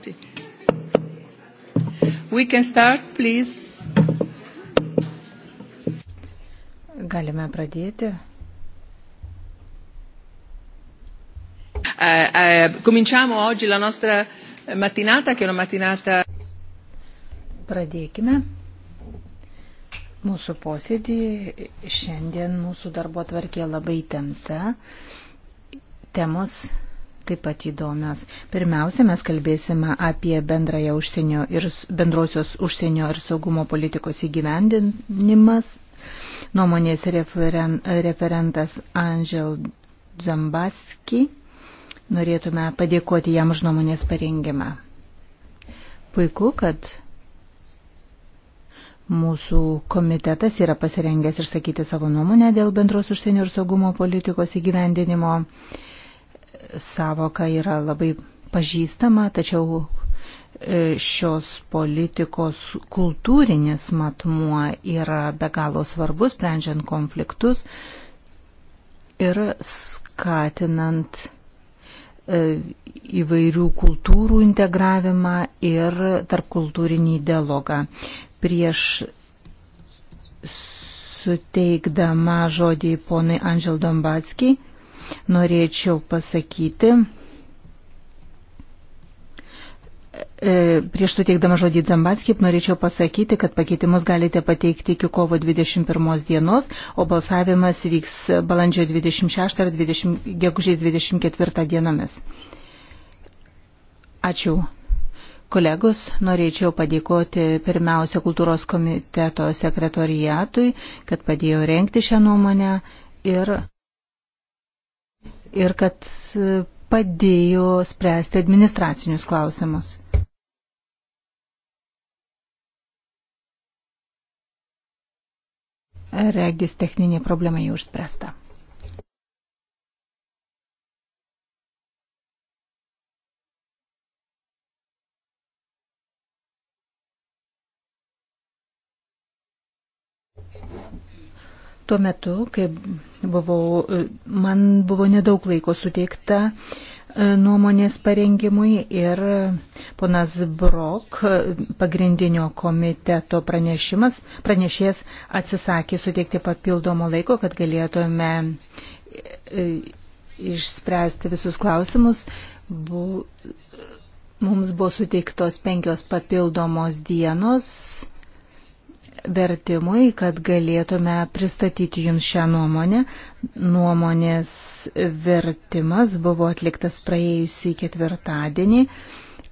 party. We can start, please. Galime pradėti. Eh, eh, cominciamo oggi la nostra mattinata, che è una mattinata. Pradėkime. Mūsų posėdį šiandien mūsų darbo tvarkė labai temta. Temos taip pat įdomios. Pirmiausia, mes kalbėsime apie bendrąją užsienio ir bendrosios užsienio ir saugumo politikos įgyvendinimas. Nuomonės referen, referentas Angel Zambaski. Norėtume padėkoti jam už nuomonės parengimą. Puiku, kad Mūsų komitetas yra pasirengęs išsakyti savo nuomonę dėl bendros užsienio ir saugumo politikos įgyvendinimo savoka yra labai pažįstama, tačiau e, šios politikos kultūrinis matmuo yra be galo svarbus, sprendžiant konfliktus ir skatinant e, įvairių kultūrų integravimą ir tarpkultūrinį dialogą. Prieš suteikdama žodį ponui Andžel Dombatskijai, norėčiau pasakyti, e, Prieš suteikdama žodį Zambatskip norėčiau pasakyti, kad pakeitimus galite pateikti iki kovo 21 dienos, o balsavimas vyks balandžio 26 ar 20, gegužės 24 dienomis. Ačiū. Kolegos, norėčiau padėkoti pirmiausia kultūros komiteto sekretorijatui, kad padėjo renkti šią nuomonę ir ir kad padėjo spręsti administracinius klausimus. Regis techninė problema jau išspręsta. Tuo metu, kai buvau, man buvo nedaug laiko suteikta e, nuomonės parengimui ir ponas Brok, e, pagrindinio komiteto pranešimas, pranešėjas atsisakė suteikti papildomo laiko, kad galėtume e, išspręsti visus klausimus. Bu, mums buvo suteiktos penkios papildomos dienos vertimui, kad galėtume pristatyti Jums šią nuomonę. Nuomonės vertimas buvo atliktas praėjusį ketvirtadienį.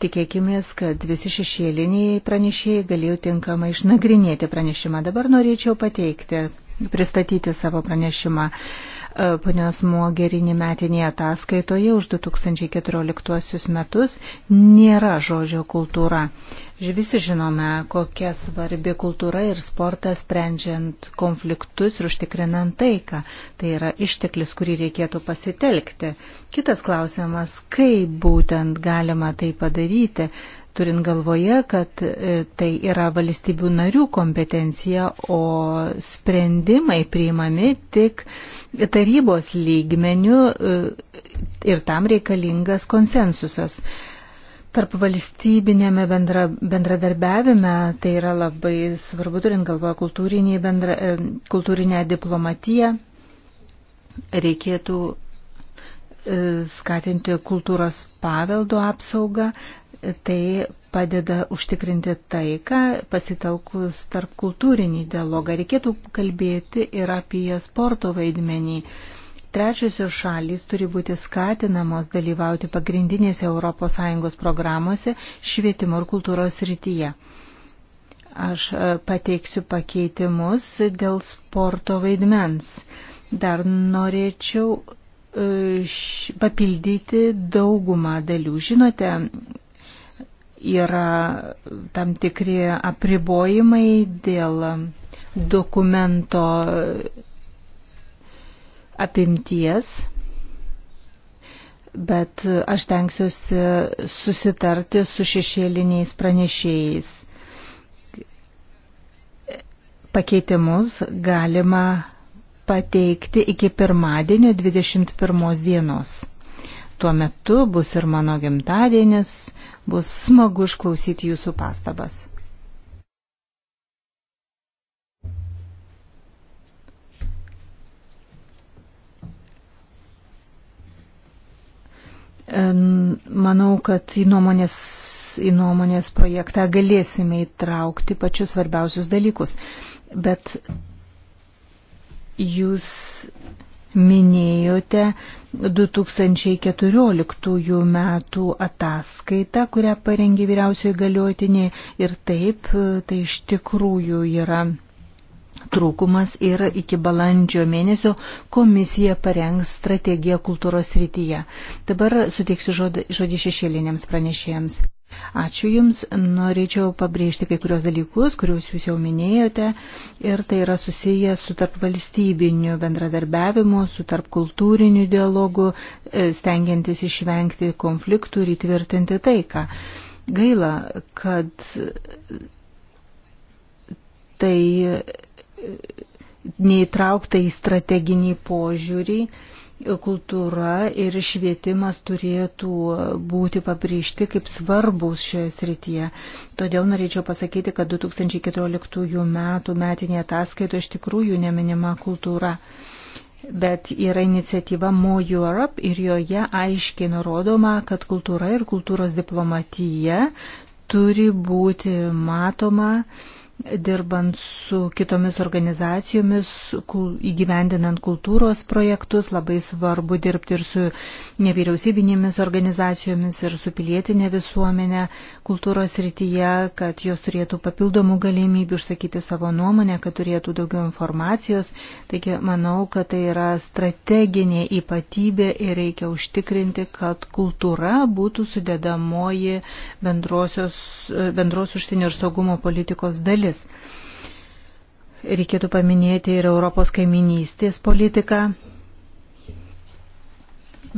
Tikėkime, kad visi šešėliniai pranešėjai galėjo tinkamai išnagrinėti pranešimą. Dabar norėčiau pateikti, pristatyti savo pranešimą. E, ponios Mogerinį metinėje ataskaitoje už 2014 metus nėra žodžio kultūra. Visi žinome, kokia svarbi kultūra ir sportas sprendžiant konfliktus ir užtikrinant taiką. Tai yra išteklis, kurį reikėtų pasitelkti. Kitas klausimas, kaip būtent galima tai padaryti turint galvoje, kad e, tai yra valstybių narių kompetencija, o sprendimai priimami tik tarybos lygmenių e, ir tam reikalingas konsensusas. Tarp valstybinėme bendra, bendradarbiavime tai yra labai svarbu, turint galvoje bendra, e, kultūrinę diplomatiją, reikėtų skatinti kultūros paveldo apsaugą, Tai padeda užtikrinti taiką, pasitelkus tarp kultūrinį dialogą. Reikėtų kalbėti ir apie sporto vaidmenį. Trečiosios šalys turi būti skatinamos dalyvauti pagrindinėse ES programuose švietimo ir kultūros rytyje. Aš e, pateiksiu pakeitimus dėl sporto vaidmens. Dar norėčiau e, papildyti daugumą dalių. Žinote, yra tam tikri apribojimai dėl dokumento apimties, bet aš tenksiuosi susitarti su šešėliniais pranešėjais. Pakeitimus galima pateikti iki pirmadienio 21 dienos. Tuo metu bus ir mano gimtadienis, bus smagu išklausyti jūsų pastabas. Manau, kad į nuomonės, į nuomonės projektą galėsime įtraukti pačius svarbiausius dalykus, bet jūs minėjote 2014 metų ataskaitą, kurią parengė vyriausiai galiotinė ir taip, tai iš tikrųjų yra trūkumas ir iki balandžio mėnesio komisija parengs strategiją kultūros rytyje. Dabar suteiksiu žodį šešėlinėms pranešėjams. Ačiū Jums. Norėčiau pabrėžti kai kurios dalykus, kuriuos Jūs jau minėjote. Ir tai yra susiję su tarp valstybiniu bendradarbiavimu, su tarp kultūriniu dialogu, e, stengiantis išvengti konfliktų ir įtvirtinti taiką. Gaila, kad tai e, neįtraukta į strateginį požiūrį kultūra ir švietimas turėtų būti pabrėžti kaip svarbus šioje srityje. Todėl norėčiau pasakyti, kad 2014 metų metinė ataskaita iš tikrųjų neminima kultūra. Bet yra iniciatyva Mo Europe ir joje aiškiai nurodoma, kad kultūra ir kultūros diplomatija turi būti matoma uh, dirbant su kitomis organizacijomis, įgyvendinant kultūros projektus, labai svarbu dirbti ir su nevyriausybinėmis organizacijomis, ir su pilietinė visuomenė kultūros rytyje, kad jos turėtų papildomų galimybių išsakyti savo nuomonę, kad turėtų daugiau informacijos. Taigi manau, kad tai yra strateginė ypatybė ir reikia užtikrinti, kad kultūra būtų sudėdamoji bendrosios, bendros užsienio ir saugumo politikos dalis šalis. Reikėtų paminėti ir Europos kaiminystės politiką.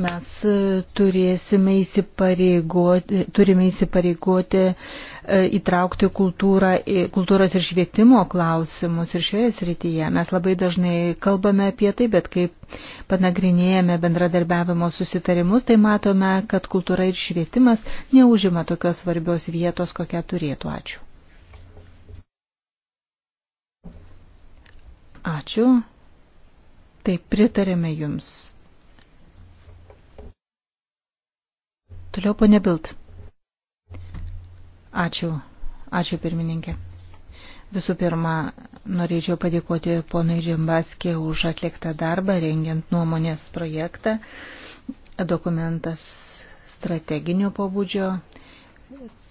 Mes e, turėsime įsipareigoti, turime įsipareigoti e, įtraukti kultūrą, kultūros ir švietimo klausimus ir šioje srityje. Mes labai dažnai kalbame apie tai, bet kaip panagrinėjame bendradarbiavimo susitarimus, tai matome, kad kultūra ir švietimas neužima tokios svarbios vietos, kokią turėtų. Ačiū. Ačiū. Taip pritarėme jums. Toliau ponė Bilt. Ačiū. Ačiū pirmininkė. Visų pirma, norėčiau padėkoti ponui Džembaskė už atliktą darbą, rengiant nuomonės projektą. Dokumentas strateginio pobūdžio,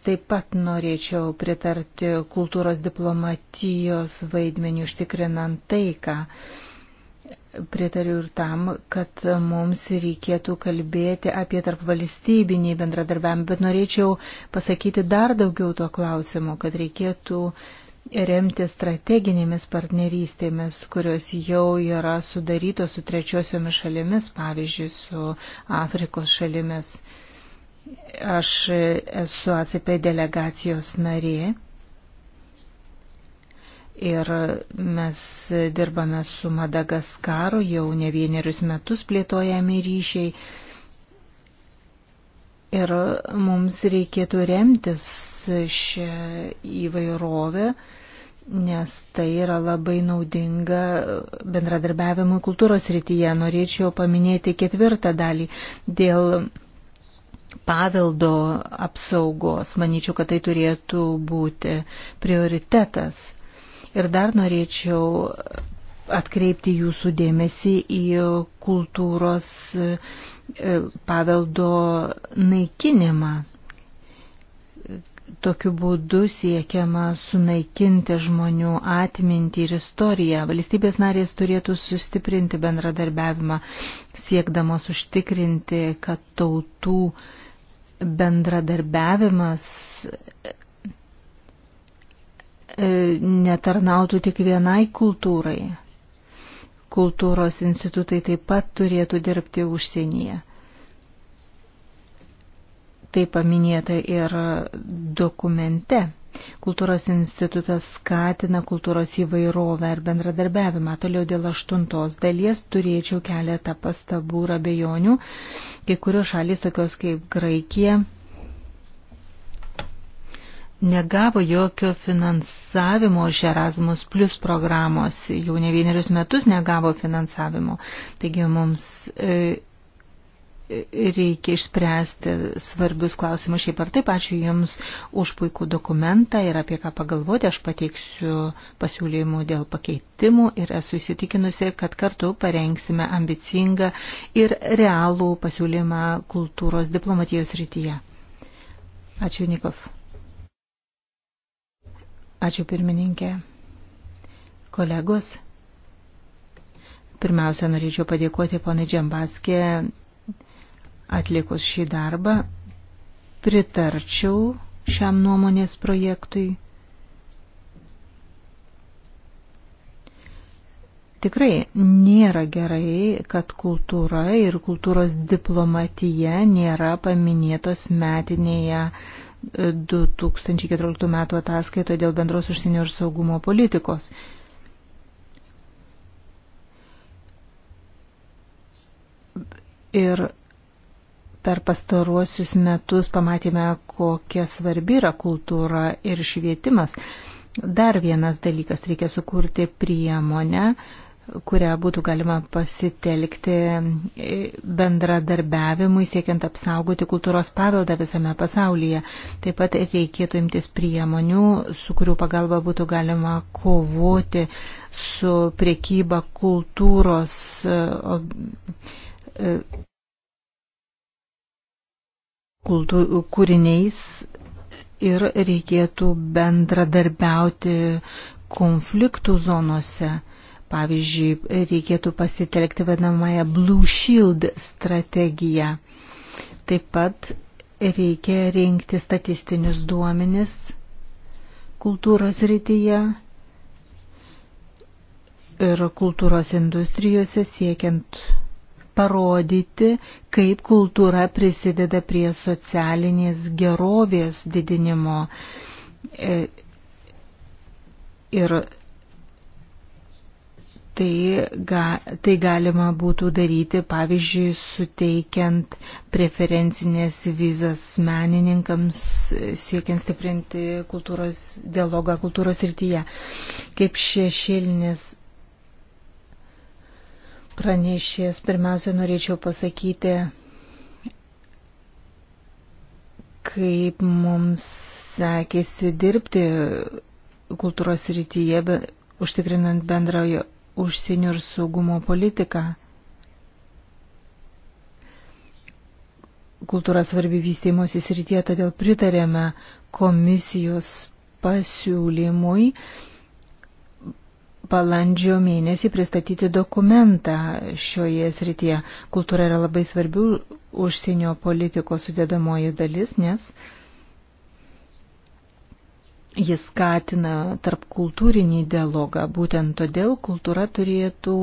taip pat norėčiau pritarti kultūros diplomatijos vaidmenį užtikrinant taiką. Pritariu ir tam, kad mums reikėtų kalbėti apie tarpvalstybinį bendradarbiavimą, bet norėčiau pasakyti dar daugiau tuo klausimu, kad reikėtų remti strateginėmis partnerystėmis, kurios jau yra sudarytos su trečiosiomis šalimis, pavyzdžiui, su Afrikos šalimis. Aš esu ACP delegacijos narė ir mes dirbame su Madagaskaru jau ne vienerius metus plėtojami ryšiai. Ir mums reikėtų remtis šią įvairovę, nes tai yra labai naudinga bendradarbiavimui kultūros rytyje. Norėčiau paminėti ketvirtą dalį dėl paveldo apsaugos. Manyčiau, kad tai turėtų būti prioritetas. Ir dar norėčiau atkreipti jūsų dėmesį į kultūros e, paveldo naikinimą. Tokiu būdu siekiama sunaikinti žmonių atmintį ir istoriją. Valstybės narės turėtų sustiprinti bendradarbiavimą, siekdamos užtikrinti, kad tautų bendradarbiavimas e, netarnautų tik vienai kultūrai. Kultūros institutai taip pat turėtų dirbti užsienyje. Tai paminėta ir dokumente. Kultūros institutas skatina kultūros įvairovę ir bendradarbiavimą. Toliau dėl aštuntos dalies turėčiau keletą pastabų ir abejonių. Kai kurios šalis, tokios kaip Graikija, negavo jokio finansavimo iš Erasmus Plus programos. Jau ne vienerius metus negavo finansavimo. Taigi mums. E, reikia išspręsti svarbius klausimus šiaip ar taip. Ačiū Jums už puikų dokumentą ir apie ką pagalvoti. Aš pateiksiu pasiūlymų dėl pakeitimų ir esu įsitikinusi, kad kartu parengsime ambicingą ir realų pasiūlymą kultūros diplomatijos rytyje. Ačiū Nikov. Ačiū pirmininkė. Kolegos. Pirmiausia, norėčiau padėkoti ponai Džembaskė Atlikus šį darbą, pritarčiau šiam nuomonės projektui. Tikrai nėra gerai, kad kultūra ir kultūros diplomatija nėra paminėtos metinėje 2014 e, m. ataskaitoje dėl bendros užsienio ir saugumo politikos. Ir Per pastaruosius metus pamatėme, kokia svarbi yra kultūra ir švietimas. Dar vienas dalykas - reikia sukurti priemonę, kurią būtų galima pasitelkti bendradarbiavimui, siekiant apsaugoti kultūros paveldą visame pasaulyje. Taip pat reikėtų imtis priemonių, su kurių pagalba būtų galima kovoti su priekyba kultūros e, kultų, kūriniais ir reikėtų bendradarbiauti konfliktų zonose. Pavyzdžiui, reikėtų pasitelkti vadinamąją Blue Shield strategiją. Taip pat reikia rinkti statistinius duomenis kultūros rytyje ir kultūros industrijose siekiant parodyti, kaip kultūra prisideda prie socialinės gerovės didinimo. E, ir tai, ga, tai galima būtų daryti, pavyzdžiui, suteikiant preferencinės vizas menininkams, siekiant stiprinti kultūros, dialogą kultūros rytyje. Kaip šešėlinės pranešės, pirmiausia, norėčiau pasakyti, kaip mums sekėsi dirbti kultūros rytyje, be, užtikrinant bendrojo užsienio ir saugumo politiką. Kultūra svarbi vystymosi srityje, todėl pritarėme komisijos pasiūlymui balandžio mėnesį pristatyti dokumentą šioje srityje. Kultūra yra labai svarbių užsienio politikos sudėdamoji dalis, nes jis skatina tarp kultūrinį dialogą. Būtent todėl kultūra turėtų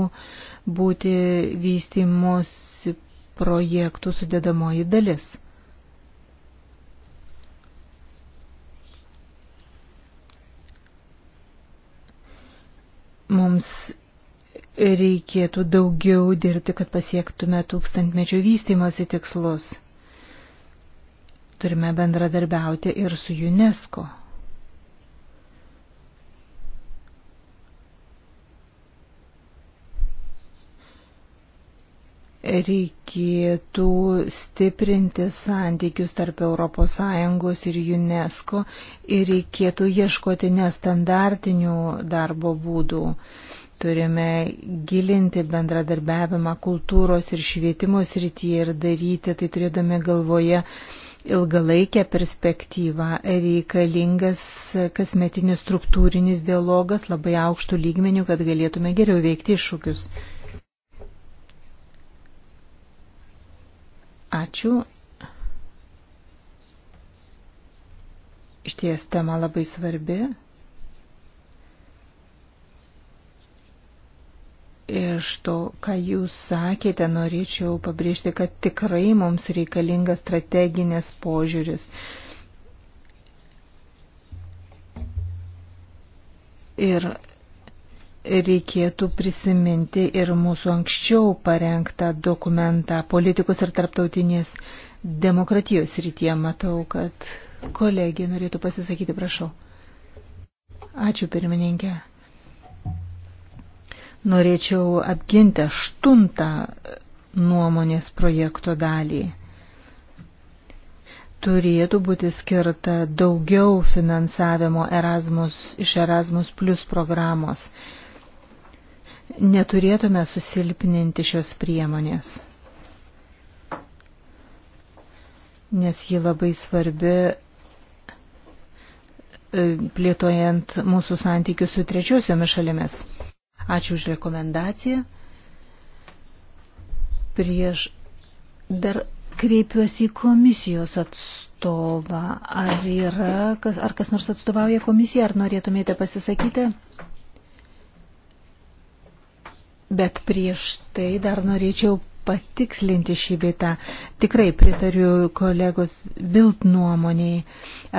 būti vystimosi projektų sudėdamoji dalis. mums reikėtų daugiau dirbti, kad pasiektume tūkstantmečio vystimosi tikslus. Turime bendradarbiauti ir su UNESCO. reikėtų stiprinti santykius tarp ES ir UNESCO ir reikėtų ieškoti nestandartinių darbo būdų. Turime gilinti bendradarbiavimą kultūros ir švietimo srityje ir daryti tai turėdami galvoje ilgalaikę perspektyvą reikalingas kasmetinis struktūrinis dialogas labai aukštų lygmenių, kad galėtume geriau veikti iššūkius. Ačiū. Iš ties tema labai svarbi. Iš to, ką jūs sakėte, norėčiau pabrėžti, kad tikrai mums reikalingas strateginės požiūris. Ir reikėtų prisiminti ir mūsų anksčiau parengtą dokumentą politikos ir tarptautinės demokratijos rytie. Matau, kad kolegė norėtų pasisakyti, prašau. Ačiū pirmininkė. Norėčiau apginti aštuntą nuomonės projekto dalį. Turėtų būti skirta daugiau finansavimo Erasmus, iš Erasmus Plus programos neturėtume susilpninti šios priemonės, nes ji labai svarbi e, plėtojant mūsų santykius su trečiosiomis šalimis. Ačiū už rekomendaciją. Prieš dar kreipiuosi į komisijos atstovą. Ar yra, kas, ar kas nors atstovauja komisiją, ar norėtumėte pasisakyti? Bet prieš tai dar norėčiau patikslinti šį bitą. Tikrai pritariu kolegos Bilt nuomoniai.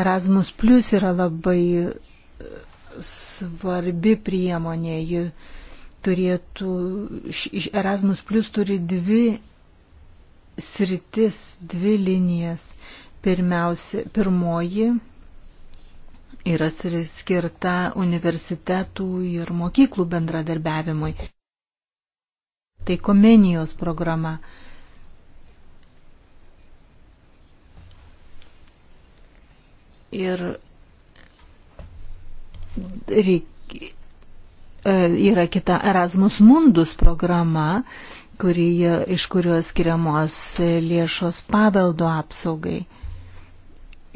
Erasmus Plus yra labai e, svarbi priemonė. Ji turėtų, Erasmus Plus turi dvi sritis, dvi linijas. Pirmiausia, pirmoji yra skirta universitetų ir mokyklų bendradarbiavimui tai komenijos programa. Ir reik, e, yra kita Erasmus Mundus programa, kuri, iš kurios skiriamos lėšos paveldo apsaugai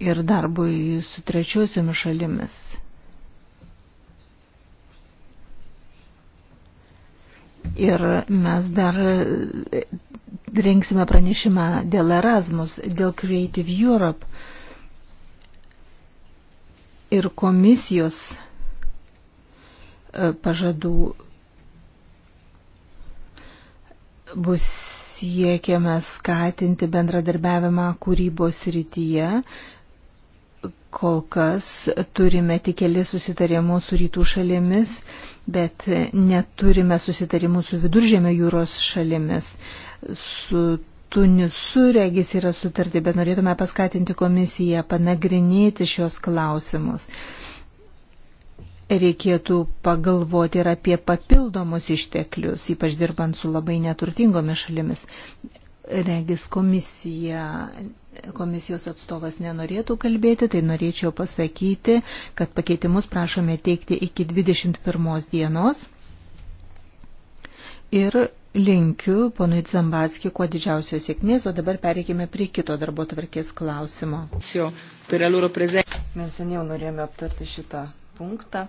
ir darbui su trečiosiomis šalimis. Ir mes dar e, rengsime pranešimą dėl Erasmus, dėl Creative Europe ir komisijos e, pažadų bus siekiame skatinti bendradarbiavimą kūrybos rytyje, Kol kas turime tik kelis susitarimus su rytų šalimis, bet neturime susitarimų su viduržėmio jūros šalimis. Su Tunisu regis yra sutarti, bet norėtume paskatinti komisiją panagrinėti šios klausimus. Reikėtų pagalvoti ir apie papildomus išteklius, ypač dirbant su labai neturtingomis šalimis regis komisija, komisijos atstovas nenorėtų kalbėti, tai norėčiau pasakyti, kad pakeitimus prašome teikti iki 21 dienos. Ir linkiu ponui Zambatski kuo didžiausios sėkmės, o dabar pereikime prie kito darbo tvarkės klausimo. Mes seniau norėjome aptarti šitą punktą.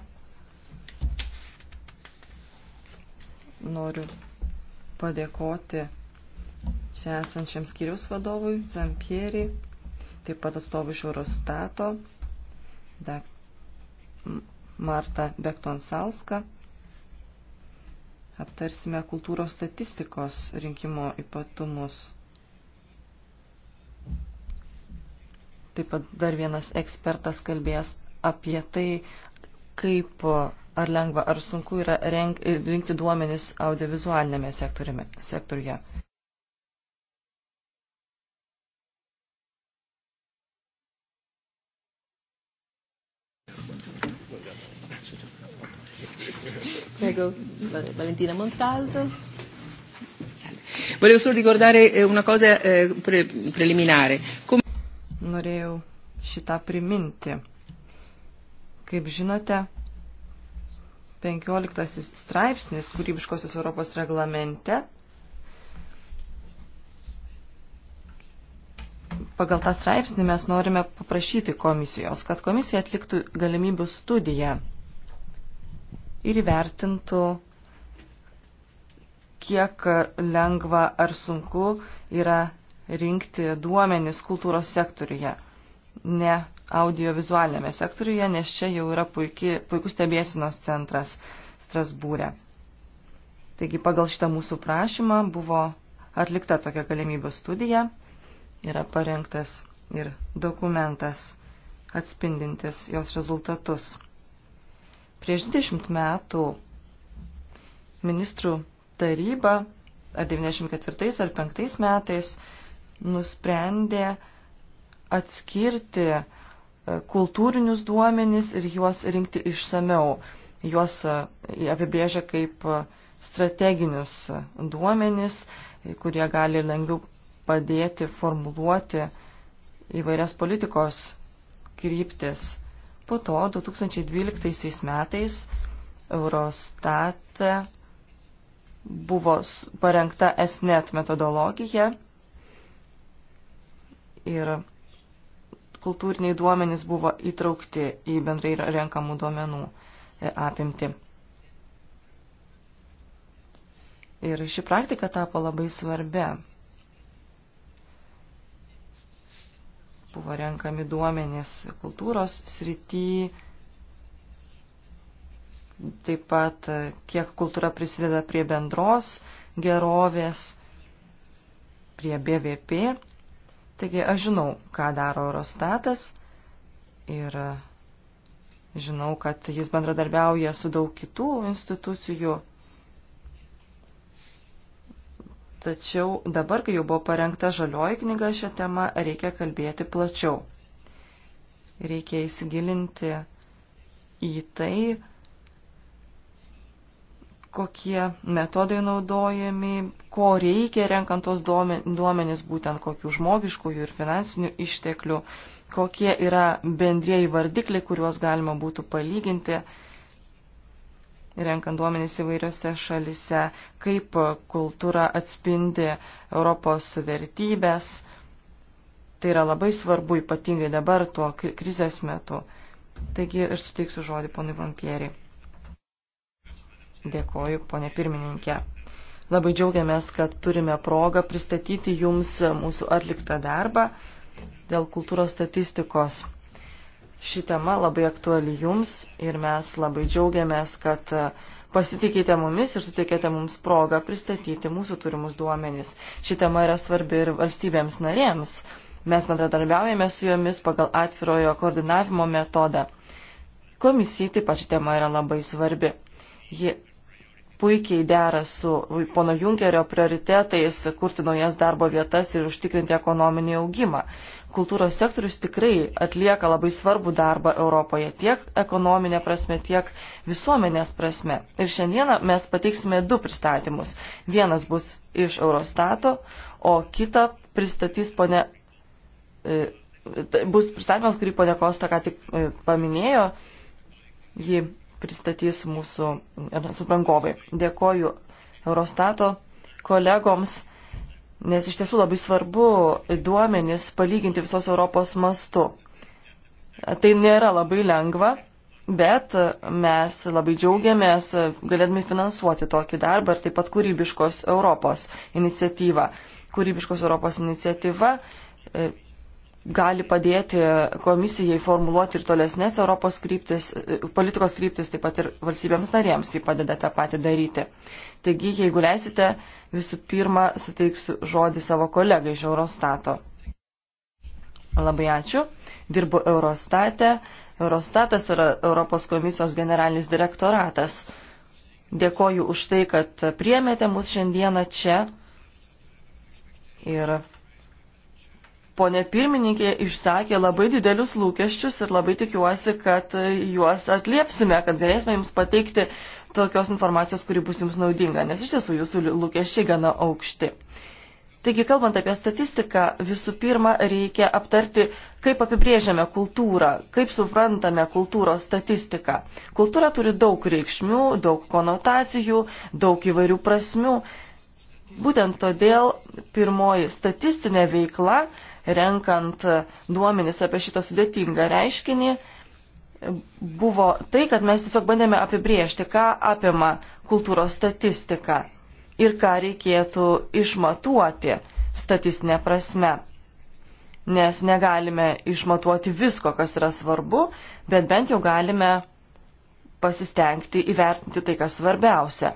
Noriu padėkoti čia esančiam skyriaus vadovui Zampieri, taip pat atstovui iš Eurostato, Marta Bektonsalska. Aptarsime kultūros statistikos rinkimo ypatumus. Taip pat dar vienas ekspertas kalbės apie tai, kaip ar lengva, ar sunku yra renk, rinkti duomenis audiovizualinėme sektoriuje. Prego, Valentina Montalto. Volevo solo ricordare eh, una cosa eh, pre preliminare. Com Norėjau šitą priminti. Kaip žinote, 15 straipsnis kūrybiškosios Europos reglamente pagal tą straipsnį mes norime paprašyti komisijos, kad komisija atliktų galimybių studiją ir įvertintų, kiek lengva ar sunku yra rinkti duomenis kultūros sektoriuje, ne audiovizualinėme sektoriuje, nes čia jau yra puiki, puikus stebėsinos centras Strasbūrė. Taigi pagal šitą mūsų prašymą buvo atlikta tokia galimybių studija, yra parengtas ir dokumentas atspindintis jos rezultatus. Prieš 20 metų ministrų taryba ar 94 ar 5 metais nusprendė atskirti e, kultūrinius duomenis ir juos rinkti išsameu. Juos e, apibrėžia kaip e, strateginius duomenis, kurie gali lengviau padėti formuluoti įvairias politikos kryptis. Po to 2012 metais Eurostat buvo parengta SNET metodologija ir kultūriniai duomenys buvo įtraukti į bendrai renkamų duomenų e, apimti. Ir ši praktika tapo labai svarbia buvo renkami duomenės kultūros srity, taip pat kiek kultūra prisideda prie bendros gerovės, prie BVP. Taigi aš žinau, ką daro Eurostatas ir žinau, kad jis bendradarbiauja su daug kitų institucijų Tačiau dabar, kai jau buvo parengta žalioji knyga šią temą, reikia kalbėti plačiau. Reikia įsigilinti į tai, kokie metodai naudojami, ko reikia renkant tos duomenys, būtent kokių žmogiškųjų ir finansinių išteklių, kokie yra bendrieji vardikliai, kuriuos galima būtų palyginti renkant duomenys įvairiose šalise, kaip kultūra atspindi Europos vertybės. Tai yra labai svarbu, ypatingai dabar tuo krizės metu. Taigi ir suteiksiu žodį ponui Vampieriai. Dėkoju, ponė pirmininkė. Labai džiaugiamės, kad turime progą pristatyti jums mūsų atliktą darbą dėl kultūros statistikos. Ši tema labai aktuali jums ir mes labai džiaugiamės, kad e, pasitikite mumis ir suteikėte mums progą pristatyti mūsų turimus duomenys. Ši tema yra svarbi ir valstybėms narėms. Mes bendradarbiaujame su jomis pagal atvirojo koordinavimo metodą. Komisijai taip pat ši tema yra labai svarbi. Ji puikiai dera su pono Junkerio prioritetais kurti naujas darbo vietas ir užtikrinti ekonominį augimą kultūros sektorius tikrai atlieka labai svarbų darbą Europoje tiek ekonominė prasme, tiek visuomenės prasme. Ir šiandieną mes pateiksime du pristatymus. Vienas bus iš Eurostato, o kitą pristatys ponė, e, tai bus pristatymas, kurį ponė Kosta ką tik e, paminėjo. Ji pristatys mūsų e, subrangovai. Dėkoju Eurostato kolegoms nes iš tiesų labai svarbu duomenis palyginti visos Europos mastu. Tai nėra labai lengva, bet mes labai džiaugiamės galėdami finansuoti tokį darbą ir taip pat kūrybiškos Europos iniciatyvą. Kūrybiškos Europos iniciatyva gali padėti komisijai formuluoti ir tolesnės Europos kryptis, e, politikos kryptis, taip pat ir valstybėms narėms jį padeda tą patį daryti. Taigi, jeigu leisite, visų pirma suteiksiu žodį savo kolegai iš Eurostato. Labai ačiū. Dirbu Eurostate. Eurostatas yra Europos komisijos generalinis direktoratas. Dėkoju už tai, kad priemėte mus šiandieną čia. Ir ponė pirmininkė išsakė labai didelius lūkesčius ir labai tikiuosi, kad juos atliepsime, kad galėsime jums pateikti tokios informacijos, kuri bus jums naudinga, nes iš tiesų jūsų lūkesčiai gana aukšti. Taigi, kalbant apie statistiką, visų pirma, reikia aptarti, kaip apibrėžiame kultūrą, kaip suprantame kultūros statistiką. Kultūra turi daug reikšmių, daug konotacijų, daug įvairių prasmių. Būtent todėl pirmoji statistinė veikla renkant duomenis apie šitą sudėtingą reiškinį, buvo tai, kad mes tiesiog bandėme apibriežti, ką apima kultūros statistika ir ką reikėtų išmatuoti statistinė prasme. Nes negalime išmatuoti visko, kas yra svarbu, bet bent jau galime pasistengti įvertinti tai, kas svarbiausia.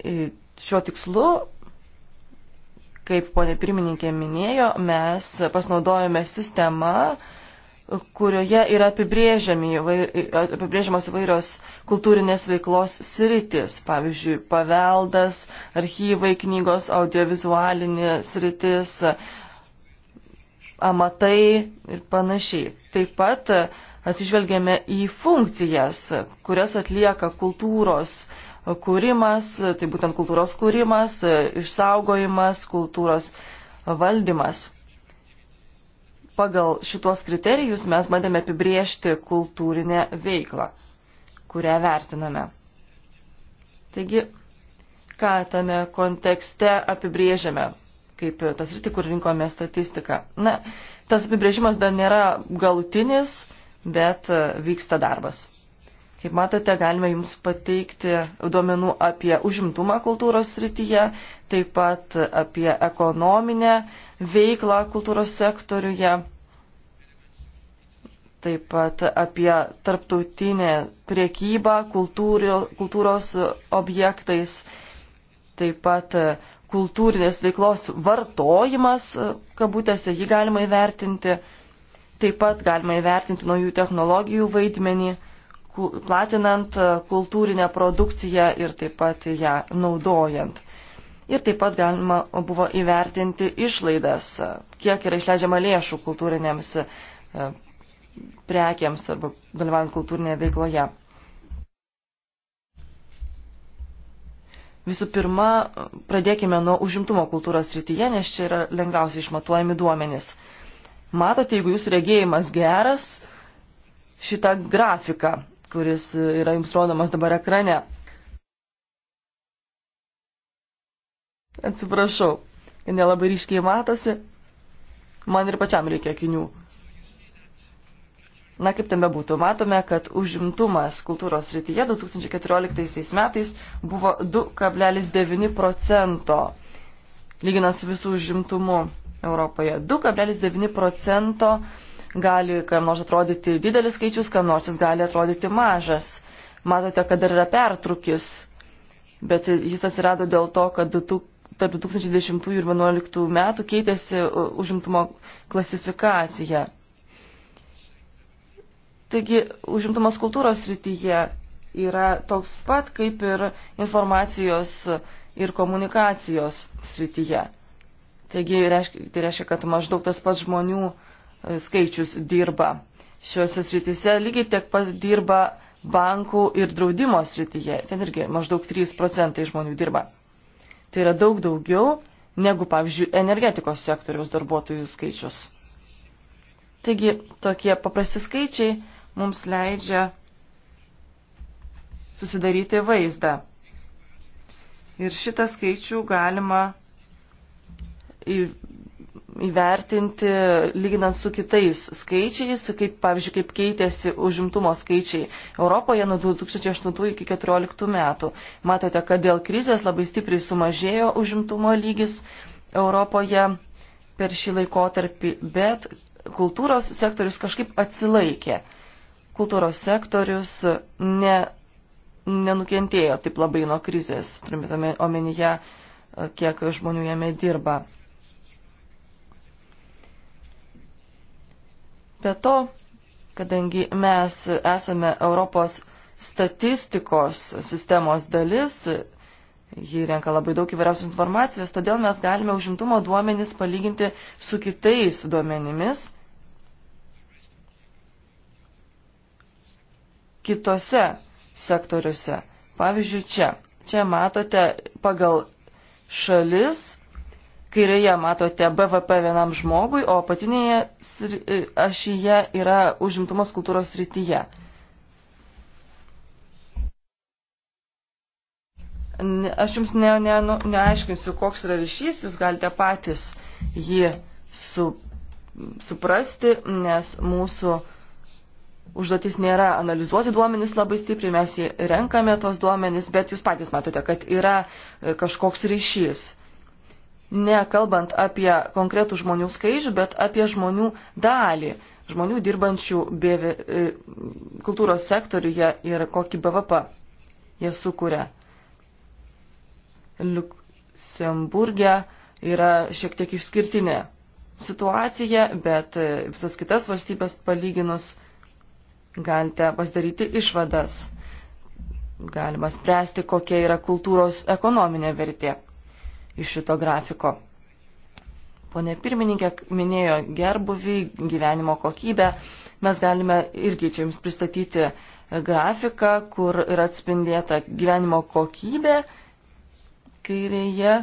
Šiuo tikslu Kaip ponė pirmininkė minėjo, mes pasinaudojame sistemą, kurioje yra apibrėžiamos įvairios kultūrinės veiklos sritis, pavyzdžiui, paveldas, archyvai, knygos, audiovizualinė sritis, amatai ir panašiai. Taip pat atsižvelgėme į funkcijas, kurias atlieka kultūros uh, kūrimas, tai būtent kultūros kūrimas, išsaugojimas, kultūros valdymas. Pagal šitos kriterijus mes bandėme apibriežti kultūrinę veiklą, kurią vertiname. Taigi, ką tame kontekste apibrėžiame, kaip tas rytį, kur rinkome statistiką. Na, tas apibrėžimas dar nėra galutinis, bet vyksta darbas. Kaip matote, galime jums pateikti duomenų apie užimtumą kultūros srityje, taip pat apie ekonominę veiklą kultūros sektoriuje, taip pat apie tarptautinę priekybą kultūrio, kultūros objektais, taip pat kultūrinės veiklos vartojimas, kabutėse jį galima įvertinti, taip pat galima įvertinti naujų technologijų vaidmenį platinant e, kultūrinę produkciją ir taip pat ją naudojant. Ir taip pat galima buvo įvertinti išlaidas, e, kiek yra išleidžiama lėšų kultūrinėms e, prekiams arba dalyvaujant kultūrinėje veikloje. Visų pirma, pradėkime nuo užimtumo kultūros srityje, nes čia yra lengviausiai išmatuojami duomenys. Matote, jeigu jūsų regėjimas geras, šitą grafiką kuris yra jums rodomas dabar ekrane. Atsiprašau, nelabai ryškiai matosi. Man ir pačiam reikia akinių. Na kaip tame būtų, matome, kad užimtumas kultūros srityje 2014 metais buvo 2,9 procento, lyginant su visų užimtumu Europoje. 2,9 procento gali kam nors atrodyti didelis skaičius, kam nors jis gali atrodyti mažas. Matote, kad dar yra pertrukis, bet jis atsirado dėl to, kad tarp 2010 ir 2011 metų keitėsi užimtumo klasifikacija. Taigi, užimtumas kultūros rytyje yra toks pat kaip ir informacijos ir komunikacijos srityje. Taigi, reiškia, tai reiškia, kad maždaug tas pats žmonių uh, skaičius dirba šiuose srityse, lygiai tiek pat dirba bankų ir draudimo srityje. Ten irgi maždaug 3 procentai žmonių dirba. Tai yra daug daugiau negu, pavyzdžiui, energetikos sektoriaus darbuotojų skaičius. Taigi tokie paprasti skaičiai mums leidžia susidaryti vaizdą. Ir šitą skaičių galima įvertinti, lyginant su kitais skaičiais, kaip, pavyzdžiui, kaip keitėsi užimtumo skaičiai Europoje nuo 2008 iki 2014 metų. Matote, kad dėl krizės labai stipriai sumažėjo užimtumo lygis Europoje per šį laikotarpį, bet kultūros sektorius kažkaip atsilaikė. Kultūros sektorius ne, nenukentėjo taip labai nuo krizės, turime omenyje, kiek žmonių jame dirba. Be to, kadangi mes esame Europos statistikos sistemos dalis, ji renka labai daug įvairiausios informacijos, todėl mes galime užimtumo duomenys palyginti su kitais duomenimis kitose sektoriuose. Pavyzdžiui, čia. Čia matote pagal šalis Kairėje matote BVP vienam žmogui, o apatinėje e, ašyje yra užimtumas kultūros rytyje. Aš jums ne, ne, nu, neaiškinsiu, koks yra ryšys, jūs galite patys jį su, suprasti, nes mūsų užduotis nėra analizuoti duomenis labai stipriai, mes jį renkame tos duomenis, bet jūs patys matote, kad yra e, kažkoks ryšys nekalbant apie konkretų žmonių skaičių, bet apie žmonių dalį, žmonių dirbančių BV, e, kultūros sektoriuje ir kokį BVP jie sukuria. Luksemburgė yra šiek tiek išskirtinė situacija, bet e, visas kitas valstybės palyginus galite pasidaryti išvadas. Galima spręsti, kokia yra kultūros ekonominė vertė iš šito grafiko. Pone pirmininkė minėjo gerbuvį, gyvenimo kokybę. Mes galime irgi čia jums pristatyti grafiką, kur yra atspindėta gyvenimo kokybė kairėje,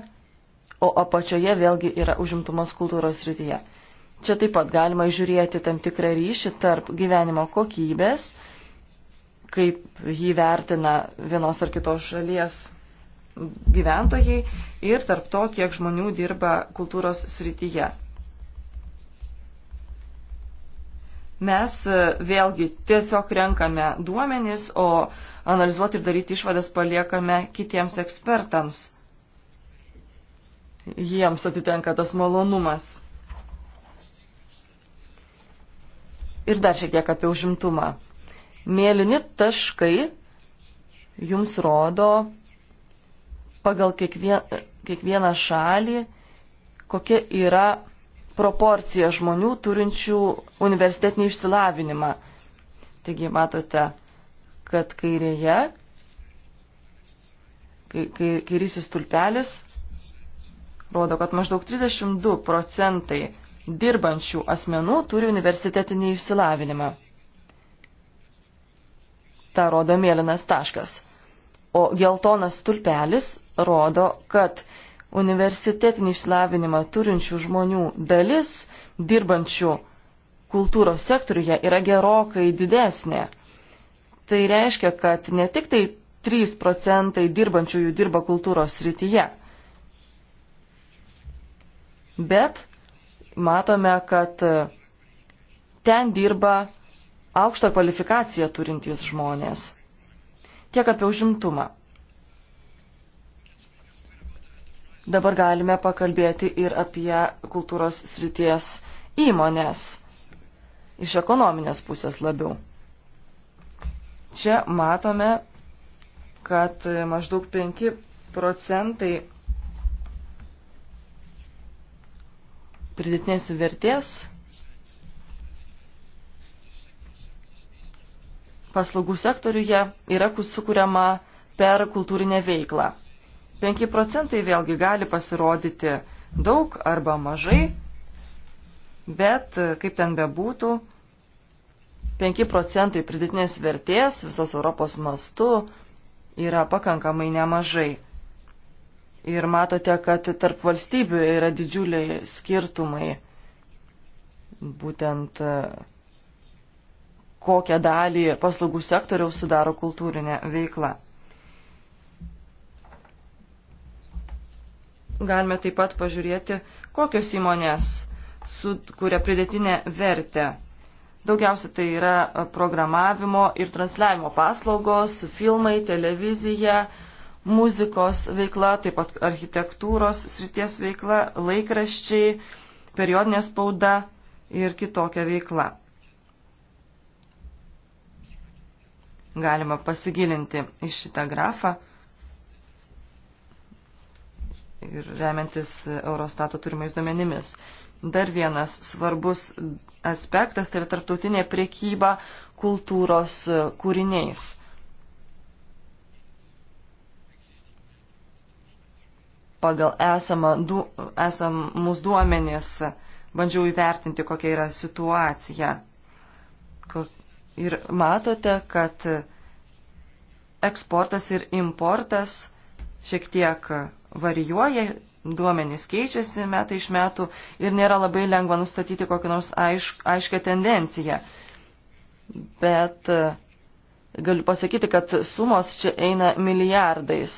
o apačioje vėlgi yra užimtumas kultūros rytyje. Čia taip pat galima žiūrėti tam tikrą ryšį tarp gyvenimo kokybės, kaip jį vertina vienos ar kitos šalies gyventojai ir tarp to, kiek žmonių dirba kultūros srityje. Mes e, vėlgi tiesiog renkame duomenis, o analizuoti ir daryti išvadas paliekame kitiems ekspertams. Jiems atitenka tas malonumas. Ir dar šiek tiek apie užimtumą. Mėlyni taškai jums rodo pagal kiekvien, kiekvieną šalį, kokia yra proporcija žmonių turinčių universitetinį išsilavinimą. Taigi matote, kad kairėje, kai, kai, kairysis tulpelis, rodo, kad maždaug 32 procentai dirbančių asmenų turi universitetinį išsilavinimą. Ta rodo mėlynas taškas. O geltonas tulpelis rodo, kad universitetinį išsilavinimą turinčių žmonių dalis dirbančių kultūros sektoriuje yra gerokai didesnė. Tai reiškia, kad ne tik tai 3 procentai dirbančiųjų dirba kultūros srityje, bet matome, kad ten dirba aukštą kvalifikaciją turintys žmonės. Tiek apie užimtumą. Dabar galime pakalbėti ir apie kultūros srities įmonės iš ekonominės pusės labiau. Čia matome, kad maždaug 5 procentai pridėtinės vertės paslaugų sektoriuje yra sukūriama per kultūrinę veiklą. 5 procentai vėlgi gali pasirodyti daug arba mažai, bet kaip ten bebūtų, 5 procentai pridėtinės vertės visos Europos mastu yra pakankamai nemažai. Ir matote, kad tarp valstybių yra didžiuliai skirtumai. Būtent kokią dalį paslaugų sektoriaus sudaro kultūrinė veikla. galime taip pat pažiūrėti, kokios įmonės sukuria pridėtinę vertę. Daugiausia tai yra programavimo ir transliavimo paslaugos, filmai, televizija, muzikos veikla, taip pat architektūros srities veikla, laikraščiai, periodinė spauda ir kitokia veikla. Galima pasigilinti į šitą grafą ir remiantis Eurostato turimais duomenimis. Dar vienas svarbus aspektas tai yra tarptautinė priekyba kultūros kūriniais. Pagal esamą, du, esamus duomenys bandžiau įvertinti, kokia yra situacija. Ir matote, kad eksportas ir importas šiek tiek varijuoja, duomenys keičiasi metai iš metų ir nėra labai lengva nustatyti kokią nors aišk, aiškę tendenciją. Bet e, galiu pasakyti, kad sumos čia eina milijardais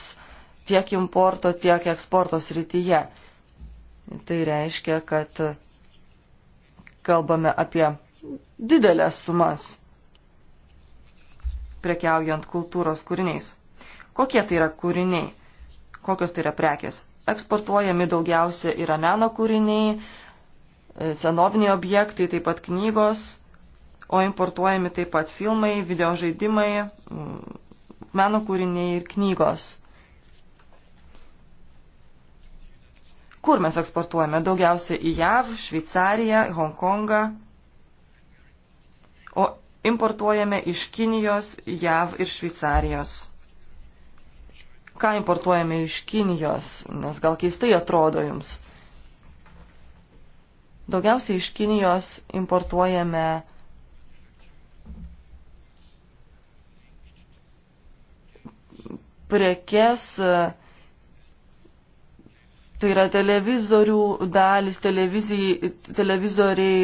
tiek importo, tiek eksporto srityje. Tai reiškia, kad e, kalbame apie didelės sumas prekiaujant kultūros kūriniais. Kokie tai yra kūriniai? Kokios tai yra prekės? Eksportuojami daugiausia yra meno kūriniai, e, senoviniai objektai, taip pat knygos, o importuojami taip pat filmai, videožaidimai, mm, meno kūriniai ir knygos. Kur mes eksportuojame? Daugiausia į JAV, Šveicariją, Hongkongą, o importuojame iš Kinijos, JAV ir Šveicarijos ką importuojame iš Kinijos, nes gal keistai atrodo jums. Daugiausiai iš Kinijos importuojame prekes, tai yra televizorių dalis, televizoriai,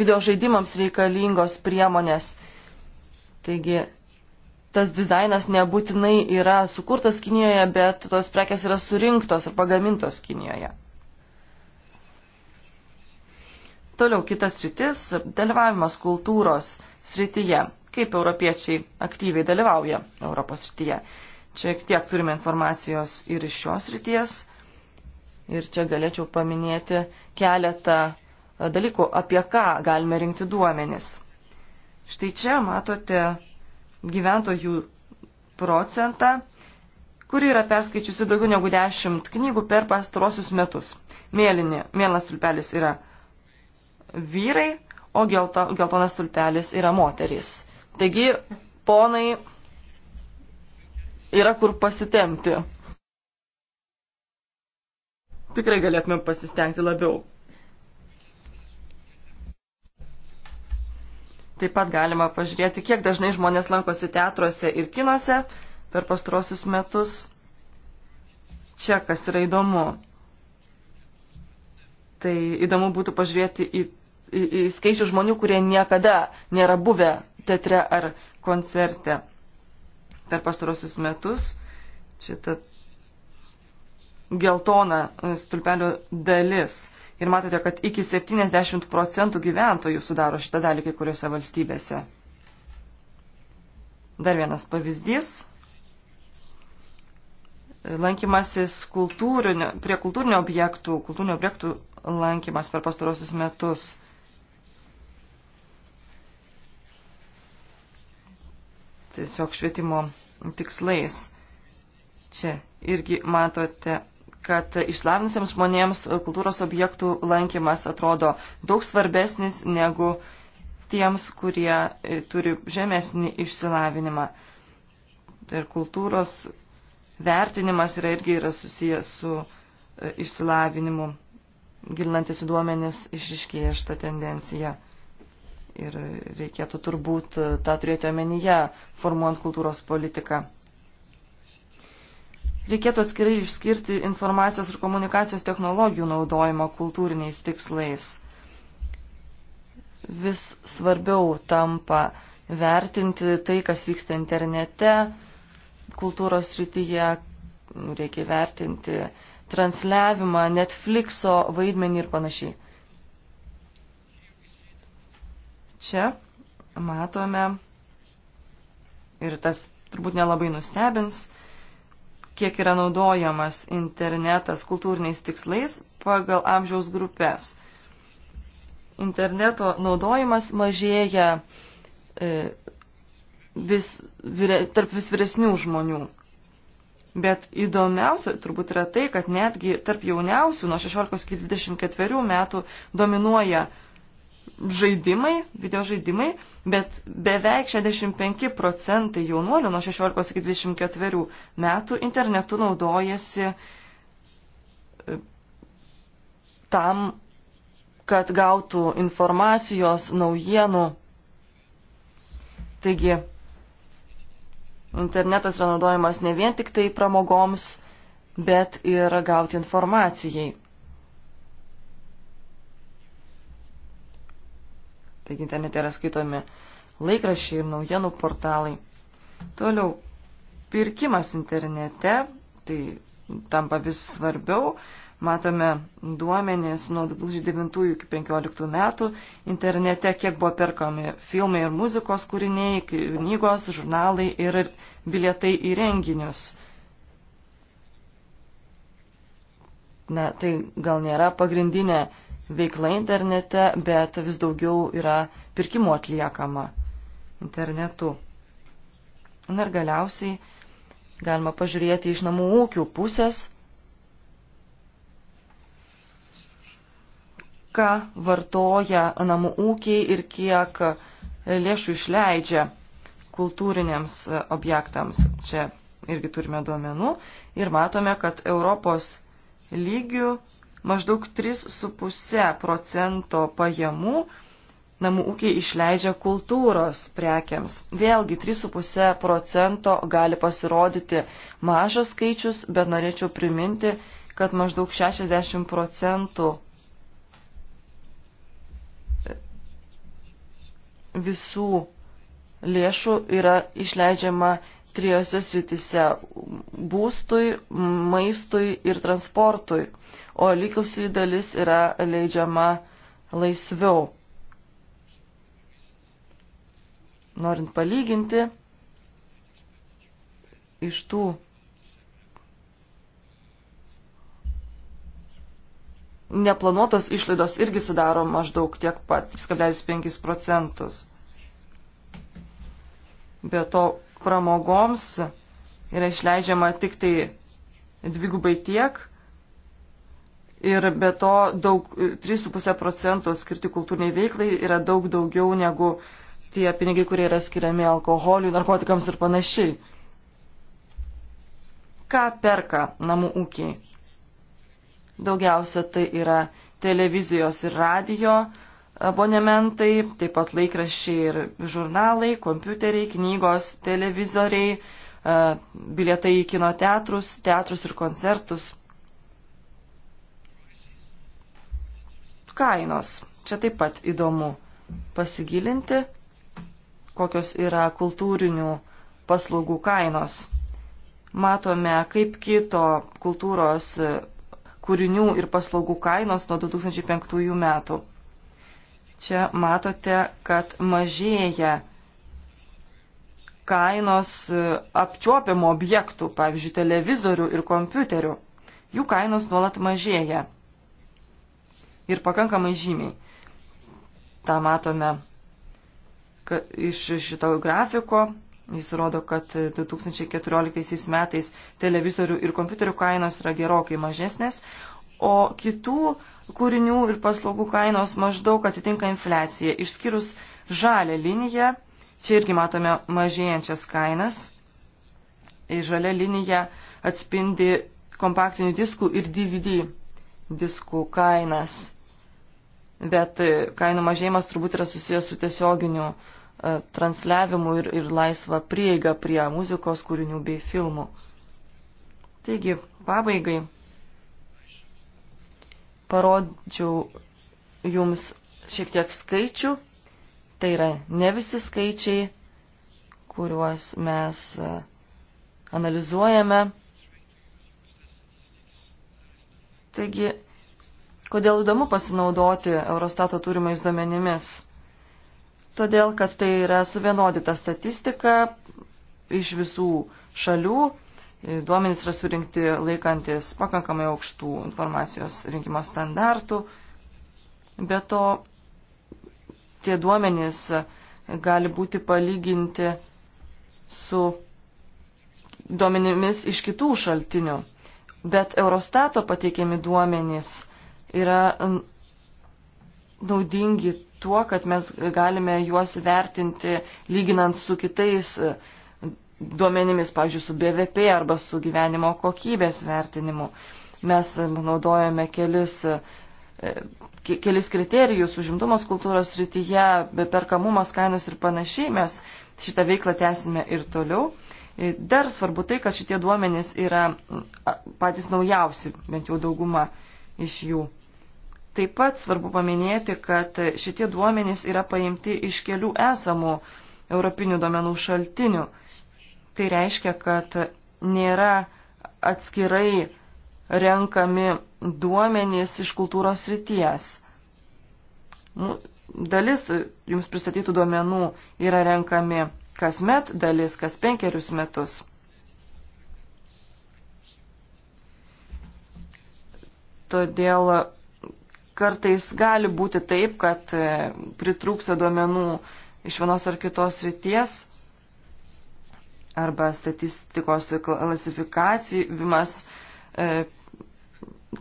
video žaidimams reikalingos priemonės. Taigi tas dizainas nebūtinai yra sukurtas Kinijoje, bet tos prekes yra surinktos ir pagamintos Kinijoje. Toliau kitas rytis - dalyvavimas kultūros srityje. Kaip europiečiai aktyviai dalyvauja Europos srityje. Čia tiek turime informacijos ir iš šios ryties. Ir čia galėčiau paminėti keletą dalykų, apie ką galime rinkti duomenis. Štai čia matote gyventojų procentą, kuri yra perskaičiusi daugiau negu 10 knygų per pastarosius metus. Mėlyni, mėlynas tulpelis yra vyrai, o gelto, geltonas tulpelis yra moterys. Taigi, ponai, yra kur pasitemti. Tikrai galėtume pasistengti labiau. Taip pat galima pažiūrėti, kiek dažnai žmonės lankosi teatruose ir kinuose per pastarosius metus. Čia kas yra įdomu. Tai įdomu būtų pažiūrėti į, į, į skaičių žmonių, kurie niekada nėra buvę teatre ar koncerte per pastarosius metus. Čia ta geltona e, stulpelio dalis Ir matote, kad iki 70 procentų gyventojų sudaro šitą dalį kai kuriuose valstybėse. Dar vienas pavyzdys. Lankymasis kultūrinio, prie kultūrinio objektų, kultūrinio objektų lankymas per pastarosius metus. Tiesiog švietimo tikslais. Čia irgi matote kad išslavinusiems žmonėms kultūros objektų lankymas atrodo daug svarbesnis negu tiems, kurie e, turi žemesnį išsilavinimą. Tai ir kultūros vertinimas yra irgi yra susijęs su e, išsilavinimu. Gilinantis į duomenis išriškėja šitą tendenciją. Ir reikėtų turbūt e, tą turėti omenyje, formuojant kultūros politiką. Reikėtų atskirai išskirti informacijos ir komunikacijos technologijų naudojimą kultūriniais tikslais. Vis svarbiau tampa vertinti tai, kas vyksta internete, kultūros srityje, reikia vertinti transliavimą, Netflixo vaidmenį ir panašiai. Čia matome ir tas turbūt nelabai nustebins, kiek yra naudojamas internetas kultūriniais tikslais pagal amžiaus grupės. Interneto naudojimas mažėja e, vis, vyre, tarp vis vyresnių žmonių. Bet įdomiausia turbūt yra tai, kad netgi tarp jauniausių nuo 16 iki 24 metų dominuoja žaidimai, video žaidimai, bet beveik 65 procentai jaunuolių nuo 16 iki 24 metų internetu naudojasi e, tam, kad gautų informacijos, naujienų. Taigi, internetas yra naudojamas ne vien tik tai pramogoms, bet ir gauti informacijai. Taigi internete yra skaitomi laikrašiai ir naujienų portalai. Toliau, pirkimas internete, tai tampa vis svarbiau. Matome duomenės nuo 2009 iki 2015 metų internete, kiek buvo perkami filmai ir muzikos kūriniai, knygos, žurnalai ir bilietai į renginius. Na, tai gal nėra pagrindinė veikla internete, bet vis daugiau yra pirkimų atliekama internetu. Na ir galiausiai galima pažiūrėti iš namų ūkių pusės, ką vartoja namų ūkiai ir kiek lėšų išleidžia kultūriniams objektams. Čia irgi turime duomenų ir matome, kad Europos lygių maždaug 3,5 procento pajamų namų ūkiai išleidžia kultūros prekiams. Vėlgi 3,5 procento gali pasirodyti mažas skaičius, bet norėčiau priminti, kad maždaug 60 procentų visų lėšų yra išleidžiama trijose sritise - būstui, maistui ir transportui o likusi dalis yra leidžiama laisviau. Norint palyginti, iš tų neplanuotos išlaidos irgi sudaro maždaug tiek pat, 3,5 procentus. Be to, pramogoms yra išleidžiama tik tai dvigubai tiek, ir be to 3,5 procento skirti kultūriniai veiklai yra daug daugiau negu tie pinigai, kurie yra skiriami alkoholiui, narkotikams ir panašiai. Ką perka namų ūkiai? Daugiausia tai yra televizijos ir radio abonementai, taip pat laikraščiai ir žurnalai, kompiuteriai, knygos, televizoriai, e, bilietai į kino teatrus, teatrus ir koncertus. kainos. Čia taip pat įdomu pasigilinti, kokios yra kultūrinių paslaugų kainos. Matome, kaip kito kultūros e, kūrinių ir paslaugų kainos nuo 2005 metų. Čia matote, kad mažėja kainos e, apčiuopiamų objektų, pavyzdžiui, televizorių ir kompiuterių. Jų kainos nuolat mažėja ir pakankamai žymiai. Ta matome iš šito grafiko. Jis rodo, kad 2014 metais televizorių ir kompiuterių kainos yra gerokai mažesnės, o kitų kūrinių ir paslaugų kainos maždaug atitinka infliaciją, išskyrus žalę liniją. Čia irgi matome mažėjančias kainas. Ir žalia linija atspindi kompaktinių diskų ir DVD diskų kainas bet e, kainų mažėjimas turbūt yra susijęs su tiesioginiu e, transliavimu ir, ir laisva prieiga prie muzikos kūrinių bei filmų. Taigi, pabaigai parodžiau jums šiek tiek skaičių, tai yra ne visi skaičiai, kuriuos mes e, analizuojame. Taigi, kodėl įdomu pasinaudoti Eurostato turimais duomenimis. Todėl, kad tai yra suvienodita statistika iš visų šalių, duomenys yra surinkti laikantis pakankamai aukštų informacijos rinkimo standartų, be to tie duomenys gali būti palyginti su duomenimis iš kitų šaltinių. Bet Eurostato pateikiami duomenys yra um, naudingi tuo, kad mes galime juos vertinti lyginant su kitais uh, duomenimis, pavyzdžiui, su BVP arba su gyvenimo kokybės vertinimu. Mes um, naudojame kelis, uh, kelis kriterijus užimtumas kultūros srityje, beperkamumas, kainos ir panašiai. Mes šitą veiklą tęsime ir toliau. Dar svarbu tai, kad šitie duomenys yra mm, patys naujausi, bent jau dauguma iš jų. Taip pat svarbu paminėti, kad šitie duomenys yra paimti iš kelių esamų europinių duomenų šaltinių. Tai reiškia, kad nėra atskirai renkami duomenys iš kultūros ryties. Dalis jums pristatytų duomenų yra renkami kasmet, dalis kas penkerius metus. Todėl kartais gali būti taip, kad e, pritrūksta duomenų iš vienos ar kitos ryties arba statistikos klasifikavimas e,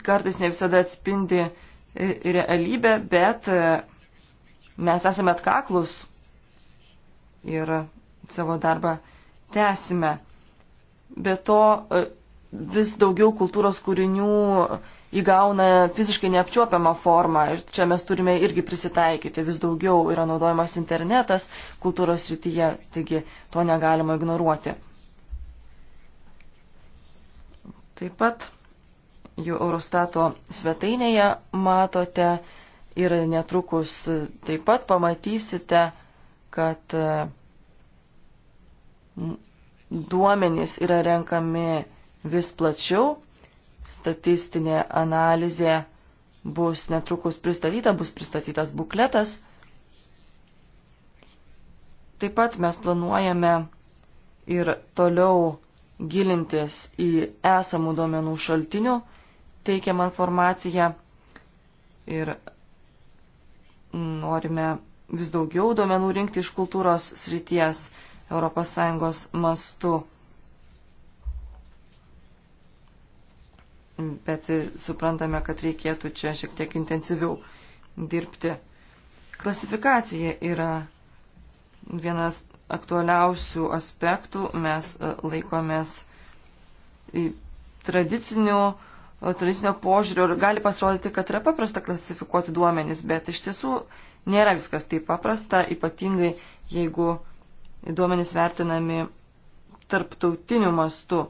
kartais ne visada atspindi e, realybę, bet mes esame atkaklus ir savo darbą tęsime. Be to vis daugiau kultūros kūrinių įgauna fiziškai neapčiuopiamą formą ir čia mes turime irgi prisitaikyti. Vis daugiau yra naudojamas internetas kultūros rytyje, taigi to negalima ignoruoti. Taip pat jų Eurostato svetainėje matote ir netrukus taip pat pamatysite, kad mm, duomenys yra renkami vis plačiau statistinė analizė bus netrukus pristatyta, bus pristatytas bukletas. Taip pat mes planuojame ir toliau gilintis į esamų duomenų šaltinių teikiamą informaciją ir norime vis daugiau duomenų rinkti iš kultūros srities ES mastu. bet suprantame, kad reikėtų čia šiek tiek intensyviau dirbti. Klasifikacija yra vienas aktualiausių aspektų. Mes e, laikomės tradicinių, e, tradicinio požiūrio ir gali pasirodyti, kad yra paprasta klasifikuoti duomenis, bet iš tiesų nėra viskas taip paprasta, ypatingai jeigu duomenis vertinami tarptautiniu mastu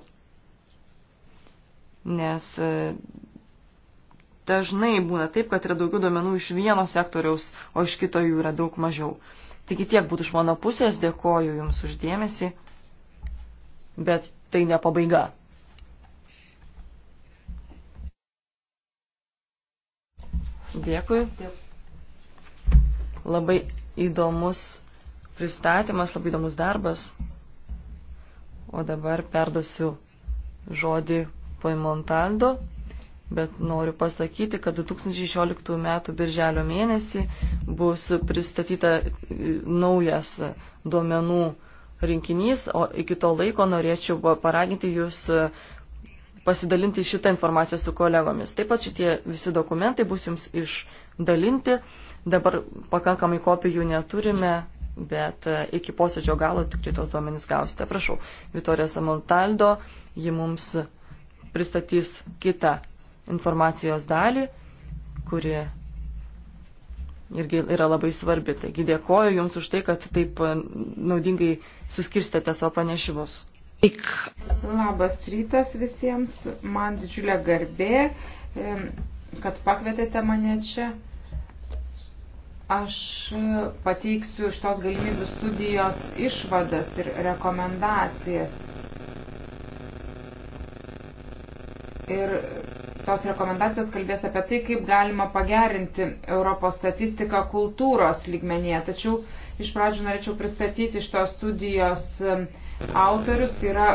nes e, dažnai būna taip, kad yra daugiau duomenų iš vieno sektoriaus, o iš kito jų yra daug mažiau. Tik tiek būtų iš mano pusės, dėkoju Jums uždėmesi, bet tai ne pabaiga. Dėkui. Labai įdomus pristatymas, labai įdomus darbas. O dabar perduosiu žodį Poimontaldo, bet noriu pasakyti, kad 2016 m. birželio mėnesį bus pristatyta e, naujas duomenų rinkinys, o iki to laiko norėčiau paraginti jūs e, pasidalinti šitą informaciją su kolegomis. Taip pat šitie visi dokumentai bus jums išdalinti. Dabar pakankamai kopijų neturime, bet e, iki posėdžio galo tikrai tos duomenys gausite. Prašau, Vitorija Samontaldo, ji mums pristatys kitą informacijos dalį, kuri irgi yra labai svarbi. Taigi dėkoju Jums už tai, kad taip e, naudingai suskirstėte savo pranešimus. Labas rytas visiems, man didžiulė garbė, e, kad pakvietėte mane čia. Aš e, pateiksiu iš tos galimybių studijos išvadas ir rekomendacijas. ir tos rekomendacijos kalbės apie tai, kaip galima pagerinti Europos statistiką kultūros lygmenyje. Tačiau iš pradžių norėčiau pristatyti iš tos studijos autorius. Tai yra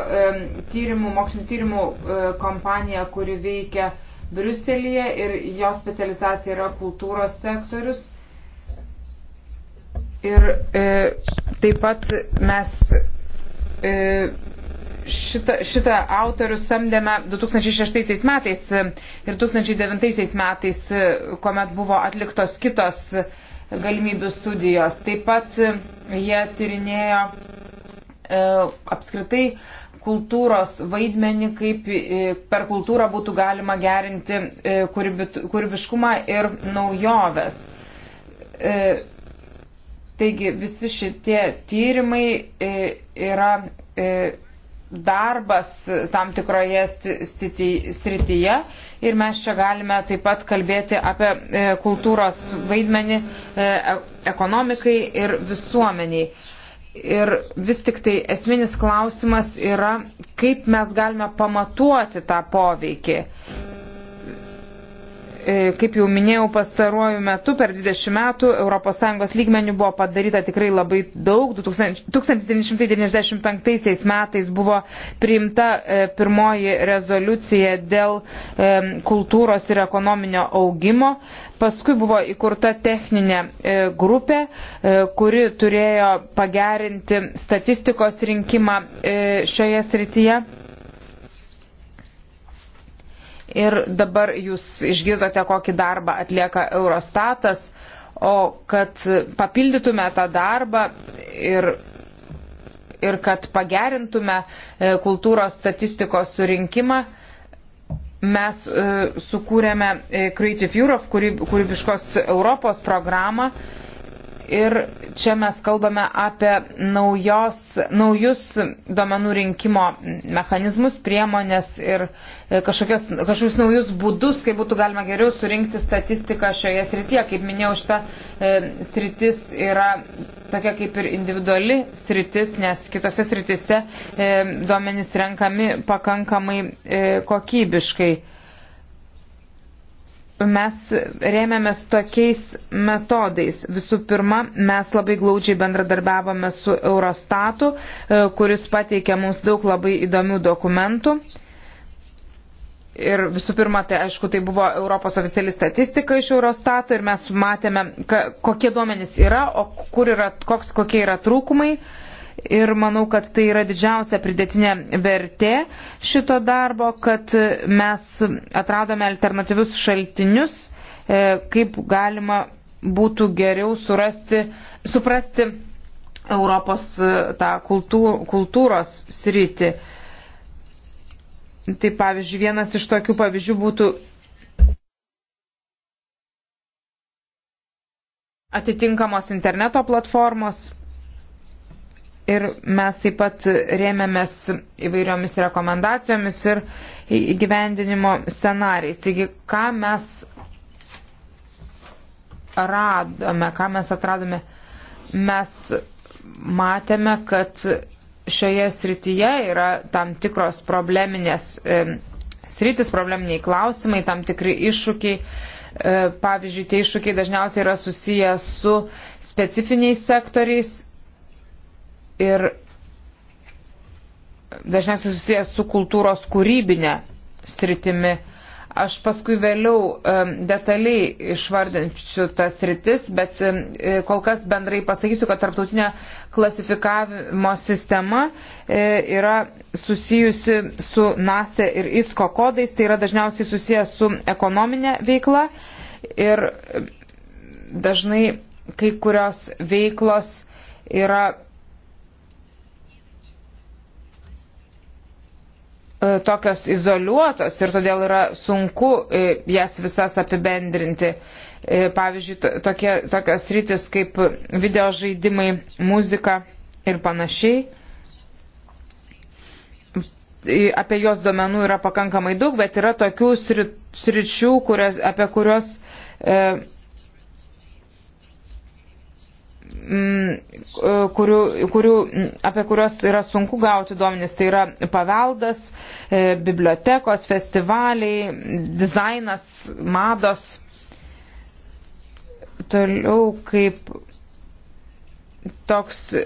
tyrimų, mokslinio tyrimų e, kompanija, kuri veikia Briuselėje ir jo specializacija yra kultūros sektorius. Ir e, taip pat mes e, šitą, šitą autorių samdėme 2006 metais ir 2009 metais, kuomet buvo atliktos kitos galimybių studijos. Taip pat jie tyrinėjo e, apskritai kultūros vaidmenį, kaip e, per kultūrą būtų galima gerinti e, kūrybiškumą ir naujoves. E, taigi visi šitie tyrimai yra darbas tam tikroje srityje ir mes čia galime taip pat kalbėti apie e, kultūros vaidmenį e, e, ekonomikai ir visuomeniai. Ir vis tik tai esminis klausimas yra, kaip mes galime pamatuoti tą poveikį. E, kaip jau minėjau, pastaruoju metu per 20 metų ES lygmenių buvo padaryta tikrai labai daug. 1995 metais buvo priimta e, pirmoji rezoliucija dėl e, kultūros ir ekonominio augimo. Paskui buvo įkurta techninė grupė, kuri turėjo pagerinti statistikos rinkimą šioje srityje. Ir dabar jūs išgirdote, kokį darbą atlieka Eurostatas, o kad papildytume tą darbą ir, ir kad pagerintume e, kultūros statistikos surinkimą, mes e, sukūrėme e, Creative Europe kūrybiškos Europos programą ir čia mes kalbame apie naujos, naujus duomenų rinkimo mechanizmus, priemonės ir e, kažkokios, kažkokius naujus būdus, kaip būtų galima geriau surinkti statistiką šioje srityje. Kaip minėjau, šita e, sritis yra tokia kaip ir individuali sritis, nes kitose sritise e, duomenys renkami pakankamai e, kokybiškai mes rėmėmės tokiais metodais. Visų pirma, mes labai glaudžiai bendradarbiavome su Eurostatu, e, kuris pateikė mums daug labai įdomių dokumentų. Ir visų pirma, tai aišku, tai buvo Europos oficiali statistika iš Eurostato ir mes matėme, ka, kokie duomenys yra, o kur yra, koks, kokie yra trūkumai. Uh, ir manau, kad tai yra didžiausia pridėtinė vertė šito darbo, kad mes atradome alternatyvius šaltinius, e, kaip galima būtų geriau surasti, suprasti Europos e, tą kultūr, kultūros sritį. Tai pavyzdžiui, vienas iš tokių pavyzdžių būtų atitinkamos interneto platformos Ir mes taip pat rėmėmės įvairiomis rekomendacijomis ir įgyvendinimo scenarijais. Taigi, ką mes radome, ką mes atradome, mes matėme, kad šioje srityje yra tam tikros probleminės e, sritis, probleminiai klausimai, tam tikri iššūkiai. E, pavyzdžiui, tie iššūkiai dažniausiai yra susiję su specifiniais sektoriais ir dažniausiai susijęs su kultūros kūrybinė sritimi. Aš paskui vėliau detaliai išvardinsiu tas sritis, bet e, kol kas bendrai pasakysiu, kad tarptautinė klasifikavimo sistema e, yra susijusi su NASA ir ISKO kodais, tai yra dažniausiai susijęs su ekonominė veikla ir dažnai kai kurios veiklos yra E, tokios izoliuotos ir todėl yra sunku e, jas visas apibendrinti. E, pavyzdžiui, tokie, tokios rytis kaip video žaidimai, muzika ir panašiai. Apie jos duomenų yra pakankamai daug, bet yra tokių sričių, kurios, apie kurios e, Mm, kurių, kurių, apie kuriuos yra sunku gauti duomenis, tai yra paveldas, e, bibliotekos, festivaliai, dizainas, mados. Toliau kaip toks e,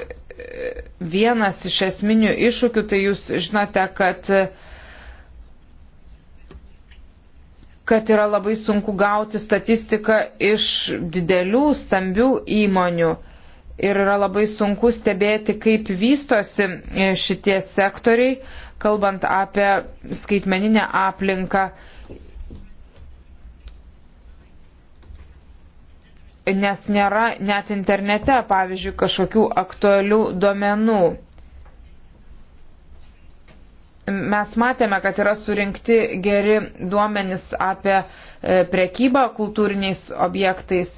vienas iš esminių iššūkių, tai jūs žinote, kad kad yra labai sunku gauti statistiką iš didelių, stambių įmonių ir yra labai sunku stebėti, kaip vystosi e, šitie sektoriai, kalbant apie skaitmeninę aplinką. Nes nėra net internete, pavyzdžiui, kažkokių aktualių duomenų. Mes matėme, kad yra surinkti geri duomenys apie e, prekybą kultūriniais objektais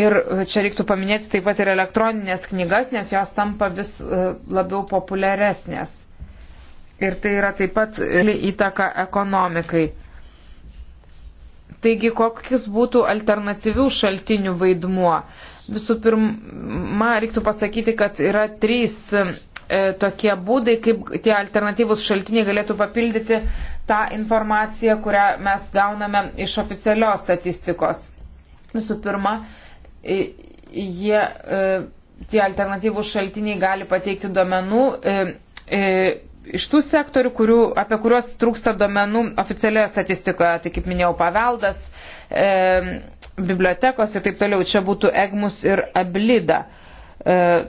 Ir čia reiktų paminėti taip pat ir elektroninės knygas, nes jos tampa vis e, labiau populiaresnės. Ir tai yra taip pat įtaka ekonomikai. Taigi, kokius būtų alternatyvių šaltinių vaidmuo? Visų pirma, reiktų pasakyti, kad yra trys e, tokie būdai, kaip tie alternatyvus šaltiniai galėtų papildyti tą informaciją, kurią mes gauname iš oficialios statistikos. Visų pirma, E, jie, e, tie alternatyvų šaltiniai gali pateikti duomenų e, iš tų sektorių, kurių, apie kuriuos trūksta duomenų oficialioje statistikoje, tai kaip minėjau, paveldas, bibliotekos ir taip toliau. Čia būtų EGMUS ir ABLIDA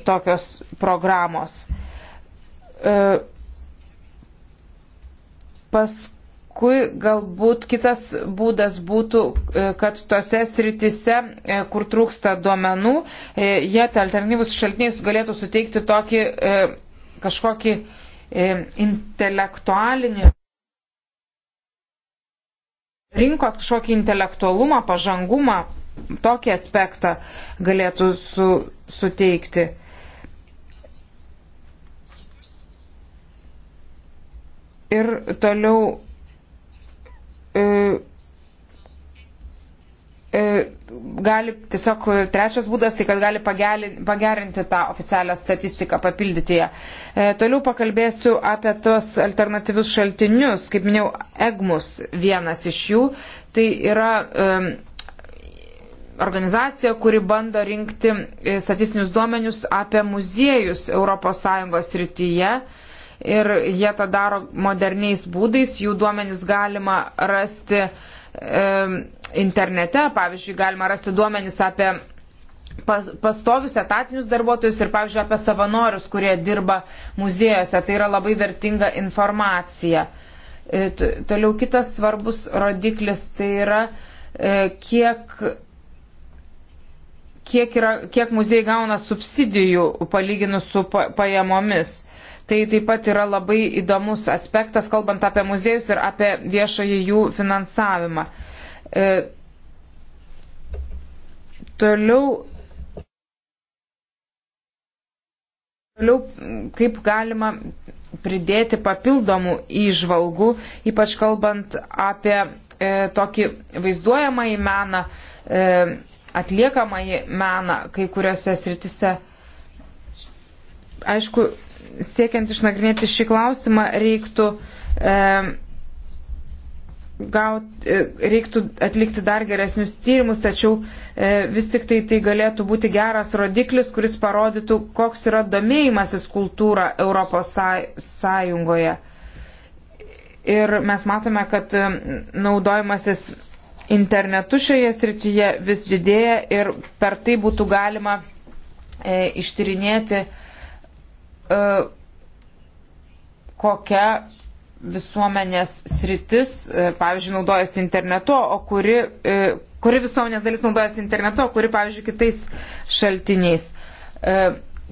tokios programos. Paskui Paskui galbūt kitas būdas būtų, e, kad tose sritise, e, kur trūksta duomenų, e, jie tai alternatyvus šaltiniais galėtų suteikti tokį kažkokį intelektualinį rinkos kažkokį intelektualumą, pažangumą, tokį aspektą galėtų su, suteikti. Ir toliau E, e, gali tiesiog trečias būdas, tai kad gali pagerinti tą oficialią statistiką, papildyti ją. E, toliau pakalbėsiu apie tos alternatyvius šaltinius, kaip minėjau, EGMUS vienas iš jų. Tai yra um, organizacija, kuri bando rinkti statistinius duomenius apie muziejus ES rytyje. Uh, ir jie tą daro moderniais būdais, jų duomenys galima rasti e, internete, pavyzdžiui, galima rasti duomenys apie pas, pastovius etatinius darbuotojus ir, pavyzdžiui, apie savanorius, kurie dirba muziejose. Tai yra labai vertinga informacija. E, toliau kitas svarbus rodiklis tai yra, e, kiek kiek, yra, kiek muziejai gauna subsidijų palyginus su pajamomis. Tai taip pat yra labai įdomus aspektas, kalbant apie muziejus ir apie viešąjį jų finansavimą. E, toliau Toliau, kaip galima pridėti papildomų įžvalgų, ypač kalbant apie e, tokį vaizduojamąjį meną, e, atliekamąjį meną kai kuriuose sritise. Aišku, siekiant išnagrinėti šį klausimą, reiktų, e, gaut, e, reiktų atlikti dar geresnius tyrimus, tačiau e, vis tik tai tai galėtų būti geras rodiklis, kuris parodytų, koks yra domėjimasis kultūra Europos Sąjungoje. Ir mes matome, kad e, naudojimasis internetu šioje srityje vis didėja ir per tai būtų galima e, ištyrinėti e, E, kokia visuomenės sritis, e, pavyzdžiui, naudojasi internetu, o kuri, e, kuri visuomenės dalis naudojasi internetu, o kuri, pavyzdžiui, kitais šaltiniais.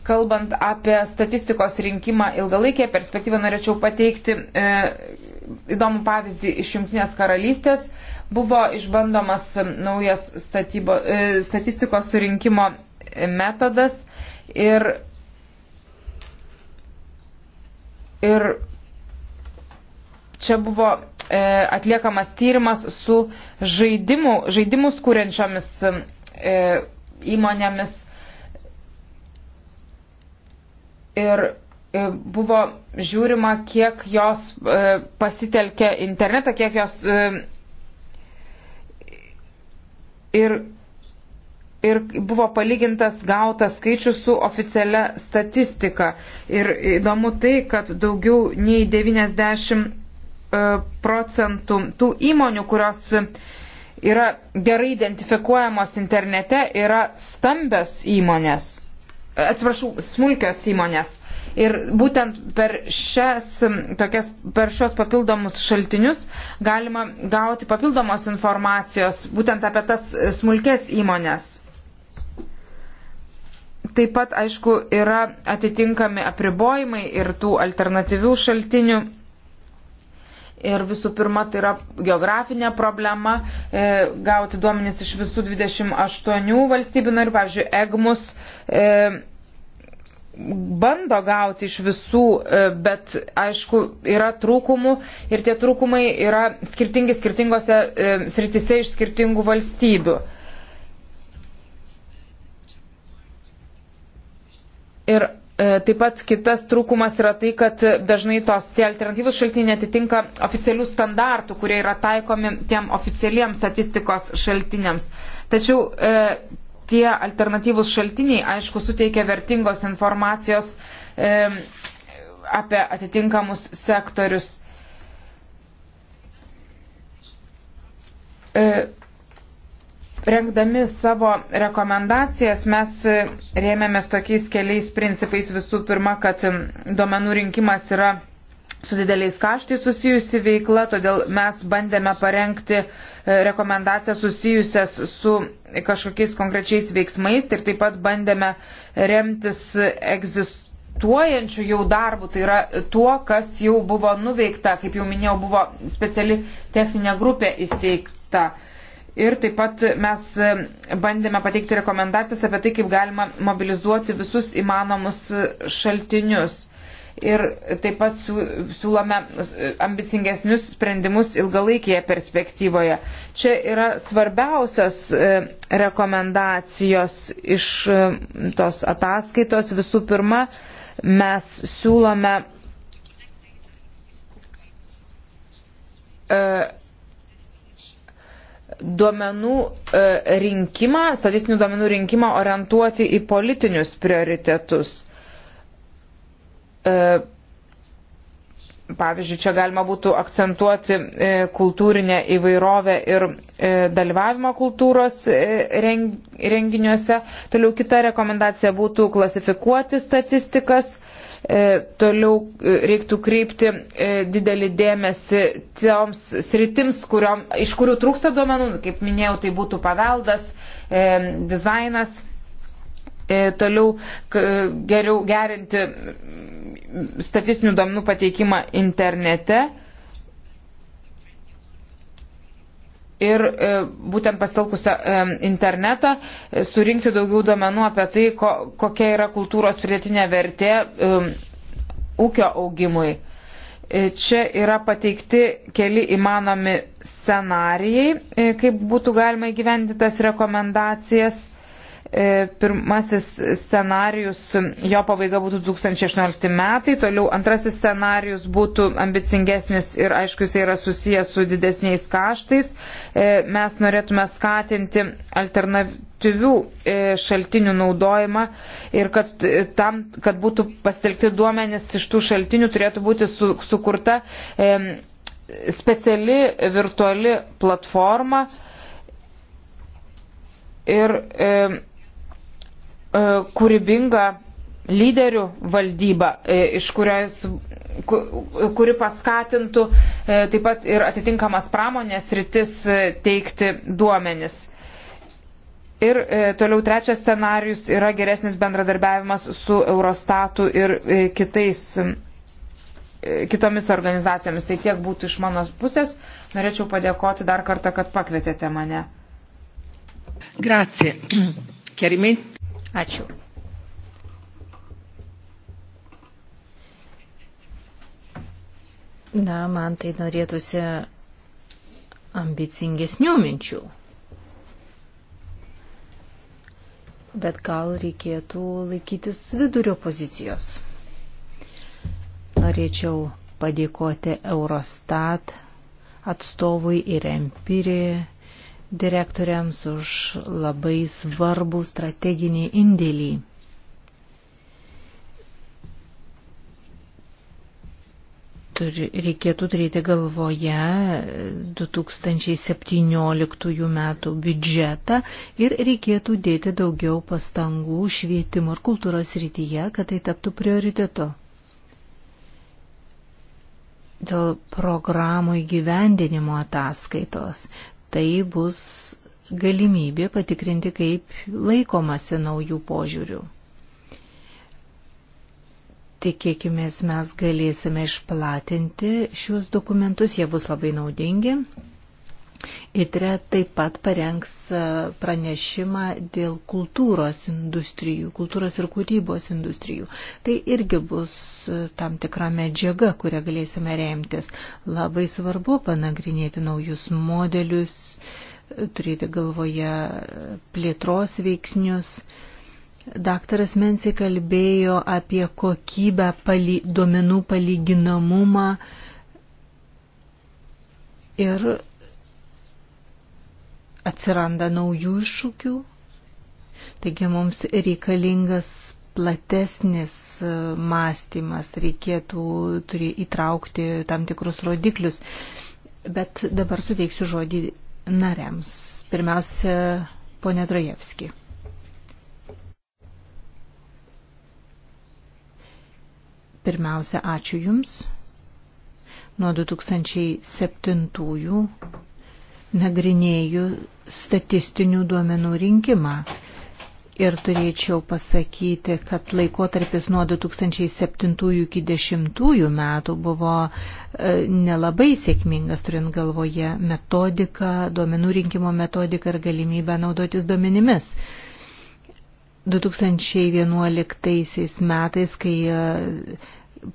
Kalbant apie statistikos rinkimą ilgalaikėje perspektyvą, norėčiau pateikti e, įdomų pavyzdį iš Junktinės karalystės. Buvo išbandomas naujas statybo, e, statistikos surinkimo metodas ir Ir čia buvo e, atliekamas tyrimas su žaidimų, žaidimus kūrenčiomis e, įmonėmis. Ir e, buvo žiūrima, kiek jos e, pasitelkė internetą, kiek jos e, ir ir buvo palygintas gautas skaičius su oficialia statistika. Ir įdomu tai, kad daugiau nei 90 e, procentų tų įmonių, kurios yra gerai identifikuojamos internete, yra stambios įmonės. Atsiprašau, smulkios įmonės. Ir būtent per, šias, tokias, per šios papildomus šaltinius galima gauti papildomos informacijos būtent apie tas smulkes įmonės. Taip pat, aišku, yra atitinkami apribojimai ir tų alternatyvių šaltinių. Ir visų pirma, tai yra geografinė problema e, gauti duomenys iš visų 28 valstybių narių. Pavyzdžiui, EGMUS e, bando gauti iš visų, e, bet aišku, yra trūkumų ir tie trūkumai yra skirtingi skirtingose e, sritise iš skirtingų valstybių. E, Ir e, Taip pat kitas trūkumas yra tai, kad dažnai tos tie alternatyvus šaltiniai netitinka oficialių standartų, kurie yra taikomi tiem oficialiems statistikos šaltiniams. Tačiau e, tie alternatyvus šaltiniai, aišku, suteikia vertingos informacijos e, apie atitinkamus sektorius. E, Rengdami savo rekomendacijas mes rėmėmės tokiais keliais principais. Visų pirma, kad duomenų rinkimas yra su dideliais kaštais susijusi veikla, todėl mes bandėme parengti e, rekomendacijas susijusias su kažkokiais konkrečiais veiksmais ir taip pat bandėme remtis egzistuojančiais tuojančių jau darbų, tai yra tuo, kas jau buvo nuveikta, kaip jau minėjau, buvo speciali techninė grupė įsteigta. Ir taip pat mes bandėme pateikti rekomendacijas apie tai, kaip galima mobilizuoti visus įmanomus šaltinius. Ir taip pat siūlome ambicingesnius sprendimus ilgalaikėje perspektyvoje. Čia yra svarbiausios e, rekomendacijos iš e, tos ataskaitos. Visų pirma, mes siūlome e, duomenų e, rinkimą, statistinių duomenų rinkimą orientuoti į politinius prioritetus. E, pavyzdžiui, čia galima būtų akcentuoti e, kultūrinę įvairovę ir dalyvavimą kultūros renginiuose. Toliau kita rekomendacija būtų klasifikuoti statistikas E, toliau e, reiktų kreipti e, didelį dėmesį toms sritims, kuriom, iš kurių trūksta duomenų, kaip minėjau, tai būtų paveldas, dizainas. Toliau geriau gerinti statistinių duomenų pateikimą internete. ir e, būtent pasitelkusią e, internetą e, surinkti daugiau duomenų apie tai, ko, kokia yra kultūros pridėtinė vertė ūkio augimui. Čia yra pateikti keli įmanomi scenarijai, kaip būtų galima įgyventi tas rekomendacijas. E, pirmasis scenarius, jo pabaiga būtų 2018 metai, toliau antrasis scenarius būtų ambicingesnis ir aišku, jis yra susijęs su didesniais kaštais. E, mes norėtume skatinti alternatyvių e, šaltinių naudojimą ir kad tam, kad būtų pastelgti duomenis iš tų šaltinių, turėtų būti su, sukurta speciali virtuali platforma. Ir e, E, kūrybinga lyderių valdyba, e, iš kurios, kuri paskatintų e, taip pat ir atitinkamas pramonės rytis teikti duomenis. Ir toliau trečias scenarius yra geresnis bendradarbiavimas su Eurostatu ir kitais, kitomis organizacijomis. Tai tiek būtų iš mano pusės. Norėčiau padėkoti dar kartą, kad pakvietėte mane. Grazie. Chiaramente Ačiū. Na, man tai norėtųsi ambicingesnių minčių. Bet gal reikėtų laikytis vidurio pozicijos. Norėčiau padėkoti Eurostat atstovui ir empiri direktoriams už labai svarbų strateginį indėlį. Turi, reikėtų turėti galvoje 2017 metų biudžetą ir reikėtų dėti daugiau pastangų švietimo ir kultūros rytyje, kad tai taptų prioritetu. Dėl programų įgyvendinimo ataskaitos tai bus galimybė patikrinti, kaip laikomasi naujų požiūrių. Tikėkime, mes galėsime išplatinti šiuos dokumentus, jie bus labai naudingi ITRE taip pat parengs e, pranešimą dėl kultūros industrijų, kultūros ir kūrybos industrijų. Tai irgi bus e, tam tikra medžiaga, kurią galėsime remtis. Labai svarbu panagrinėti naujus modelius, e, turėti galvoje plėtros veiksnius. Daktaras Mensi kalbėjo apie kokybę pali, duomenų palyginamumą ir atsiranda naujų iššūkių, taigi mums reikalingas platesnis e, mąstymas, reikėtų turi įtraukti tam tikrus rodiklius. Bet dabar suteiksiu žodį nariams. Pirmiausia, ponė Drojevski. Pirmiausia, ačiū Jums. Nuo 2007 nagrinėju statistinių duomenų rinkimą. Ir turėčiau pasakyti, kad laikotarpis nuo 2007 iki 2010 metų buvo e, nelabai sėkmingas, turint galvoje metodiką, duomenų rinkimo metodiką ir galimybę naudotis duomenimis. 2011 metais, kai e,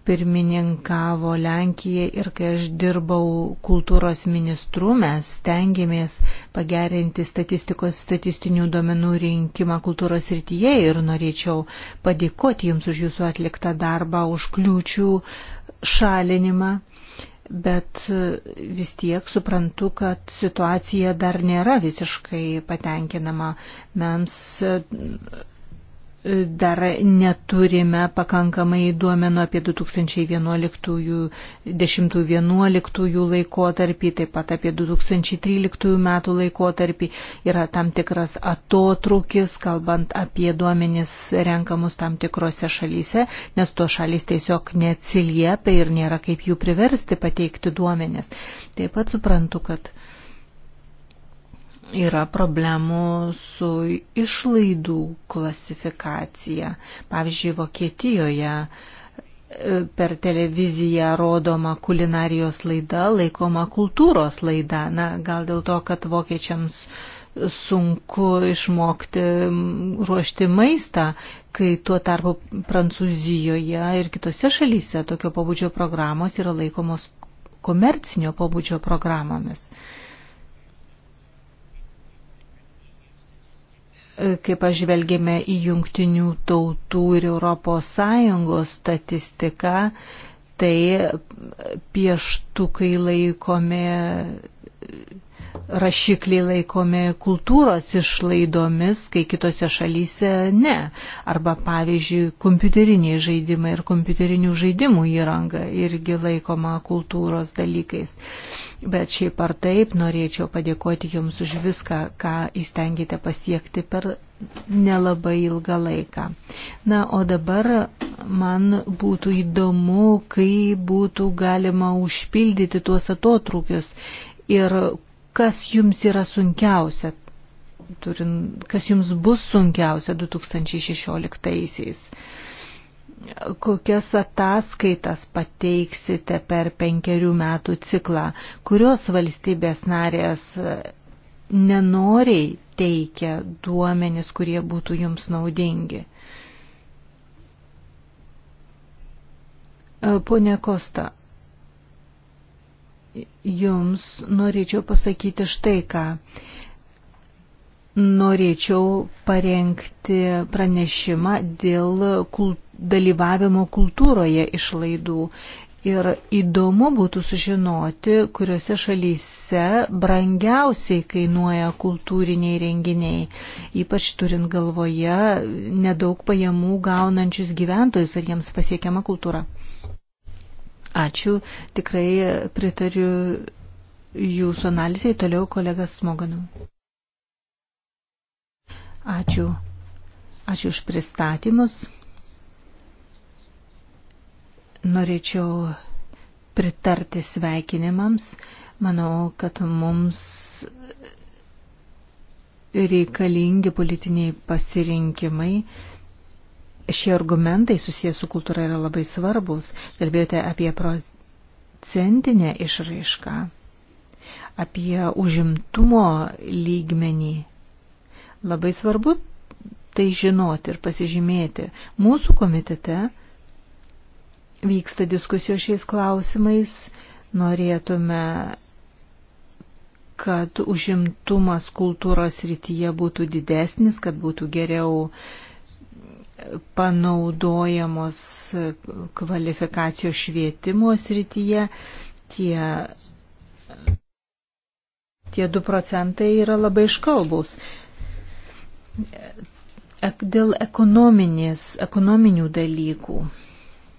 pirmininkavo Lenkija ir kai aš dirbau kultūros ministru, mes stengiamės pagerinti statistikos statistinių duomenų rinkimą kultūros rytyje ir norėčiau padėkoti Jums už Jūsų atliktą darbą, už kliūčių šalinimą. Bet vis tiek suprantu, kad situacija dar nėra visiškai patenkinama. Mes dar neturime pakankamai duomenų apie 2011-2011 laikotarpį, taip pat apie 2013 metų laikotarpį. Yra tam tikras atotrukis, kalbant apie duomenis renkamus tam tikrose šalyse, nes to šalys tiesiog neatsiliepia ir nėra kaip jų priversti pateikti duomenis. Taip pat suprantu, kad yra problemų su išlaidų klasifikacija. Pavyzdžiui, Vokietijoje e, per televiziją rodoma kulinarijos laida laikoma kultūros laida. Na, gal dėl to, kad vokiečiams sunku išmokti ruošti maistą, kai tuo tarpu Prancūzijoje ir kitose šalyse tokio pabudžio programos yra laikomos komercinio pabudžio programomis. Uh, kai pažvelgėme į jungtinių tautų ir ES statistiką, tai pieštukai laikomi rašikliai laikomi kultūros išlaidomis, kai kitose šalyse ne. Arba, pavyzdžiui, kompiuteriniai žaidimai ir kompiuterinių žaidimų įranga irgi laikoma kultūros dalykais. Bet šiaip ar taip norėčiau padėkoti Jums už viską, ką įstengėte pasiekti per nelabai ilgą laiką. Na, o dabar man būtų įdomu, kaip būtų galima užpildyti tuos atotrukius ir kas jums yra sunkiausia, turin, kas jums bus sunkiausia 2016-aisiais? Kokias ataskaitas pateiksite per penkerių metų ciklą? Kurios valstybės narės nenoriai teikia duomenis, kurie būtų jums naudingi? Pone Kosta, Jums norėčiau pasakyti štai ką. Norėčiau parengti pranešimą dėl kult, dalyvavimo kultūroje išlaidų. Ir įdomu būtų sužinoti, kuriuose šalyse brangiausiai kainuoja kultūriniai renginiai, ypač turint galvoje nedaug pajamų gaunančius gyventojus ir jiems pasiekiama kultūra. Ačiū, tikrai pritariu jūsų analizai, toliau kolegas Smoganu. Ačiū. Ačiū už pristatymus. Norėčiau pritarti sveikinimams. Manau, kad mums reikalingi politiniai pasirinkimai šie argumentai susijęs su kultūra yra labai svarbus. Kalbėjote apie procentinę išraišką, apie užimtumo lygmenį. Labai svarbu tai žinoti ir pasižymėti. Mūsų komitete vyksta diskusijos šiais klausimais. Norėtume kad užimtumas kultūros rytyje būtų didesnis, kad būtų geriau uh, panaudojamos kvalifikacijos švietimo srityje. Tie, tie 2 procentai yra labai iškalbus. Dėl ekonominių dalykų.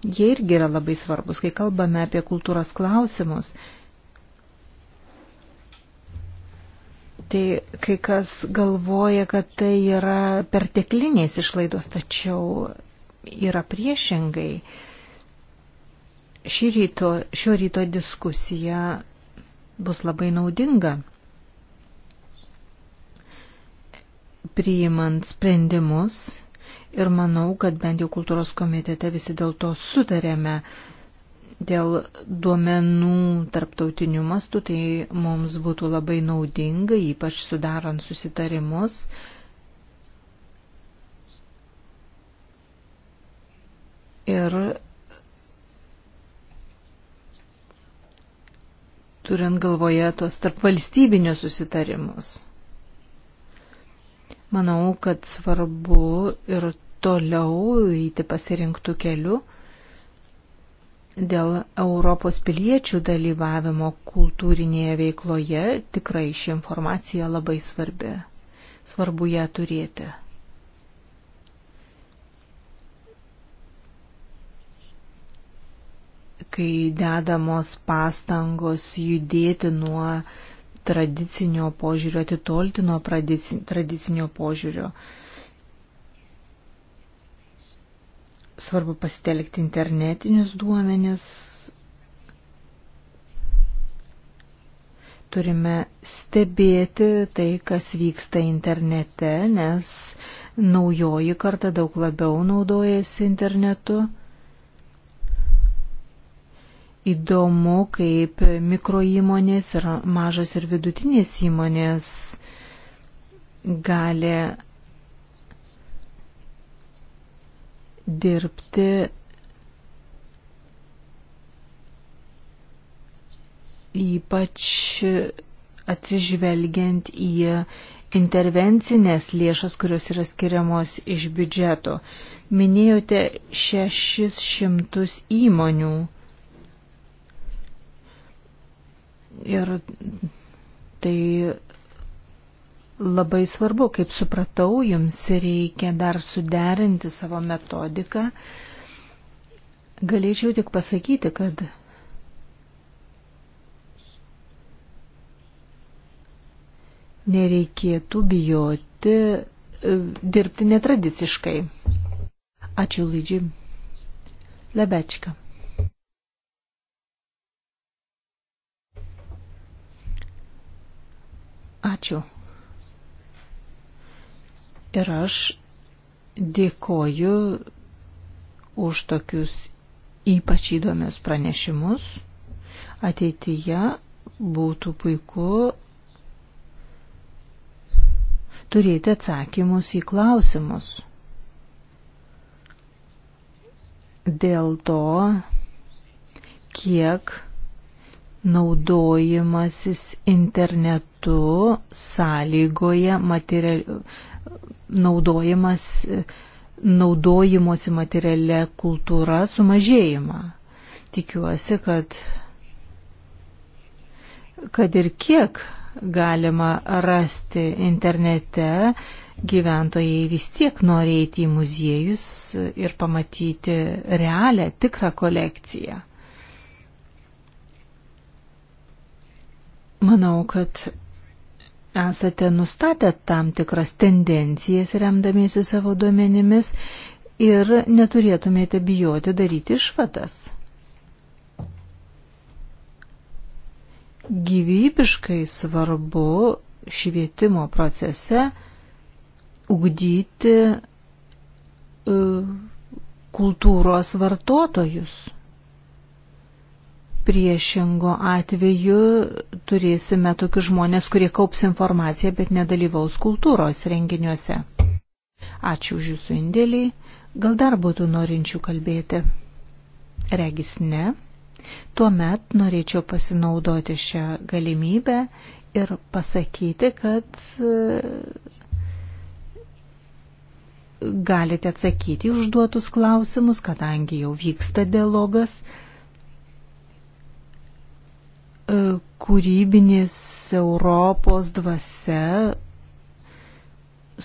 Jie irgi yra labai svarbus, kai kalbame apie kultūros klausimus. tai kai kas galvoja, kad tai yra perteklinės išlaidos, tačiau yra priešingai. Šį ryto, šio ryto diskusija bus labai naudinga, priimant sprendimus ir manau, kad bent jau kultūros komitete visi dėl to sutarėme, dėl duomenų tarptautinių mastų, tai mums būtų labai naudinga, ypač sudarant susitarimus. Ir turint galvoje tuos tarpvalstybinius susitarimus. Manau, kad svarbu ir toliau įti pasirinktų kelių Dėl Europos piliečių dalyvavimo kultūrinėje veikloje tikrai ši informacija labai svarbi. Svarbu ją turėti. Kai dedamos pastangos judėti nuo tradicinio požiūrio, atitolti nuo tradicinio požiūrio, Svarbu pasitelkti internetinius duomenis. Turime stebėti tai, kas vyksta internete, nes naujoji karta daug labiau naudojasi internetu. Įdomu, kaip mikro įmonės ir mažas ir vidutinės įmonės gali dirbti ypač atsižvelgiant į intervencinės lėšas, kurios yra skiriamos iš biudžeto. Minėjote 600 įmonių. Ir tai labai svarbu. Kaip supratau, jums reikia dar suderinti savo metodiką. Galėčiau tik pasakyti, kad nereikėtų bijoti e, dirbti netradiciškai. Ačiū Lydžiai. Lebečka. Ačiū. Ir aš dėkoju už tokius ypač įdomius pranešimus. Ateityje būtų puiku turėti atsakymus į klausimus. Dėl to, kiek naudojimasis internetu sąlygoja material, naudojimas, naudojimuosi materialė kultūra sumažėjimą. Tikiuosi, kad, kad ir kiek galima rasti internete, gyventojai vis tiek nori eiti į muziejus ir pamatyti realią, tikrą kolekciją. Manau, kad esate nustatę tam tikras tendencijas remdamiesi savo duomenimis ir neturėtumėte bijoti daryti išvadas. Gyvybiškai svarbu švietimo procese ugdyti e, kultūros vartotojus. Priešingo atveju turėsime tokius žmonės, kurie kaups informaciją, bet nedalyvaus kultūros renginiuose. Ačiū už Jūsų indėlį. Gal dar būtų norinčių kalbėti? Regis ne. Tuomet norėčiau pasinaudoti šią galimybę ir pasakyti, kad e, galite atsakyti užduotus klausimus, kadangi jau vyksta dialogas kūrybinės Europos dvasia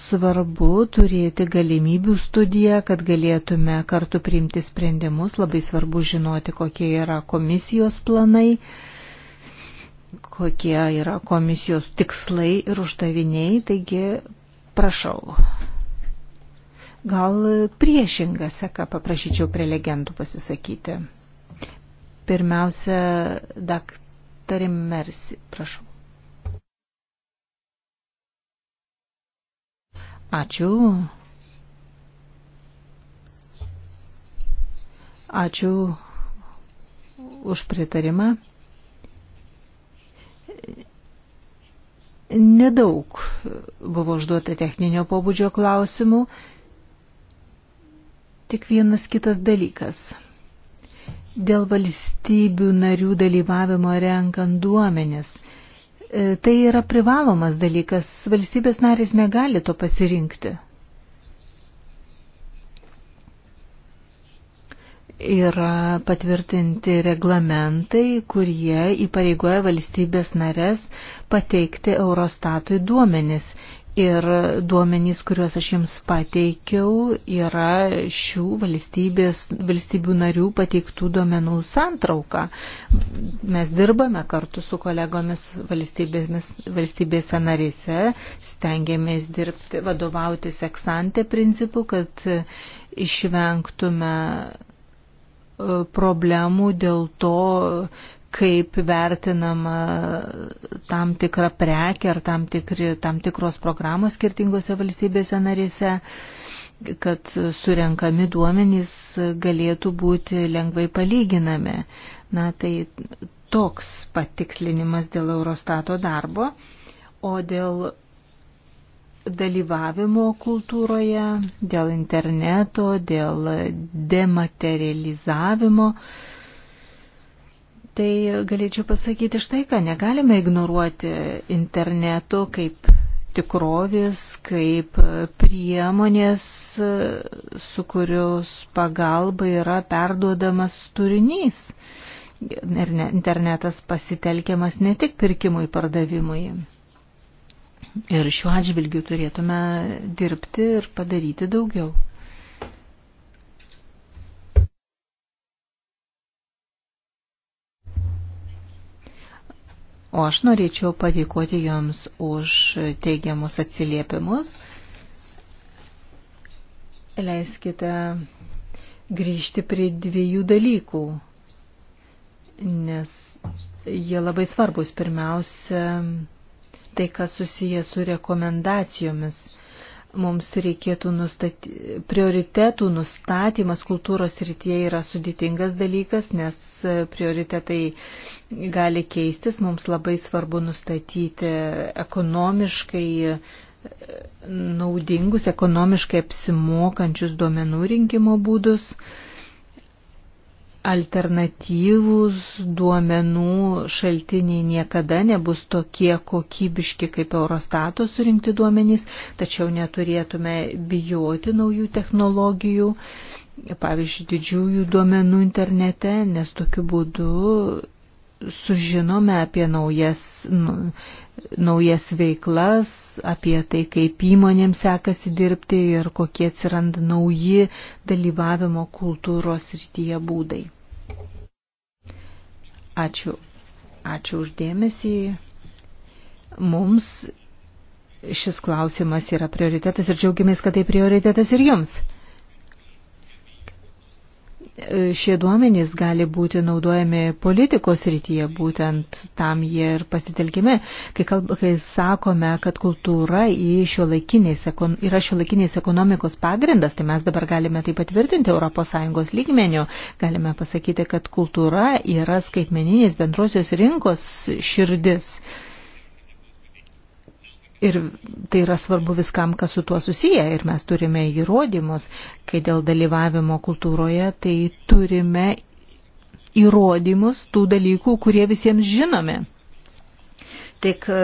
svarbu turėti galimybių studiją, kad galėtume kartu priimti sprendimus. Labai svarbu žinoti, kokie yra komisijos planai, kokie yra komisijos tikslai ir uždaviniai. Taigi, prašau. Gal priešingą seką paprašyčiau prelegentų pasisakyti. Pirmiausia, daktaras Tarim Mersi, prašau. Ačiū. Ačiū už pritarimą. Nedaug buvo užduota techninio pobūdžio klausimų, tik vienas kitas dalykas dėl valstybių narių dalyvavimo renkant duomenis. E, tai yra privalomas dalykas, valstybės narys negali to pasirinkti. Yra patvirtinti reglamentai, kurie įpareigoja valstybės narės pateikti Eurostatui duomenis Ir duomenys, kuriuos aš jums pateikiau, yra šių valstybių narių pateiktų duomenų santrauka. Mes dirbame kartu su kolegomis valstybėse narise, stengiamės dirbti, vadovautis eksante principu, kad išvengtume e, problemų dėl to, kaip vertinama tam tikra prekė ar tam, tikri, tam tikros programos skirtingose valstybėse narėse, kad surenkami duomenys galėtų būti lengvai palyginami. Na tai toks patikslinimas dėl Eurostato darbo, o dėl dalyvavimo kultūroje, dėl interneto, dėl dematerializavimo. Uh, tai galėčiau pasakyti štai ką, negalime ignoruoti interneto kaip tikrovės, kaip priemonės, su kurios pagalba yra perduodamas turinys. Internetas pasitelkiamas ne tik pirkimui, pardavimui. Ir šiuo atžvilgiu turėtume dirbti ir padaryti daugiau. O aš norėčiau padėkoti Jums už teigiamus atsiliepimus. Leiskite grįžti prie dviejų dalykų, nes jie labai svarbus. Pirmiausia, tai, kas susiję su rekomendacijomis mums reikėtų nustaty, prioritetų nustatymas kultūros rytyje yra sudėtingas dalykas, nes prioritetai gali keistis, mums labai svarbu nustatyti ekonomiškai e, naudingus, ekonomiškai apsimokančius duomenų rinkimo būdus. Uh, alternatyvūs duomenų šaltiniai niekada nebus tokie kokybiški kaip Eurostato surinkti duomenys, tačiau neturėtume bijoti naujų technologijų, pavyzdžiui, didžiųjų duomenų internete, nes tokiu būdu sužinome apie naujas, nu, naujas veiklas, apie tai, kaip įmonėms sekasi dirbti ir kokie atsiranda nauji dalyvavimo kultūros rytyje būdai. Ačiū. Ačiū uždėmesį. Mums šis klausimas yra prioritetas ir džiaugiamės, kad tai prioritetas ir jums šie duomenys gali būti naudojami politikos rytyje, būtent tam jie ir pasitelkime. Kai, kalb, kai sakome, kad kultūra šio laikinės, yra šio laikinės ekonomikos pagrindas, tai mes dabar galime tai patvirtinti ES lygmeniu. Galime pasakyti, kad kultūra yra skaitmeninės bendrosios rinkos širdis. Ir tai yra svarbu viskam, kas su tuo susiję. Ir mes turime įrodymus, kai dėl dalyvavimo kultūroje, tai turime įrodymus tų dalykų, kurie visiems žinome. Tik e,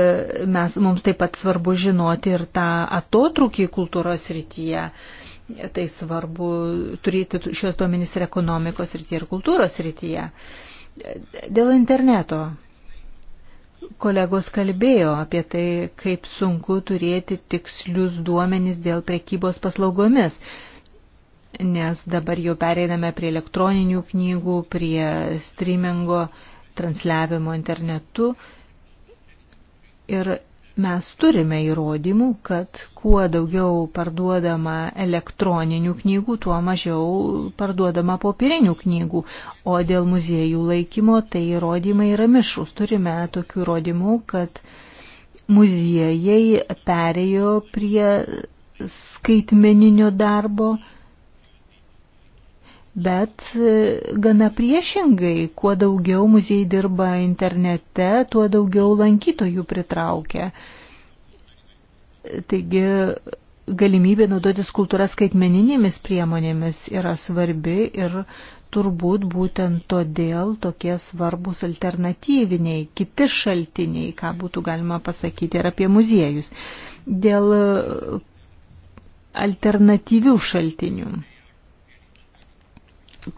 mes, mums taip pat svarbu žinoti ir tą atotrukį kultūros rytyje. Tai svarbu turėti šios duomenys ir ekonomikos rytyje, ir kultūros rytyje. Dėl interneto Kolegos kalbėjo apie tai, kaip sunku turėti tikslius duomenys dėl prekybos paslaugomis, nes dabar jau pereiname prie elektroninių knygų, prie streamingo transliavimo internetu ir Mes turime įrodymų, kad kuo daugiau parduodama elektroninių knygų, tuo mažiau parduodama popierinių knygų. O dėl muziejų laikymo tai įrodymai yra mišrus. Turime tokių įrodymų, kad muziejai perėjo prie skaitmeninio darbo Bet e, gana priešingai, kuo daugiau muziejai dirba internete, tuo daugiau lankytojų pritraukia. Taigi galimybė naudotis kultūra skaitmeninėmis priemonėmis yra svarbi ir turbūt būtent todėl tokie svarbus alternatyviniai, kiti šaltiniai, ką būtų galima pasakyti ir apie muziejus, dėl alternatyvių šaltinių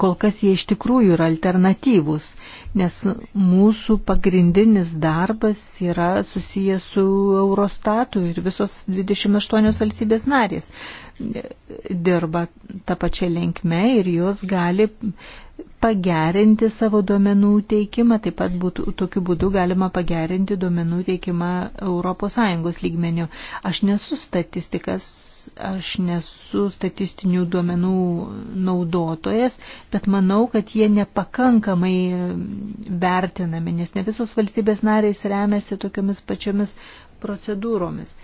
kol kas jie iš tikrųjų yra alternatyvūs, nes mūsų pagrindinis darbas yra susijęs su Eurostatu ir visos 28 valstybės narės dirba tą pačią linkmę ir jos gali pagerinti savo duomenų teikimą, taip pat būtų, tokiu būdu galima pagerinti duomenų teikimą ES lygmeniu. Aš nesu statistikas, aš nesu statistinių duomenų naudotojas, bet manau, kad jie nepakankamai vertinami, nes ne visos valstybės nariais remiasi tokiamis pačiomis procedūromis.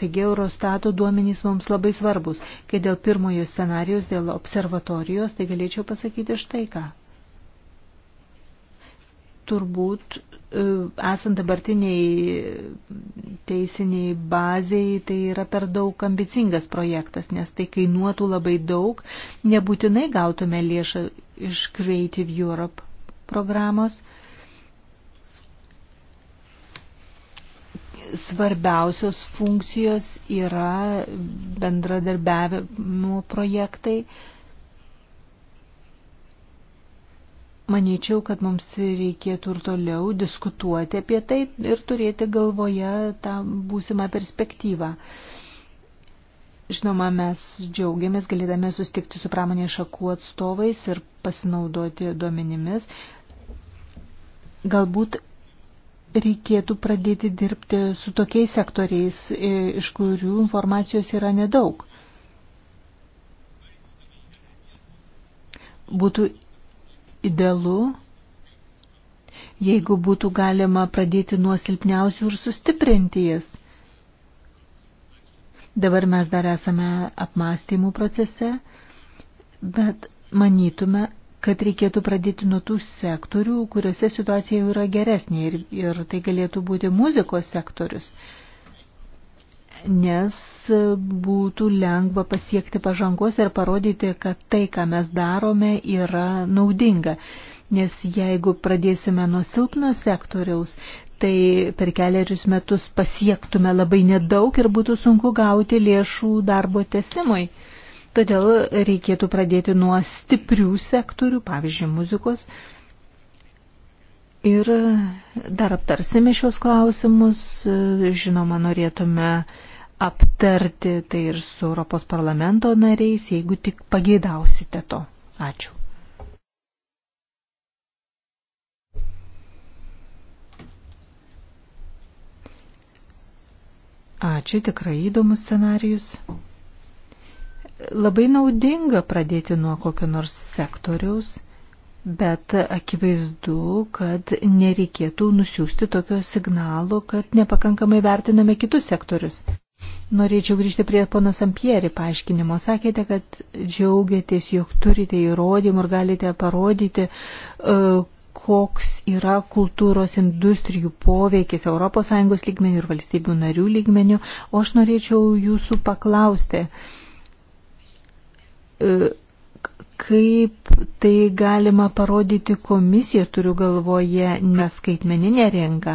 Taigi Eurostato duomenys mums labai svarbus. Kai dėl pirmojo scenarijos, dėl observatorijos, tai galėčiau pasakyti štai ką. Turbūt e, esant dabartiniai teisiniai baziai, tai yra per daug ambicingas projektas, nes tai kainuotų labai daug, nebūtinai gautume lėšą iš Creative Europe programos svarbiausios funkcijos yra bendradarbiavimo projektai. Manyčiau, kad mums reikėtų ir toliau diskutuoti apie tai ir turėti galvoje tą būsimą perspektyvą. Žinoma, mes džiaugiamės galėdami sustikti su pramonės šakų atstovais ir pasinaudoti duomenimis. Galbūt reikėtų pradėti dirbti su tokiais sektoriais, e, iš kurių informacijos yra nedaug. Būtų idealu, jeigu būtų galima pradėti nuo silpniausių ir sustiprinti jas. Dabar mes dar esame apmąstymų procese, bet manytume, kad reikėtų pradėti nuo tų sektorių, kuriuose situacija jau yra geresnė ir, ir tai galėtų būti muzikos sektorius, nes būtų lengva pasiekti pažangos ir parodyti, kad tai, ką mes darome, yra naudinga. Nes jeigu pradėsime nuo silpno sektoriaus, tai per keliarius metus pasiektume labai nedaug ir būtų sunku gauti lėšų darbo tesimui. Todėl reikėtų pradėti nuo stiprių sektorių, pavyzdžiui, muzikos. Ir dar aptarsime šios klausimus. Žinoma, norėtume aptarti tai ir su Europos parlamento nariais, jeigu tik pageidausite to. Ačiū. Ačiū, tikrai įdomus scenarius labai naudinga pradėti nuo kokio nors sektoriaus, bet akivaizdu, kad nereikėtų nusiųsti tokio signalo, kad nepakankamai vertiname kitus sektorius. Norėčiau grįžti prie pono Sampierį paaiškinimo. Sakėte, kad džiaugiatės, jog turite įrodymų ir galite parodyti, e, koks yra kultūros industrijų poveikis ES lygmenių ir valstybių narių lygmenių. O aš norėčiau jūsų paklausti. Uh, E, kaip tai galima parodyti komisija, turiu galvoje ne skaitmeninę rinką,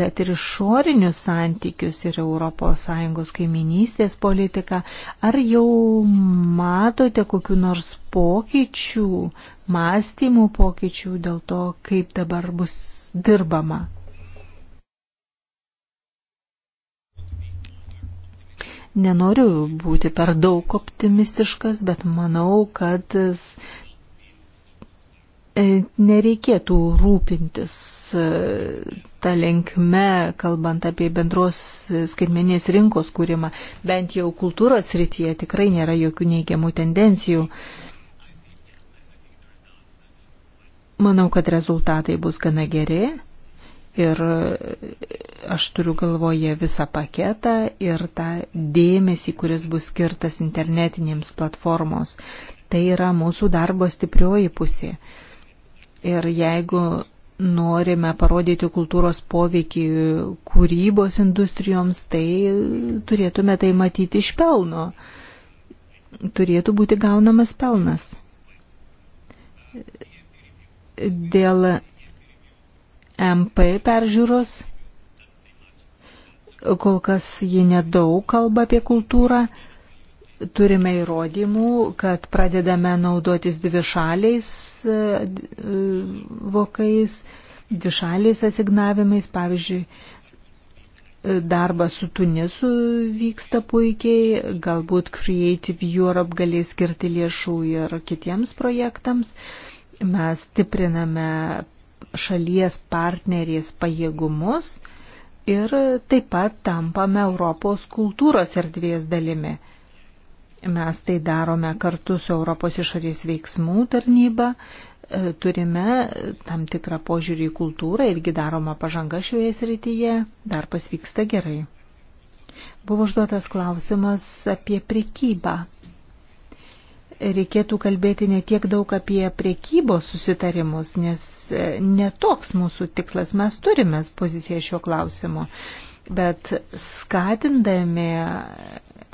bet ir išorinius santykius ir ES kaiminystės politiką. Ar jau matote kokiu nors pokyčių, mąstymų pokyčių dėl to, kaip dabar bus dirbama? Nenoriu būti per daug optimistiškas, bet manau, kad e, nereikėtų rūpintis e, tą linkme, kalbant apie bendros skaitmenės rinkos kūrimą. Bent jau kultūros rytyje tikrai nėra jokių neigiamų tendencijų. Manau, kad rezultatai bus gana geri Ir aš turiu galvoje visą paketą ir tą dėmesį, kuris bus skirtas internetinėms platformos. Tai yra mūsų darbo stiprioji pusė. Ir jeigu norime parodyti kultūros poveikį kūrybos industrijoms, tai turėtume tai matyti iš pelno. Turėtų būti gaunamas pelnas. Dėl MP peržiūros. Kol kas ji nedaug kalba apie kultūrą. Turime įrodymų, kad pradedame naudotis dvišaliais e, e, vokais, dvišaliais asignavimais. Pavyzdžiui, e, darbas su Tunisu vyksta puikiai, galbūt Creative Europe galės skirti lėšų ir kitiems projektams. Mes stipriname šalies partnerės pajėgumus ir taip pat tampame Europos kultūros erdvės dalimi. Mes tai darome kartu su Europos išorės veiksmų tarnyba, e, turime tam tikrą požiūrį į kultūrą irgi daroma pažanga šioje srityje, darbas vyksta gerai. Buvo užduotas klausimas apie prekybą reikėtų kalbėti ne tiek daug apie priekybos susitarimus, nes e, netoks mūsų tikslas mes turime poziciją šiuo klausimu, bet skatindami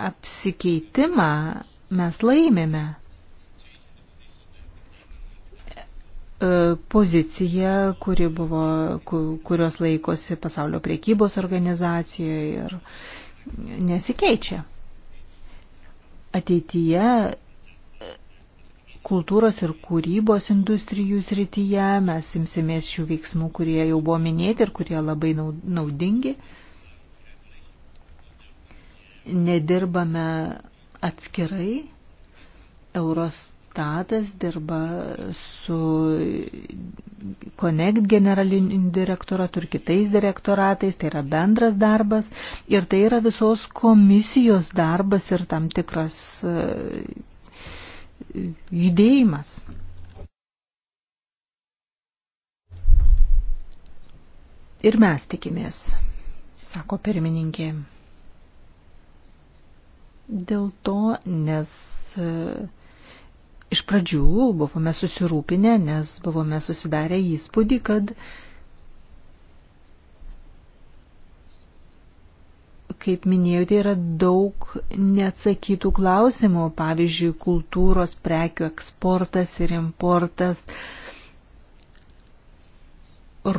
apsikeitimą mes laimėme e, poziciją, kuri buvo, kurios laikosi pasaulio priekybos organizacijoje ir nesikeičia. Ateityje kultūros ir kūrybos industrijų srityje. Mes imsimės šių veiksmų, kurie jau buvo minėti ir kurie labai naudingi. Nedirbame atskirai. Eurostatas dirba su Connect generaliniu direktoratu ir kitais direktoratais, tai yra bendras darbas ir tai yra visos komisijos darbas ir tam tikras judėjimas. Ir mes tikimės, sako pirmininkė. Dėl to, nes e, iš pradžių buvome susirūpinę, nes buvome susidarę įspūdį, kad uh, kaip minėjote, yra daug neatsakytų klausimų, pavyzdžiui, kultūros prekių eksportas ir importas,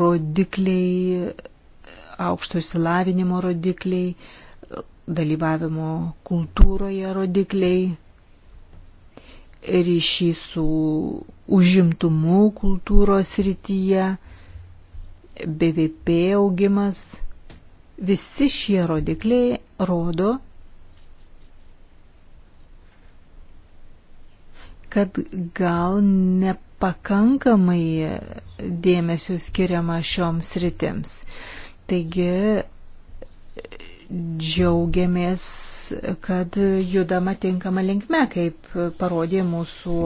rodikliai, aukšto įsilavinimo rodikliai, dalyvavimo kultūroje rodikliai, ryšys su užimtumu kultūros rytyje, BVP augimas Visi šie rodikliai rodo, kad gal nepakankamai dėmesio skiriama šioms rytims. Taigi džiaugiamės, kad judama tinkama linkme, kaip parodė mūsų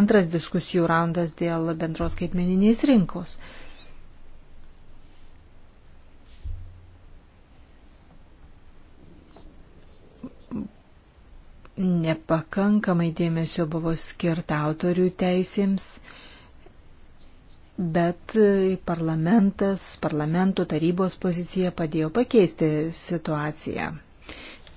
antras diskusijų raundas dėl bendros skaitmeninės rinkos. nepakankamai dėmesio buvo skirta autorių teisėms, bet e, parlamentas, parlamentų tarybos pozicija padėjo pakeisti situaciją.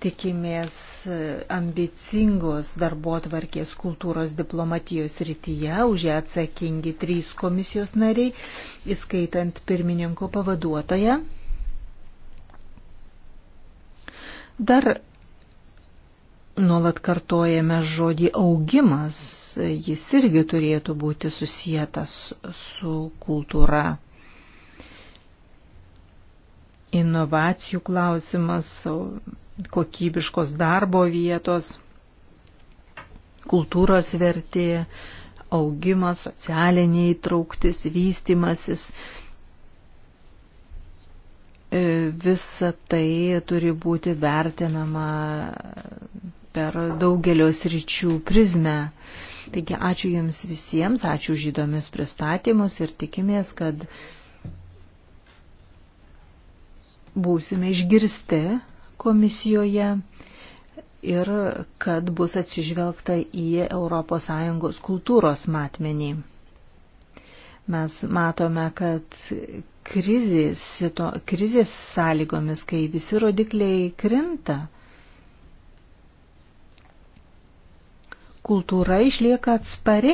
Tikimės e, ambicingos darbo tvarkės kultūros diplomatijos rytyje, už ją atsakingi trys komisijos nariai, įskaitant pirmininko pavaduotoją. Dar nuolat kartojame žodį augimas, jis irgi turėtų būti susijęs su kultūra. Inovacijų klausimas, kokybiškos darbo vietos, kultūros vertė, augimas, socialiniai trauktis, vystimasis visa tai turi būti vertinama per daugelio sričių prizmę. Taigi ačiū Jums visiems, ačiū už įdomius pristatymus ir tikimės, kad būsime išgirsti komisijoje ir kad bus atsižvelgta į ES kultūros matmenį. Mes matome, kad krizės, sito, krizės sąlygomis, kai visi rodikliai krinta, kultūra išlieka atspari.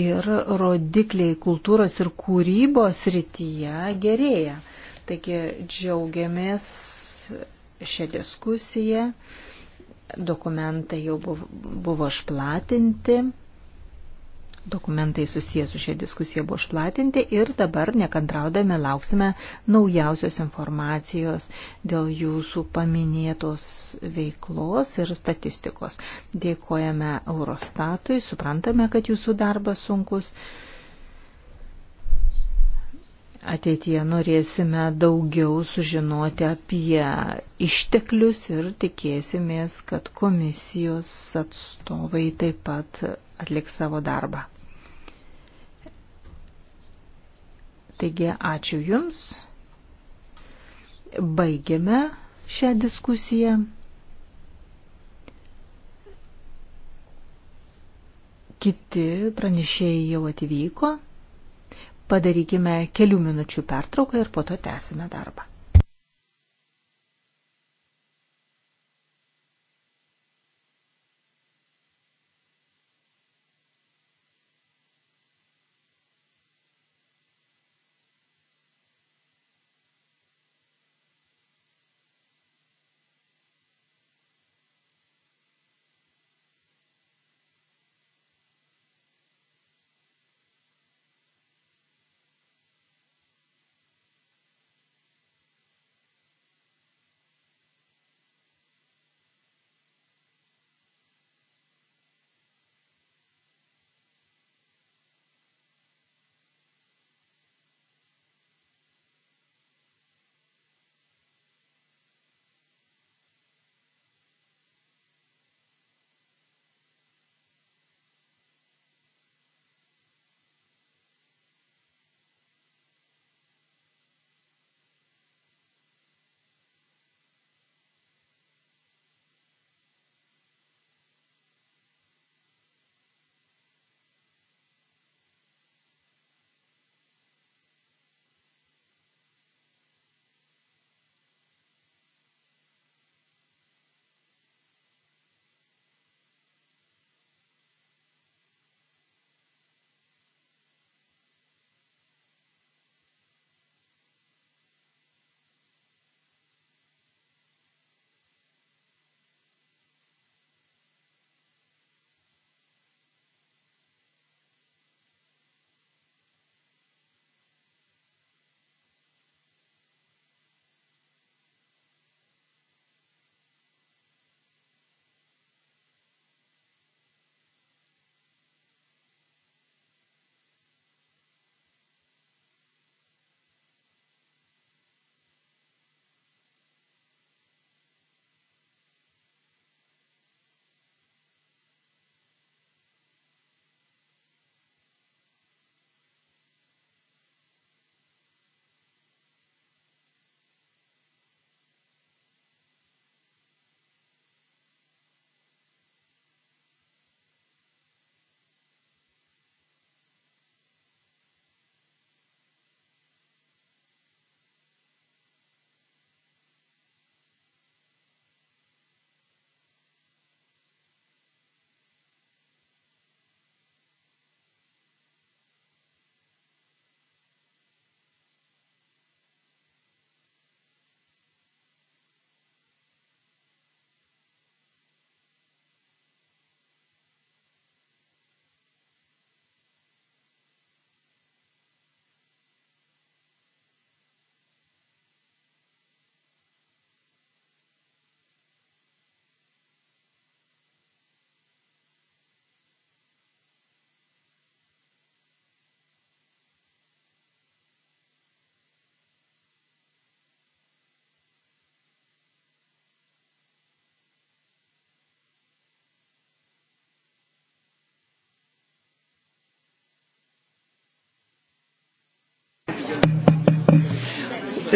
Ir rodikliai kultūros ir kūrybos rytyje gerėja. Taigi džiaugiamės šią diskusiją. Dokumentai jau buvo, buvo išplatinti. Dokumentai susijęs su šia diskusija buvo išplatinti ir dabar nekantraudami lauksime naujausios informacijos dėl jūsų paminėtos veiklos ir statistikos. Dėkojame Eurostatui, suprantame, kad jūsų darbas sunkus. Ateityje norėsime daugiau sužinoti apie išteklius ir tikėsimės, kad komisijos atstovai taip pat atliks savo darbą. Taigi ačiū Jums. Baigiame šią diskusiją. Kiti pranešėjai jau atvyko. Padarykime kelių minučių pertrauką ir po to tęsime darbą.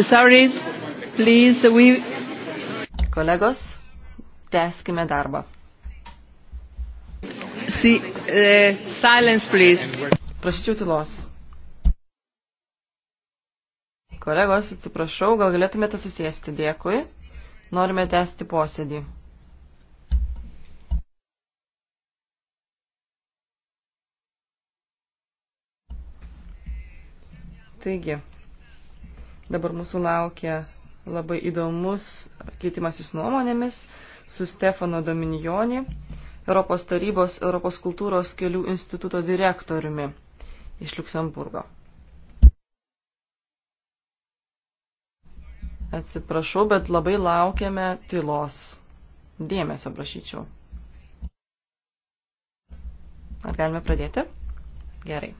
Sorry, please, we... Kolegos, tęskime darbą. Si, uh, silence, please. Prašyčiau tylos. Kolegos, atsiprašau, gal galėtumėte susėsti. Dėkui. Norime tęsti posėdį. Taigi, Dabar mūsų laukia labai įdomus keitimasis nuomonėmis su Stefano Dominjoni, Europos tarybos Europos kultūros kelių instituto direktoriumi iš Luksemburgo. Atsiprašau, bet labai laukiame tylos. Dėmesio prašyčiau. Ar galime pradėti? Gerai.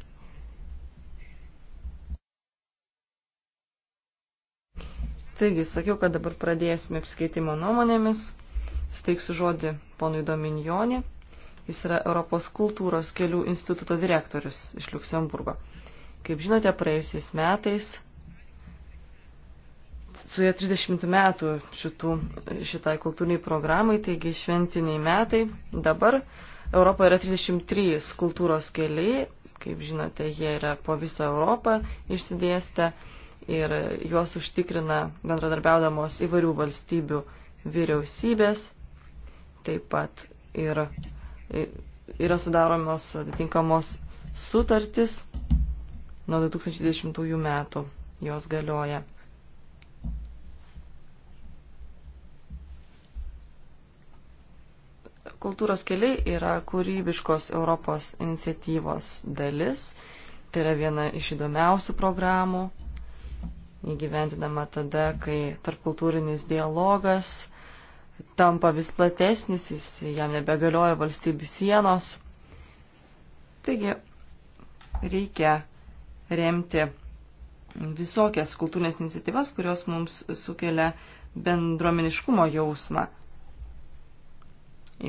Taigi, sakiau, kad dabar pradėsime apskaitimo nuomonėmis. Suteiksiu žodį ponui Dominjonį. Jis yra Europos kultūros kelių instituto direktorius iš Luksemburgo. Kaip žinote, praėjusiais metais suėjo 30 metų šitų, šitai kultūriniai programai, taigi šventiniai metai. Dabar Europoje yra 33 kultūros keliai, kaip žinote, jie yra po visą Europą išsidėstę ir juos užtikrina bendradarbiaudamos įvairių valstybių vyriausybės, taip pat ir yra sudaromos atitinkamos sutartis nuo 2010 metų jos galioja. Kultūros keliai yra kūrybiškos Europos iniciatyvos dalis. Tai yra viena iš įdomiausių programų įgyvendinama tada, kai tarpkultūrinis dialogas tampa vis platesnis, jis jam nebegalioja valstybių sienos. Taigi reikia remti visokias kultūrinės iniciatyvas, kurios mums sukelia bendruomeniškumo jausmą.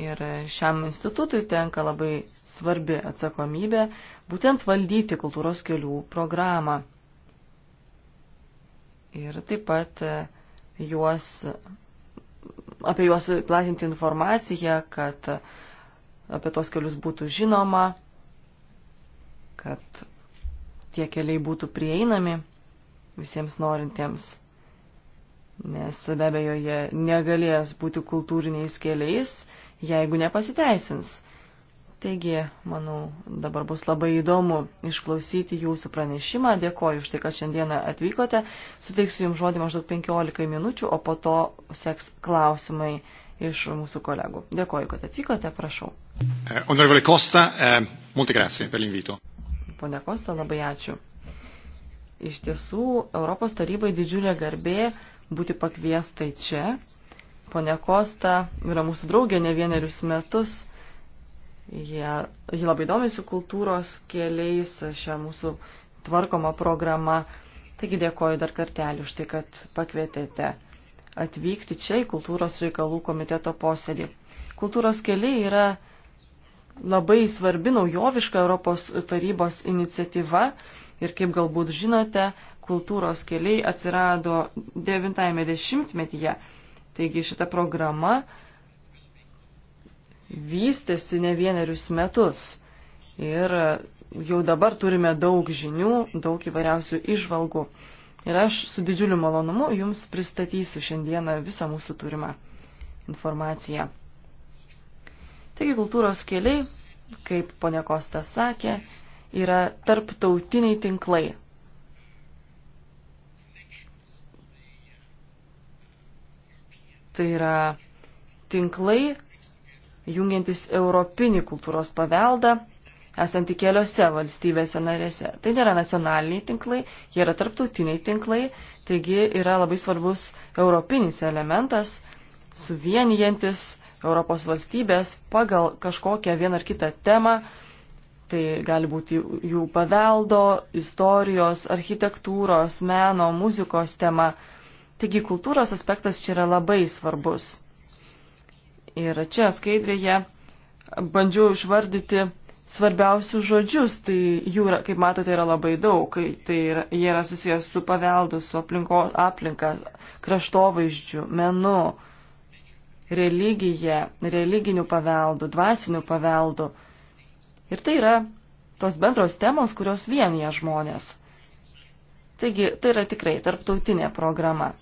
Ir šiam institutui tenka labai svarbi atsakomybė būtent valdyti kultūros kelių programą ir taip pat e, juos, apie juos platinti informaciją, kad apie tos kelius būtų žinoma, kad tie keliai būtų prieinami visiems norintiems, nes be abejo jie negalės būti kultūriniais keliais, jeigu nepasiteisins. Taigi, manau, dabar bus labai įdomu išklausyti jūsų pranešimą. Dėkoju už tai, kad šiandieną atvykote. Suteiksiu jums žodį maždaug 15 minučių, o po to seks klausimai iš mūsų kolegų. Dėkoju, kad atvykote, prašau. Honorable eh, Costa, eh, molte grazie per l'invito. Pone Costa, labai ačiū. Iš tiesų, Europos tarybai didžiulė garbė būti pakviestai čia. Pone Kosta yra mūsų draugė ne vienerius metus Jie, jie labai domisi kultūros keliais šią mūsų tvarkomą programą. Taigi dėkoju dar kartelį už tai, kad pakvietėte atvykti čia į kultūros reikalų komiteto posėdį. Kultūros keliai yra labai svarbi naujoviška Europos tarybos iniciatyva ir kaip galbūt žinote, kultūros keliai atsirado 90-metyje. Taigi šita programa vystėsi ne vienerius metus. Ir jau dabar turime daug žinių, daug įvairiausių išvalgų. Ir aš su didžiuliu malonumu jums pristatysiu šiandieną visą mūsų turimą informaciją. Taigi kultūros keliai, kaip ponė Kosta sakė, yra tarptautiniai tinklai. Tai yra tinklai jungiantis europinį kultūros paveldą, esanti keliose valstybėse narėse. Tai nėra nacionaliniai tinklai, jie yra tarptautiniai tinklai, taigi yra labai svarbus europinis elementas, suvienijantis Europos valstybės pagal kažkokią vieną ar kitą temą. Tai gali būti jų paveldo, istorijos, architektūros, meno, muzikos tema. Taigi kultūros aspektas čia yra labai svarbus. Ir čia skaidrėje bandžiau išvardyti svarbiausius žodžius, tai jų, kaip matote, yra labai daug. Tai yra, jie yra susijęs su paveldu, su aplinko, aplinka, kraštovaizdžiu, menu, religija, religiniu paveldu, dvasiniu paveldu. Ir tai yra tos bendros temos, kurios vienyje žmonės. Taigi, tai yra tikrai tarptautinė programa.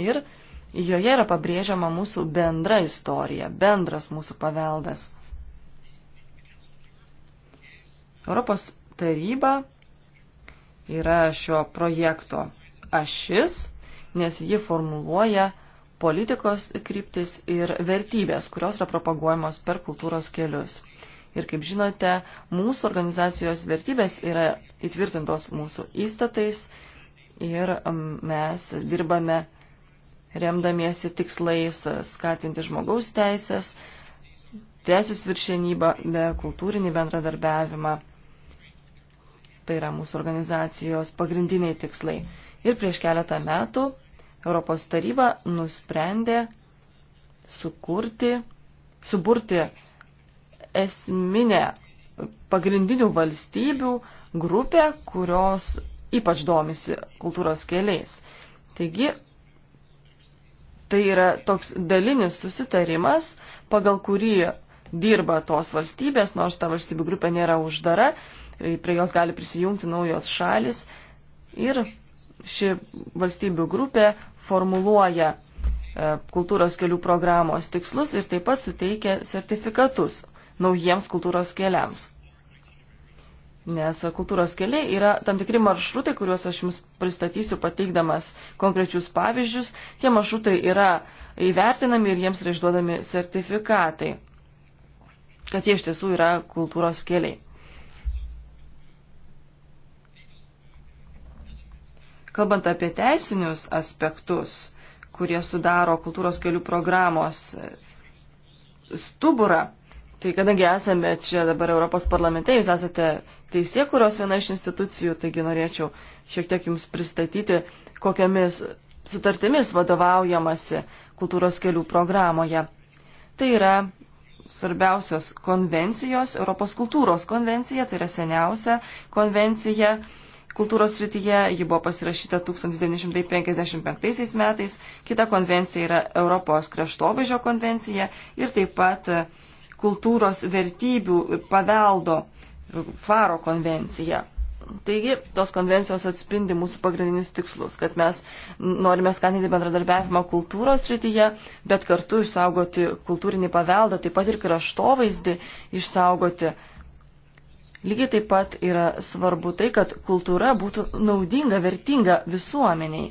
Ir Joje yra pabrėžiama mūsų bendra istorija, bendras mūsų paveldas. Europos taryba yra šio projekto ašis, nes ji formuluoja politikos kryptis ir vertybės, kurios yra propaguojamos per kultūros kelius. Ir kaip žinote, mūsų organizacijos vertybės yra įtvirtintos mūsų įstatais ir mm, mes dirbame remdamiesi tikslais skatinti žmogaus teisės, teisės viršienybą, be kultūrinį bendradarbiavimą. Tai yra mūsų organizacijos pagrindiniai tikslai. Ir prieš keletą metų Europos taryba nusprendė sukurti, suburti esminę pagrindinių valstybių grupę, kurios ypač domisi kultūros keliais. Taigi Tai yra toks dalinis susitarimas, pagal kurį dirba tos valstybės, nors ta valstybių grupė nėra uždara, prie jos gali prisijungti naujos šalis ir ši valstybių grupė formuluoja e, kultūros kelių programos tikslus ir taip pat suteikia sertifikatus naujiems kultūros keliams. Nes kultūros keliai yra tam tikri maršrutai, kuriuos aš jums pristatysiu pateikdamas konkrečius pavyzdžius. Tie maršrutai yra įvertinami ir jiems yra išduodami sertifikatai, kad jie iš tiesų yra kultūros keliai. Kalbant apie teisinius aspektus, kurie sudaro kultūros kelių programos e, stuburą, tai kadangi esame čia dabar Europos parlamente, jūs esate teisė, kurios viena iš institucijų, taigi norėčiau šiek tiek jums pristatyti, kokiamis sutartimis vadovaujamasi kultūros kelių programoje. Tai yra svarbiausios konvencijos, Europos kultūros konvencija, tai yra seniausia konvencija kultūros srityje, ji buvo pasirašyta 1955 metais, kita konvencija yra Europos kraštovaižio konvencija ir taip pat kultūros vertybių paveldo konvencija Faro konvencija. Taigi, tos konvencijos atspindi mūsų pagrindinius tikslus, kad mes norime skatinti bendradarbiavimą kultūros srityje, bet kartu išsaugoti kultūrinį paveldą, taip pat ir kraštovaizdį išsaugoti. Lygiai taip pat yra svarbu tai, kad kultūra būtų naudinga, vertinga visuomeniai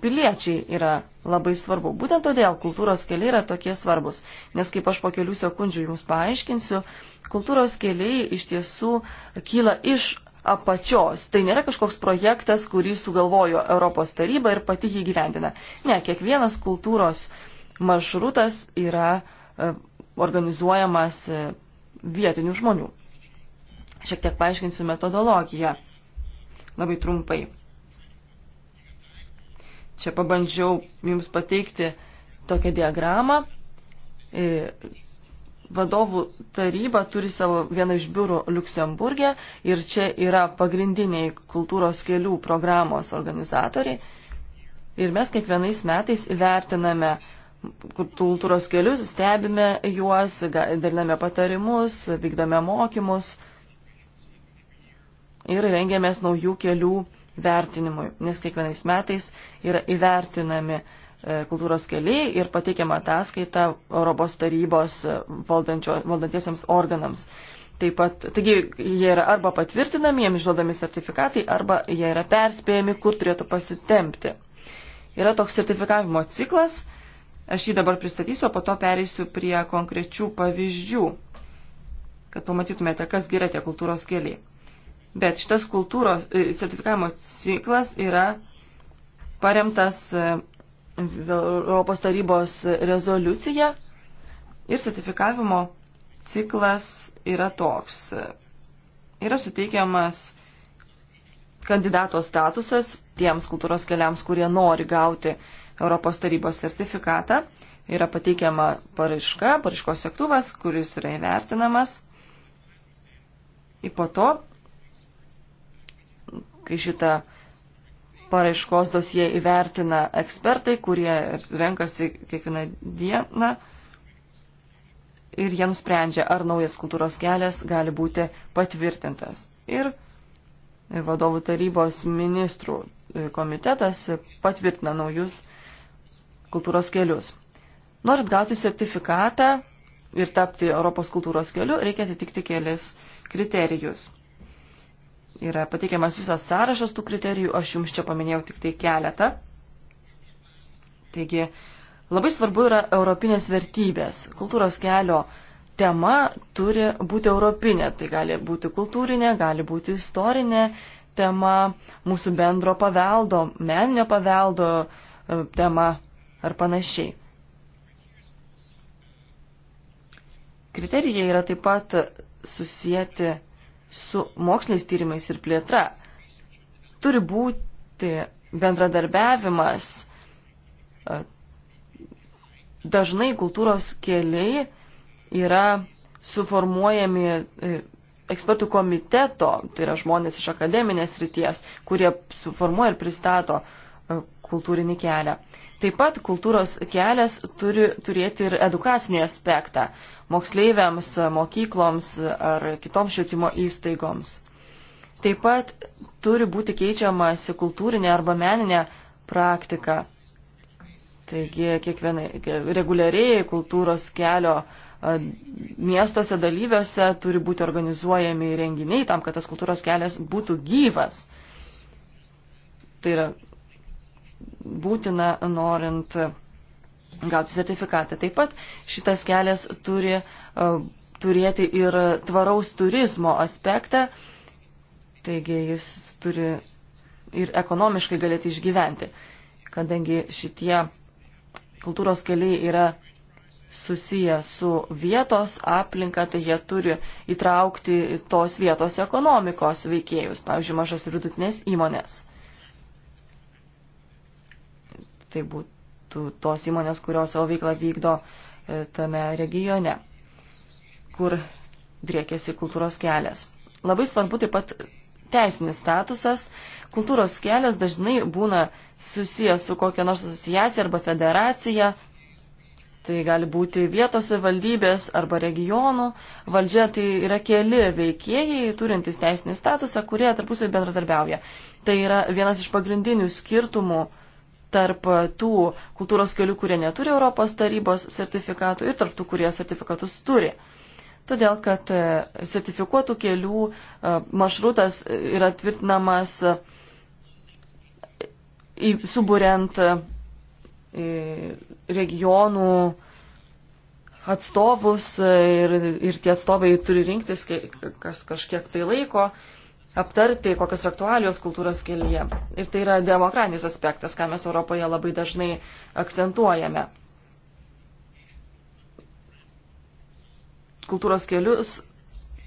piliečiai yra labai svarbu. Būtent todėl kultūros keliai yra tokie svarbus, nes kaip aš po kelių sekundžių jums paaiškinsiu, kultūros keliai iš tiesų kyla iš apačios. Tai nėra kažkoks projektas, kurį sugalvojo Europos taryba ir pati jį gyvendina. Ne, kiekvienas kultūros maršrutas yra e, organizuojamas e, vietinių žmonių. Šiek tiek paaiškinsiu metodologiją labai trumpai. Čia pabandžiau jums pateikti tokią diagramą. E, vadovų taryba turi savo vieną iš biurų Luksemburgė ir čia yra pagrindiniai kultūros kelių programos organizatoriai. Ir mes kiekvienais metais vertiname kultūros kelius, stebime juos, daliname patarimus, vykdome mokymus ir rengiamės naujų kelių vertinimui, nes kiekvienais metais yra įvertinami e, kultūros keliai ir pateikiama ataskaita Europos tarybos e, valdantiesiams organams. Taip pat, taigi jie yra arba patvirtinami, jiems išduodami sertifikatai, arba jie yra perspėjami, kur turėtų pasitempti. Yra toks sertifikavimo ciklas, aš jį dabar pristatysiu, o po to pereisiu prie konkrečių pavyzdžių, kad pamatytumėte, kas yra tie kultūros keliai. Bet šitas kultūros e, sertifikavimo ciklas yra paremtas e, Europos tarybos rezoliucija ir sertifikavimo ciklas yra toks. Yra suteikiamas kandidato statusas tiems kultūros keliams, kurie nori gauti Europos tarybos sertifikatą. Yra pateikiama paraiška, paraiškos sektuvas, kuris yra įvertinamas. Ir po to kai šitą paraiškos dosiją įvertina ekspertai, kurie renkasi kiekvieną dieną ir jie nusprendžia, ar naujas kultūros kelias gali būti patvirtintas. Ir vadovų tarybos ministrų komitetas patvirtina naujus kultūros kelius. Norint gauti sertifikatą ir tapti Europos kultūros keliu, reikia atitikti kelis kriterijus. Yra pateikiamas visas sąrašas tų kriterijų, aš jums čia paminėjau tik tai keletą. Taigi, labai svarbu yra europinės vertybės. Kultūros kelio tema turi būti europinė. Tai gali būti kultūrinė, gali būti istorinė tema, mūsų bendro paveldo, meninio paveldo e, tema ar panašiai. Kriterijai yra taip pat susijęti su moksliniais tyrimais ir plėtra. Turi būti bendradarbiavimas. Dažnai kultūros keliai yra suformuojami e, ekspertų komiteto, tai yra žmonės iš akademinės ryties, kurie suformuoja ir pristato e, kultūrinį kelią. Taip pat kultūros kelias turi turėti ir edukacinį aspektą moksleiviams, mokykloms ar kitoms švietimo įstaigoms. Taip pat turi būti keičiamasi kultūrinė arba meninė praktika. Taigi kiekvienai reguliariai kultūros kelio miestuose dalyviuose turi būti organizuojami renginiai tam, kad tas kultūros kelias būtų gyvas. Tai yra būtina norint gauti sertifikatą. Taip pat šitas kelias turi e, turėti ir tvaraus turizmo aspektą, taigi jis turi ir ekonomiškai galėti išgyventi, kadangi šitie kultūros keliai yra susiję su vietos aplinka, tai jie turi įtraukti tos vietos ekonomikos veikėjus, pavyzdžiui, mažas vidutinės įmonės tai būtų tos įmonės, kurios savo veiklą vykdo e, tame regione, kur driekėsi kultūros kelias. Labai svarbu taip pat teisinis statusas. Kultūros kelias dažnai būna susijęs su kokia nors asociacija arba federacija. Tai gali būti vietos valdybės arba regionų. Valdžia tai yra keli veikėjai, turintys teisinį statusą, kurie tarpusai bendradarbiauja. Tai yra vienas iš pagrindinių skirtumų tarp tų kultūros kelių, kurie neturi Europos tarybos sertifikatų ir tarp tų, kurie sertifikatus turi. Todėl, kad e, sertifikuotų kelių e, maršrutas e, yra tvirtinamas suburiant regionų atstovus ir, ir tie atstovai turi rinktis kas kažkiek tai laiko aptarti, kokios aktualios kultūros kelyje. Ir tai yra demokratinis aspektas, ką mes Europoje labai dažnai akcentuojame. Kultūros kelius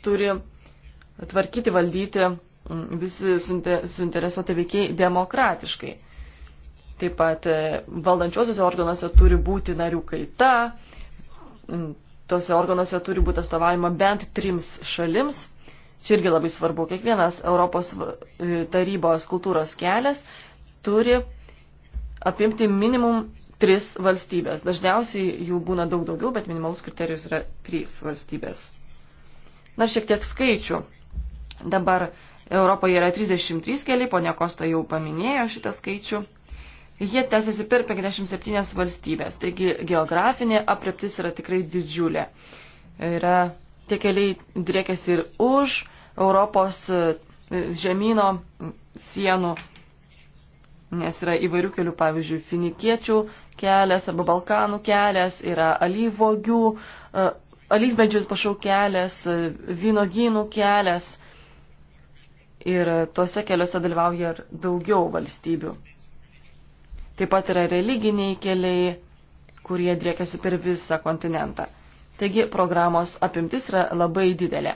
turi tvarkyti, valdyti visi suinteresuoti veikiai demokratiškai. Taip pat e, valdančiosiuose organuose turi būti narių kaita, tose organuose turi būti atstovavimo bent trims šalims Čia irgi labai svarbu, kiekvienas Europos e, tarybos kultūros kelias turi apimti minimum tris valstybės. Dažniausiai jų būna daug daugiau, bet minimalus kriterijus yra trys valstybės. Na, šiek tiek skaičių. Dabar Europoje yra 33 keliai, ponia Kosta jau paminėjo šitą skaičių. Jie tęsiasi per 57 valstybės, taigi geografinė apreptis yra tikrai didžiulė. Yra tie keliai driekiasi ir už Europos e, žemynų sienų, nes yra įvairių kelių, pavyzdžiui, finikiečių kelias arba Balkanų kelias, yra alyvogių, e, alyvmedžius pašau kelias, e, vynoginų kelias ir tuose keliuose dalyvauja ir daugiau valstybių. Taip pat yra religiniai keliai, kurie driekiasi per visą kontinentą. Taigi programos apimtis yra labai didelė.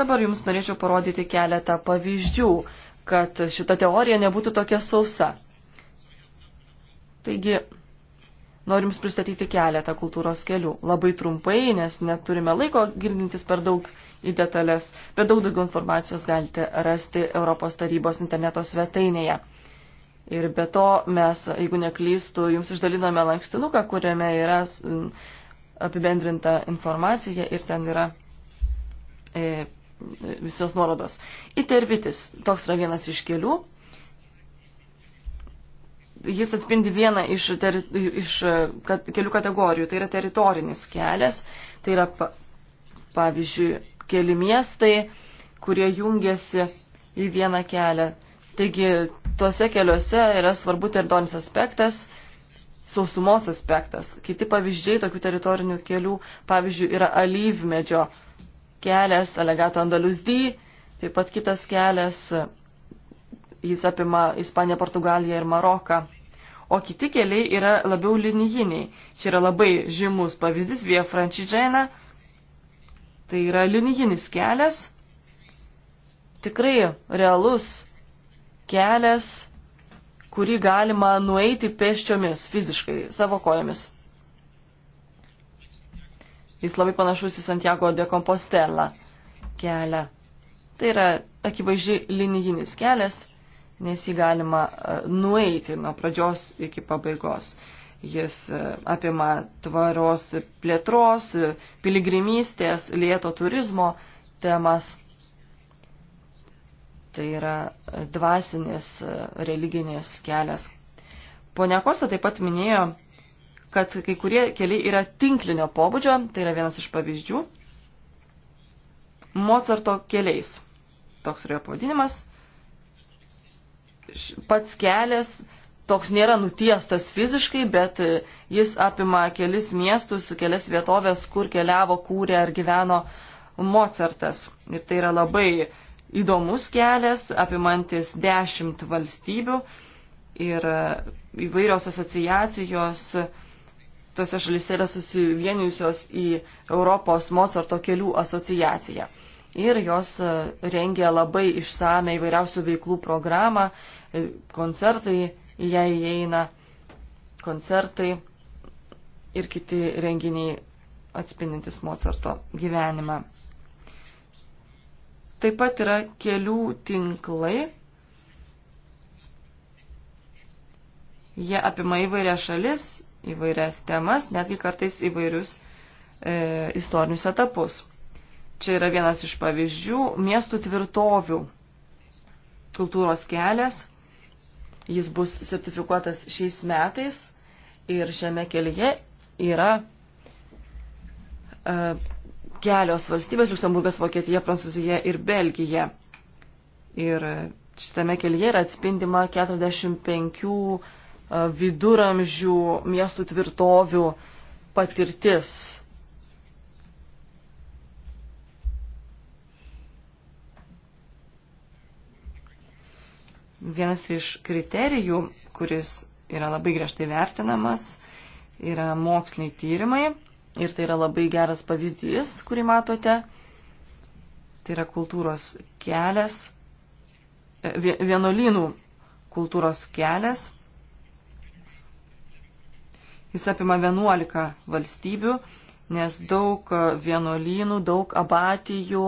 Dabar jums norėčiau parodyti keletą pavyzdžių, kad šita teorija nebūtų tokia sausa. Taigi, norim jums pristatyti keletą kultūros kelių. Labai trumpai, nes neturime laiko gilintis per daug į detalės, bet daug daugiau informacijos galite rasti Europos tarybos interneto svetainėje. Ir be to mes, jeigu neklystų, jums išdalinome lankstinuką, kuriame yra mm, apibendrinta informacija ir ten yra e, visos nuorodos. Itervitis, toks yra vienas iš kelių. Jis atspindi vieną iš, ter, iš kad, kelių kategorijų. Tai yra teritorinis kelias, tai yra, pa, pavyzdžiui, keli miestai, kurie jungiasi į vieną kelią. Taigi tuose keliuose yra svarbu teritorinis aspektas, sausumos aspektas. Kiti pavyzdžiai tokių teritorinių kelių, pavyzdžiui, yra alyvmedžio kelias Alegato Andaluzdy, taip pat kitas kelias, jis apima Ispaniją, Portugaliją ir Maroką. O kiti keliai yra labiau linijiniai. Čia yra labai žymus pavyzdys Via Frančidžaina. Tai yra linijinis kelias, tikrai realus kelias, kurį galima nueiti pėsčiomis, fiziškai, savo kojomis. Jis labai panašus į Santiago de Compostela kelią. Tai yra akivaizdžiai linijinis kelias, nes jį galima e, nueiti nuo pradžios iki pabaigos. Jis e, apima tvaros plėtros, e, piligrimystės, lieto turizmo temas tai yra dvasinis religinis kelias. Pone Kosta taip pat minėjo, kad kai kurie keliai yra tinklinio pobūdžio, tai yra vienas iš pavyzdžių, Mozarto keliais. Toks yra jo pavadinimas. Pats kelias toks nėra nutiestas fiziškai, bet jis apima kelis miestus, kelias vietovės, kur keliavo, kūrė ar gyveno Mozartas. Ir tai yra labai uh, įdomus kelias, apimantis dešimt valstybių ir e, įvairios asociacijos tose šalise yra susivienijusios į Europos Mozarto kelių asociaciją. Ir jos e, rengia labai išsame įvairiausių veiklų programą, e, koncertai į ją įeina, koncertai ir kiti renginiai atspindintis Mozarto gyvenimą. Taip pat yra kelių tinklai. Jie apima įvairias šalis, įvairias temas, netgi kartais įvairius e, istorinius etapus. Čia yra vienas iš pavyzdžių - miestų tvirtovių kultūros kelias. Jis bus sertifikuotas šiais metais ir šiame kelyje yra e, kelios valstybės - Luksemburgas, Vokietija, Prancūzija ir Belgija. Ir šitame kelyje yra atspindima 45 e, viduramžių miestų tvirtovių patirtis. Vienas iš kriterijų, kuris yra labai griežtai vertinamas, yra moksliniai tyrimai Ir tai yra labai geras pavyzdys, kurį matote. Tai yra kultūros kelias, e, vienolynų kultūros kelias. Jis apima 11 valstybių, nes daug vienolynų, daug abatijų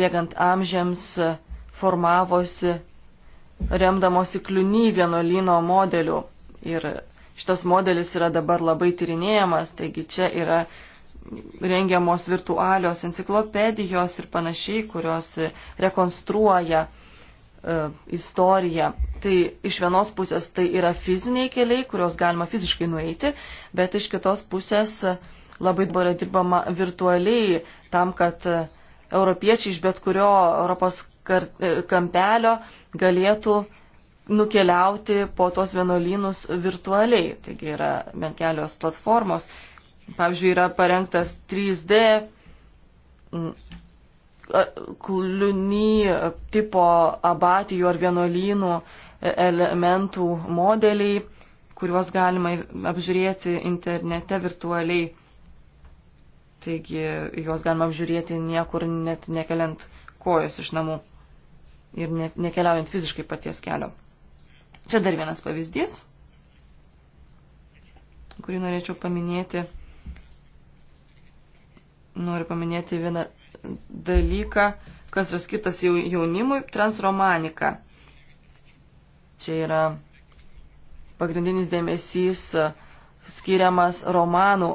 bėgant amžiams formavosi remdamosi kliūny vienolyno modeliu. Ir Šitas modelis yra dabar labai tyrinėjamas, taigi čia yra rengiamos virtualios enciklopedijos ir panašiai, kurios rekonstruoja e, istoriją. Tai iš vienos pusės tai yra fiziniai keliai, kuriuos galima fiziškai nueiti, bet iš kitos pusės labai dabar dirbama virtualiai tam, kad europiečiai iš bet kurio Europos e, kampelio galėtų uh, nukeliauti po tos vienuolynus virtualiai. Taigi yra bent kelios platformos. Pavyzdžiui, yra parengtas 3D mm, kliūny tipo abatijų ar vienuolynų elementų modeliai, kuriuos galima apžiūrėti internete virtualiai. Taigi juos galima apžiūrėti niekur net nekeliant kojos iš namų ir net nekeliaujant fiziškai paties kelio. Čia dar vienas pavyzdys, kurį norėčiau paminėti. Noriu paminėti vieną dalyką, kas yra skirtas jaunimui - transromanika. Čia yra pagrindinis dėmesys skiriamas romanų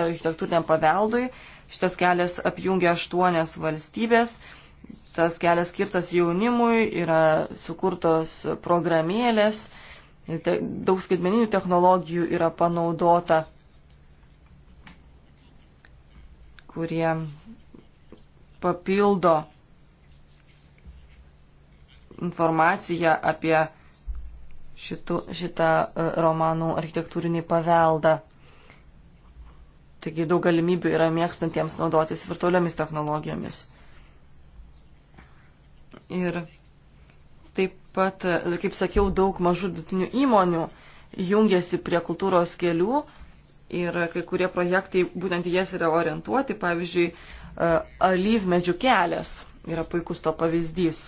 architektūriniam paveldui. Šitas kelias apjungia aštuonias valstybės tas kelias skirtas jaunimui, yra sukurtos programėlės, daug skaitmeninių technologijų yra panaudota, kurie papildo informaciją apie šitų, šitą e, romanų architektūrinį paveldą. Taigi daug galimybių yra mėgstantiems naudotis virtualiomis technologijomis. Ir taip pat, kaip sakiau, daug mažų vidutinių įmonių jungiasi prie kultūros kelių ir kai kurie projektai būtent jas yra orientuoti. Pavyzdžiui, e, alyvmedžių kelias yra puikus to pavyzdys.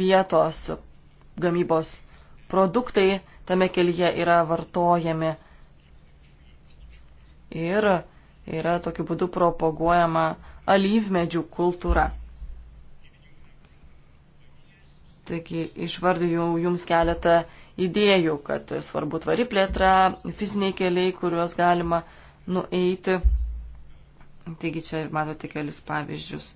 Vietos gamybos produktai tame kelyje yra vartojami ir yra tokiu būdu propaguojama alyvmedžių kultūra. Taigi išvardėjau jums keletą idėjų, kad svarbu tvari plėtra, fiziniai keliai, kuriuos galima nueiti. Taigi čia matote kelis pavyzdžius.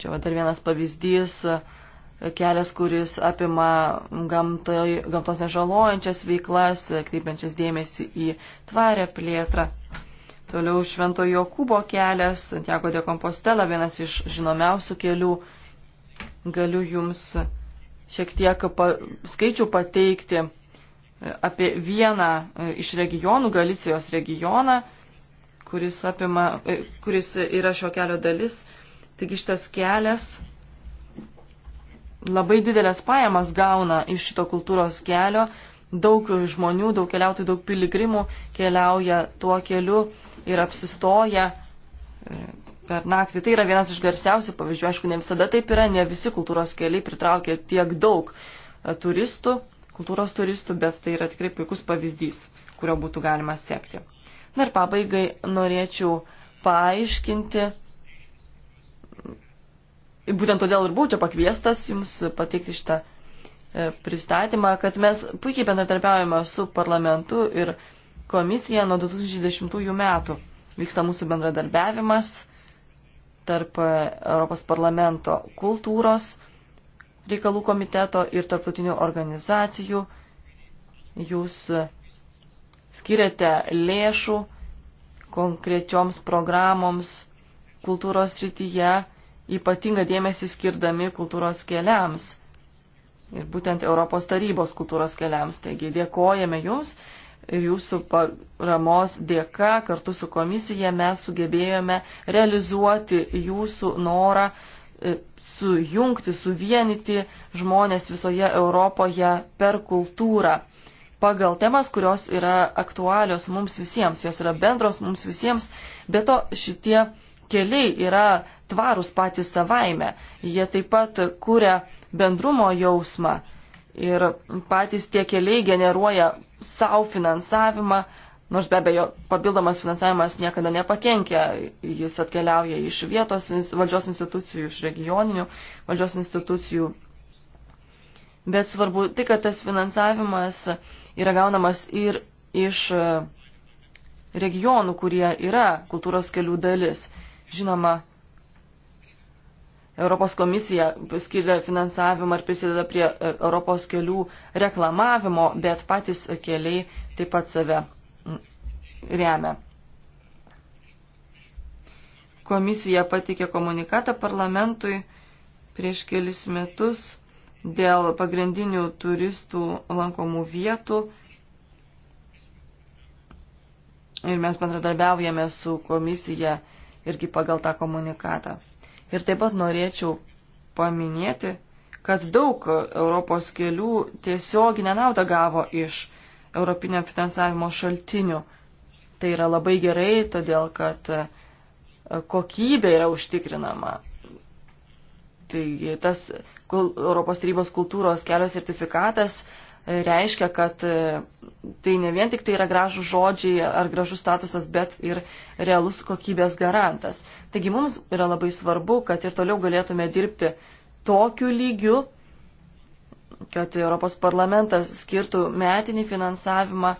Čia va, dar vienas pavyzdys, kelias, kuris apima gamtoj, gamtos nežalojančias veiklas, kreipiančias dėmesį į tvarę plėtrą. Toliau Švento Jokūbo kelias, Santiago de Compostela, vienas iš žinomiausių kelių. Galiu jums šiek tiek pa, skaičių pateikti apie vieną e, iš regionų, Galicijos regioną, kuris, apima, e, kuris yra šio kelio dalis. Tik šitas kelias labai didelės pajamas gauna iš šito kultūros kelio. Daug žmonių, daug keliautojų, daug piligrimų keliauja tuo keliu ir apsistoja e, per naktį. Tai yra vienas iš garsiausių pavyzdžių. Aišku, ne visada taip yra, ne visi kultūros keliai pritraukia tiek daug e, turistų, kultūros turistų, bet tai yra tikrai puikus pavyzdys, kurio būtų galima sekti. Na ir pabaigai norėčiau paaiškinti, būtent todėl ir buvau čia pakviestas jums pateikti šitą e, pristatymą, kad mes puikiai bendradarbiaujame su parlamentu ir parlamentu komisija nuo 2010 metų. Vyksta mūsų bendradarbiavimas tarp Europos parlamento kultūros reikalų komiteto ir tarptautinių organizacijų. Jūs skiriate lėšų konkrečioms programoms kultūros srityje, ypatingą dėmesį skirdami kultūros keliams ir būtent Europos tarybos kultūros keliams. Taigi dėkojame Jums ir jūsų paramos dėka kartu su komisija mes sugebėjome realizuoti jūsų norą e, sujungti, suvienyti žmonės visoje Europoje per kultūrą. Pagal temas, kurios yra aktualios mums visiems, jos yra bendros mums visiems, bet to šitie keliai yra tvarūs patys savaime. Jie taip pat kuria bendrumo jausmą ir patys tie keliai generuoja savo finansavimą, nors be abejo papildomas finansavimas niekada nepakenkia, jis atkeliauja iš vietos valdžios institucijų, iš regioninių valdžios institucijų. Bet svarbu tik, kad tas finansavimas yra gaunamas ir iš e, regionų, kurie yra kultūros kelių dalis. Žinoma, Europos komisija skiria finansavimą ir prisideda prie e, Europos kelių reklamavimo, bet patys keliai taip pat save remia. Komisija patikė komunikatą parlamentui prieš kelis metus dėl pagrindinių turistų lankomų vietų. Ir mes bendradarbiaujame su komisija irgi pagal tą komunikatą. Ir taip pat norėčiau paminėti, kad daug Europos kelių tiesioginę naudą gavo iš Europinio finansavimo šaltinių. Tai yra labai gerai, todėl kad e, kokybė yra užtikrinama. Taigi tas Europos tarybos kultūros kelio sertifikatas reiškia, kad e, tai ne vien tik tai yra gražų žodžiai ar gražus statusas, bet ir realus kokybės garantas. Taigi mums yra labai svarbu, kad ir toliau galėtume dirbti tokiu lygiu, kad Europos parlamentas skirtų metinį finansavimą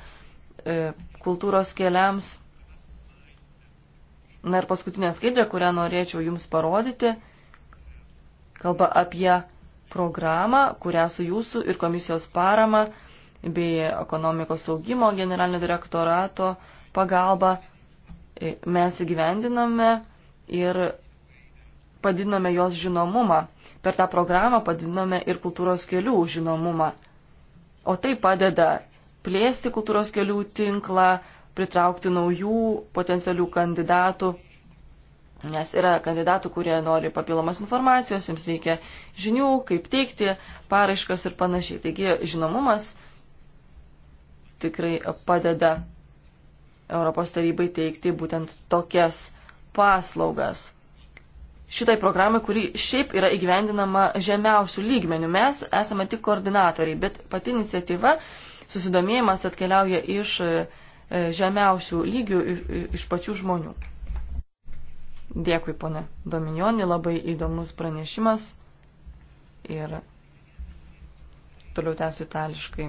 e, kultūros keliams. Na ir paskutinė skaidrė, kurią norėčiau Jums parodyti, kalba apie programą, kurią su jūsų ir komisijos parama bei ekonomikos augimo generalinio direktorato pagalba e, mes įgyvendiname ir padidinome jos žinomumą. Per tą programą padidinome ir kultūros kelių žinomumą. O tai padeda plėsti kultūros kelių tinklą, pritraukti naujų potencialių kandidatų Nes yra kandidatų, kurie nori papildomas informacijos, jiems reikia žinių, kaip teikti paraiškas ir panašiai. Taigi žinomumas tikrai padeda Europos tarybai teikti būtent tokias paslaugas. Šitai programai, kuri šiaip yra įgyvendinama žemiausių lygmenių, mes esame tik koordinatoriai, bet pati iniciatyva, susidomėjimas atkeliauja iš e, žemiausių lygių, iš, iš pačių žmonių. Dėkui, ponė Dominionė, labai įdomus pranešimas ir toliau tęsiu itališkai.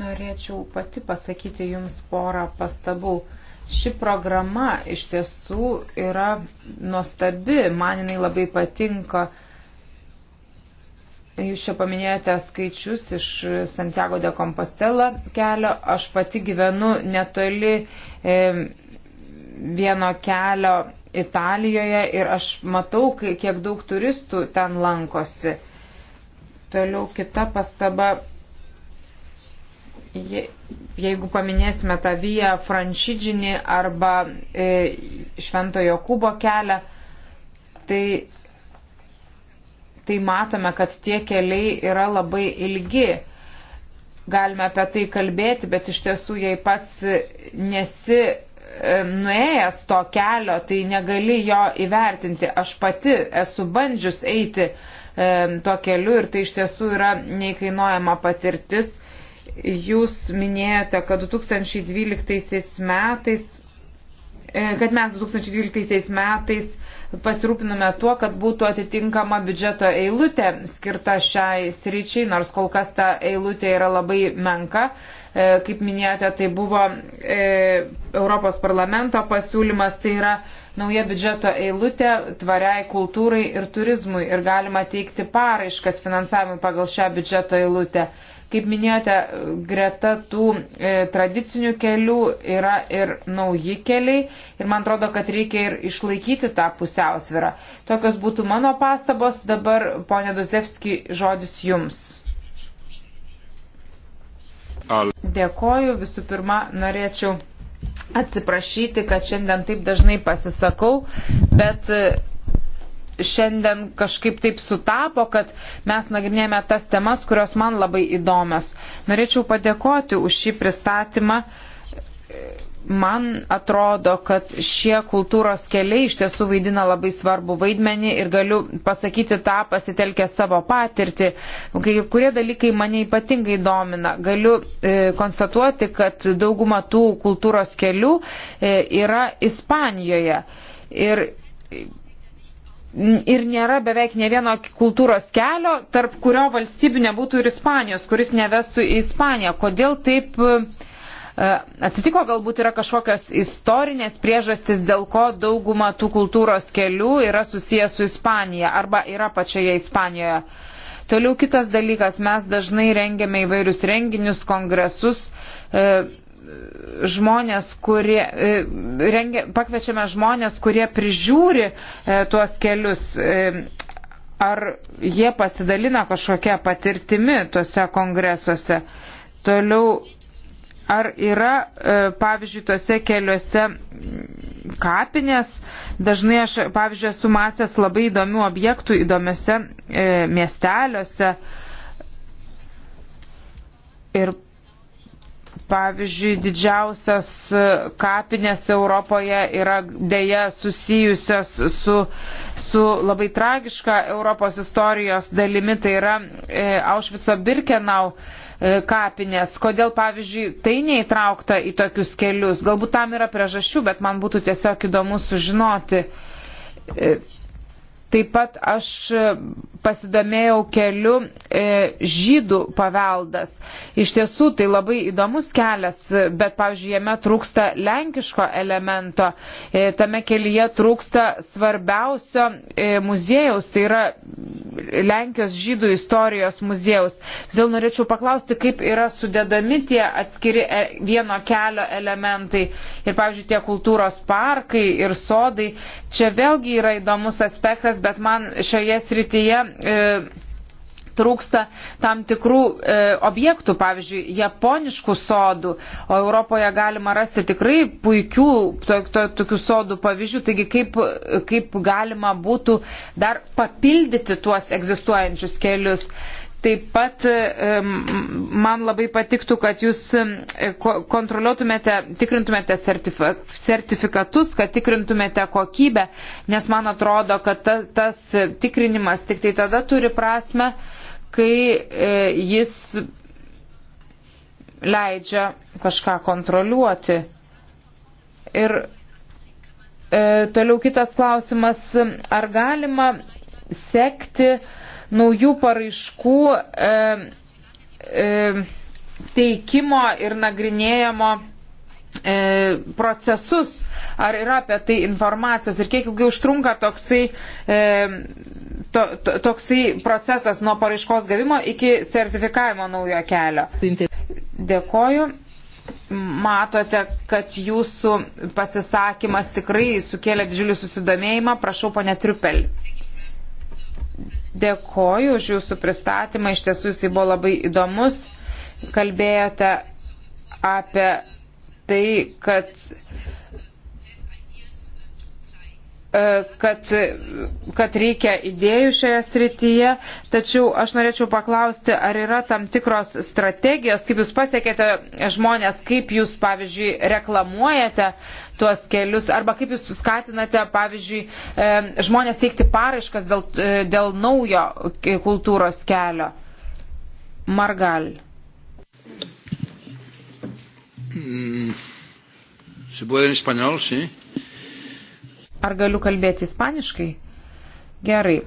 Norėčiau pati pasakyti Jums porą pastabų. Ši programa iš tiesų yra nuostabi, man jinai labai patinka. Jūs čia paminėjote skaičius iš Santiago de Compostela kelio. Aš pati gyvenu netoli e, vieno kelio Italijoje ir aš matau, kiek daug turistų ten lankosi. Toliau kita pastaba. Je, jeigu paminėsime tą Vyją Franšidžinį arba e, Šventojo Kubo kelią, tai tai matome, kad tie keliai yra labai ilgi. Galime apie tai kalbėti, bet iš tiesų, jei pats nesi e, nuėjęs to kelio, tai negali jo įvertinti. Aš pati esu bandžius eiti e, tuo keliu ir tai iš tiesų yra neįkainuojama patirtis. Jūs minėjote, kad 2012 metais, e, kad mes 2012 metais pasirūpinome tuo, kad būtų atitinkama biudžeto eilutė skirta šiai sričiai, nors kol kas ta eilutė yra labai menka. E, kaip minėjote, tai buvo e, Europos parlamento pasiūlymas, tai yra nauja biudžeto eilutė tvariai kultūrai ir turizmui ir galima teikti paraiškas finansavimui pagal šią biudžeto eilutę. Kaip minėjote, greta tų e, tradicinių kelių yra ir nauji keliai ir man atrodo, kad reikia ir išlaikyti tą pusiausvirą. Tokios būtų mano pastabos, dabar ponė Duzevski žodis jums. Dėkoju, visų pirma, norėčiau atsiprašyti, kad šiandien taip dažnai pasisakau, bet e, šiandien kažkaip taip sutapo, kad mes nagrinėjame tas temas, kurios man labai įdomios. Norėčiau padėkoti už šį pristatymą. Man atrodo, kad šie kultūros keliai iš tiesų vaidina labai svarbu vaidmenį ir galiu pasakyti tą pasitelkę savo patirtį. Kai kurie dalykai mane ypatingai domina, galiu e, konstatuoti, kad dauguma tų kultūros kelių e, yra Ispanijoje. Ir ir nėra beveik ne vieno kultūros kelio, tarp kurio valstybių nebūtų ir Ispanijos, kuris nevestų į Ispaniją. Kodėl taip e, atsitiko, galbūt yra kažkokios istorinės priežastis, dėl ko dauguma tų kultūros kelių yra susijęs su Ispanija arba yra pačioje Ispanijoje. Toliau kitas dalykas, mes dažnai rengiame įvairius renginius, kongresus. E, žmonės, kurie, e, rengia, pakvečiame žmonės, kurie prižiūri e, tuos kelius. E, ar jie pasidalina kažkokią patirtimi tuose kongresuose? Toliau, ar yra, pavyzdžiui, tuose keliuose kapinės? Dažnai aš, pavyzdžiui, esu matęs labai įdomių objektų įdomiuose miesteliuose. Ir Pavyzdžiui, didžiausios kapinės Europoje yra dėja susijusios su, su labai tragiška Europos istorijos dalimi, tai yra e, Aušvico Birkenau e, kapinės. Kodėl, pavyzdžiui, tai neįtraukta į tokius kelius? Galbūt tam yra priežasčių, bet man būtų tiesiog įdomu sužinoti. E, Taip pat aš e, pasidomėjau keliu e, žydų paveldas. Iš tiesų tai labai įdomus kelias, bet, pavyzdžiui, jame trūksta lenkiško elemento. E, tame kelyje trūksta svarbiausio e, muziejaus, tai yra Lenkijos žydų istorijos muziejaus. Dėl norėčiau paklausti, kaip yra sudedami tie atskiri e, vieno kelio elementai ir, pavyzdžiui, tie kultūros parkai ir sodai. Čia vėlgi yra įdomus aspektas, bet man šioje srityje. E, trūksta tam tikrų e, objektų, pavyzdžiui, japoniškų sodų, o Europoje galima rasti tikrai puikių to, to, tokių sodų pavyzdžių, taigi kaip, kaip galima būtų dar papildyti tuos egzistuojančius kelius. Taip pat e, man labai patiktų, kad jūs e, kontroliuotumėte, tikrintumėte sertifikatus, kad tikrintumėte kokybę, nes man atrodo, kad tas tikrinimas tik tai tada turi prasme, kai e, jis leidžia kažką kontroliuoti. Ir e, toliau kitas klausimas, ar galima sekti naujų paraiškų e, e, teikimo ir nagrinėjimo e, procesus, ar yra apie tai informacijos ir kiek ilgai užtrunka toksai, e, to, to, toksai procesas nuo paraiškos gavimo iki sertifikavimo naujo kelio. Dėkoju. Matote, kad jūsų pasisakymas tikrai sukėlė didžiulį susidomėjimą. Prašau, ponė Triupel. Dėkoju už jūsų pristatymą. Iš tiesų jisai buvo labai įdomus. Kalbėjote apie tai, kad e, kad, kad reikia idėjų šioje srityje, tačiau aš norėčiau paklausti, ar yra tam tikros strategijos, kaip jūs pasiekėte žmonės, kaip jūs, pavyzdžiui, reklamuojate tuos kelius, arba kaip jūs skatinate, pavyzdžiui, e, žmonės teikti paraiškas dėl, e, dėl naujo kultūros kelio. Margal. Mm. ¿Se puede en español, sí? Ar galiu kalbėti ispaniškai? Gerai.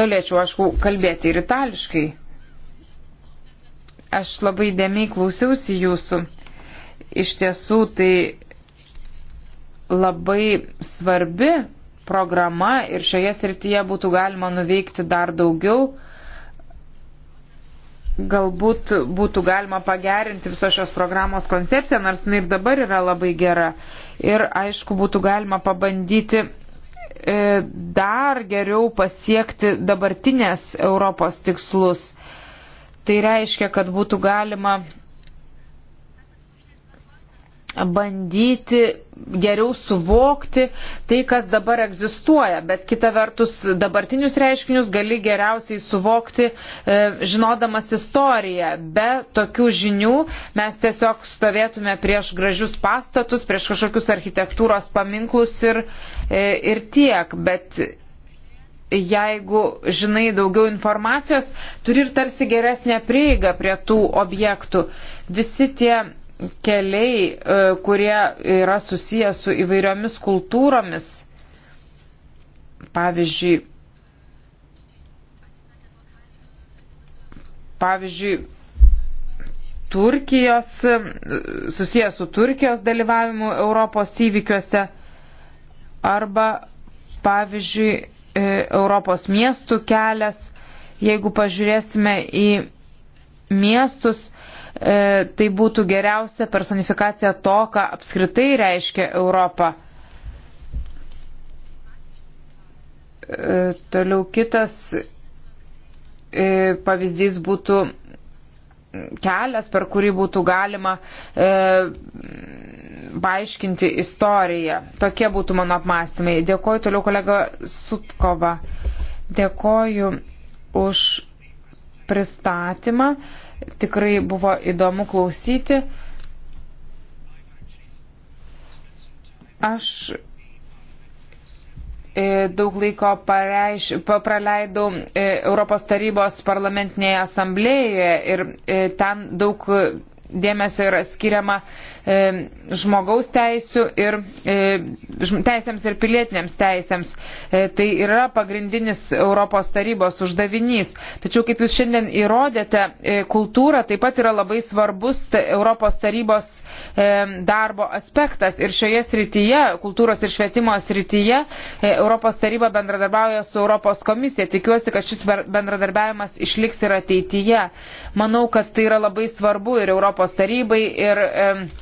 Galėčiau, aišku, kalbėti ir itališkai. Aš labai dėmiai klausiausi jūsų. Iš tiesų, tai labai svarbi programa ir šioje srityje būtų galima nuveikti dar daugiau galbūt būtų galima pagerinti visos šios programos koncepciją, nors jinai ir dabar yra labai gera. Ir aišku, būtų galima pabandyti e, dar geriau pasiekti dabartinės Europos tikslus. Tai reiškia, kad būtų galima bandyti geriau suvokti tai, kas dabar egzistuoja, bet kita vertus dabartinius reiškinius gali geriausiai suvokti e, žinodamas istoriją. Be tokių žinių mes tiesiog stovėtume prieš gražius pastatus, prieš kažkokius architektūros paminklus ir, e, ir tiek, bet jeigu žinai daugiau informacijos, turi ir tarsi geresnę prieigą prie tų objektų. Visi tie keliai, e, kurie yra susiję su įvairiomis kultūromis. Pavyzdžiui, pavyzdžiui, Turkijos, e, susijęs su Turkijos dalyvavimu Europos įvykiuose arba, pavyzdžiui, e, Europos miestų kelias, jeigu pažiūrėsime į miestus, E, tai būtų geriausia personifikacija to, ką apskritai reiškia Europą. E, toliau kitas e, pavyzdys būtų kelias, per kurį būtų galima e, paaiškinti istoriją. Tokie būtų mano apmąstymai. Dėkoju toliau kolega Sutkova. Dėkoju už pristatymą. E, Tikrai buvo įdomu klausyti. Aš e, daug laiko pareiš, praleidau e, Europos tarybos parlamentinėje asamblėjoje ir e, ten daug dėmesio yra skiriama E, žmogaus teisų ir e, teisėms ir pilietinėms teisėms. E, tai yra pagrindinis Europos tarybos uždavinys. Tačiau, kaip jūs šiandien įrodėte, kultūra taip pat yra labai svarbus Europos tarybos darbo aspektas. Ir šioje srityje, kultūros ir švietimo srityje, Europos taryba bendradarbiauja su Europos komisija. Tikiuosi, kad šis bendradarbiavimas išliks ir ateityje. Manau, kad tai yra labai svarbu ir Europos tarybai, ir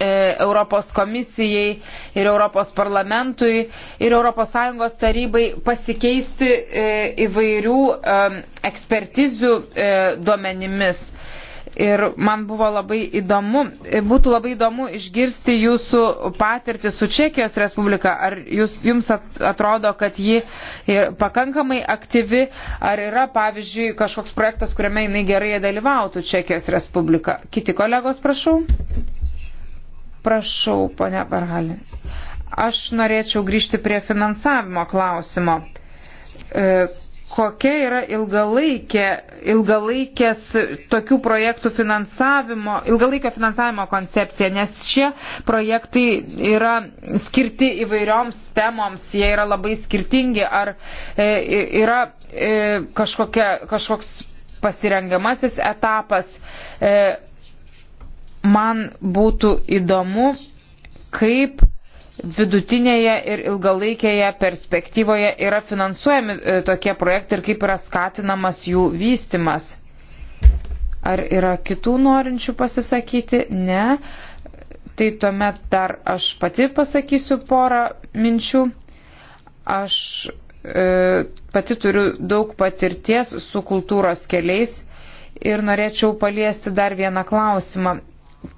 E, Europos komisijai ir Europos parlamentui ir Europos Sąjungos tarybai pasikeisti e, įvairių e, ekspertizių duomenimis. Ir man buvo labai įdomu, būtų labai įdomu išgirsti jūsų patirtį su Čekijos Respublika. Ar jūs, jums atrodo, kad ji pakankamai aktyvi, ar yra, pavyzdžiui, kažkoks projektas, kuriame jinai gerai dalyvautų Čekijos Respublika? Kiti kolegos, prašau. Prašau, ponia Barhalė. Aš norėčiau grįžti prie finansavimo klausimo. E, kokia yra ilgalaikė, ilgalaikės tokių projektų finansavimo, ilgalaikio finansavimo koncepcija, nes šie projektai yra skirti įvairioms temoms, jie yra labai skirtingi, ar e, yra e, kažkokia, kažkoks pasirengiamasis etapas. E, man būtų įdomu, kaip vidutinėje ir ilgalaikėje perspektyvoje yra finansuojami e, tokie projektai ir kaip yra skatinamas jų vystimas. Ar yra kitų norinčių pasisakyti? Ne. Tai tuomet dar aš pati pasakysiu porą minčių. Aš e, pati turiu daug patirties su kultūros keliais ir norėčiau paliesti dar vieną klausimą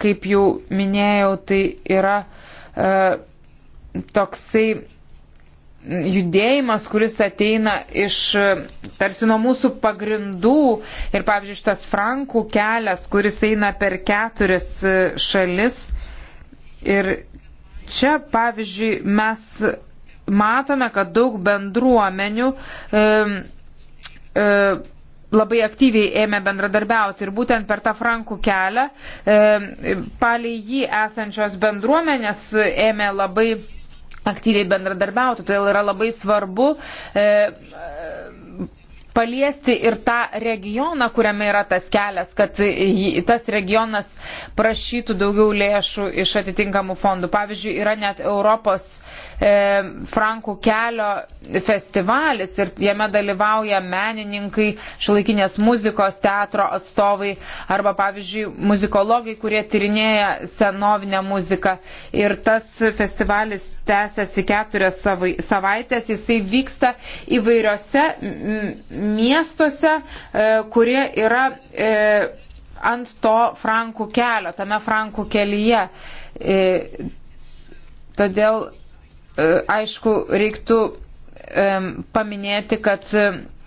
kaip jau minėjau, tai yra e, toksai judėjimas, kuris ateina iš e, tarsi nuo mūsų pagrindų ir, pavyzdžiui, šitas Frankų kelias, kuris eina per keturis e, šalis. Ir čia, pavyzdžiui, mes matome, kad daug bendruomenių e, e, labai aktyviai ėmė bendradarbiauti ir būtent per tą frankų kelią e, palei jį esančios bendruomenės ėmė labai aktyviai bendradarbiauti. Todėl yra labai svarbu e, paliesti ir tą regioną, kuriame yra tas kelias, kad tas regionas prašytų daugiau lėšų iš atitinkamų fondų. Pavyzdžiui, yra net Europos e, Frankų kelio festivalis ir jame dalyvauja menininkai, šiolaikinės muzikos teatro atstovai arba, pavyzdžiui, muzikologai, kurie tyrinėja senovinę muziką. Ir tas festivalis tęsiasi keturias savaitės, jisai vyksta įvairiose miestuose, e, kurie yra e, ant to frankų kelio, tame frankų kelyje. E, todėl, aišku, reiktų paminėti, kad